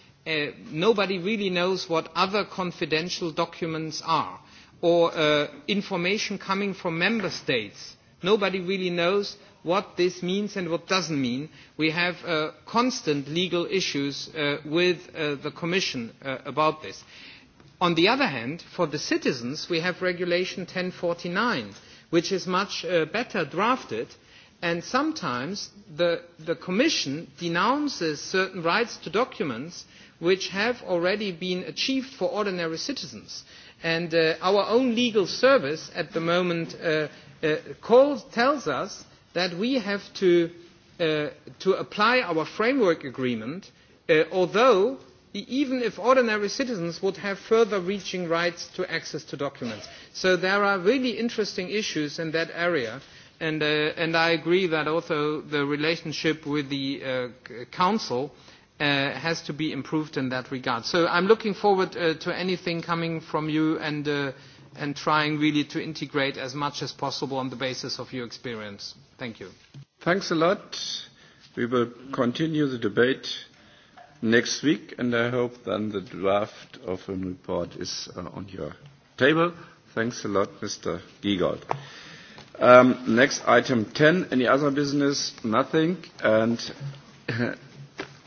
Uh, nobody really knows what other confidential documents are, or uh, information coming from member states. Nobody really knows what this means and what doesn't mean. We have uh, constant legal issues uh, with uh, the Commission uh, about this. On the other hand, for the citizens, we have Regulation 1049, which is much uh, better drafted, and sometimes the, the Commission denounces certain rights to documents which have already been achieved for ordinary citizens. And uh, our own legal service at the moment uh, uh, calls, tells us that we have to, uh, to apply our framework agreement, uh, although e, even if ordinary citizens would have further reaching rights to access to documents. So there are really interesting issues in that area. And, uh, and I agree that also the relationship with the uh, Council uh, Uh, has to be improved in that regard. So I'm looking forward uh, to anything coming from you and, uh, and trying really to integrate as much as possible on the basis of your experience. Thank you. Thanks a lot. We will continue the debate next week, and I hope then the draft of a report is uh, on your table. Thanks a lot, Mr. Giegold. Um, next item 10, any other business? Nothing. And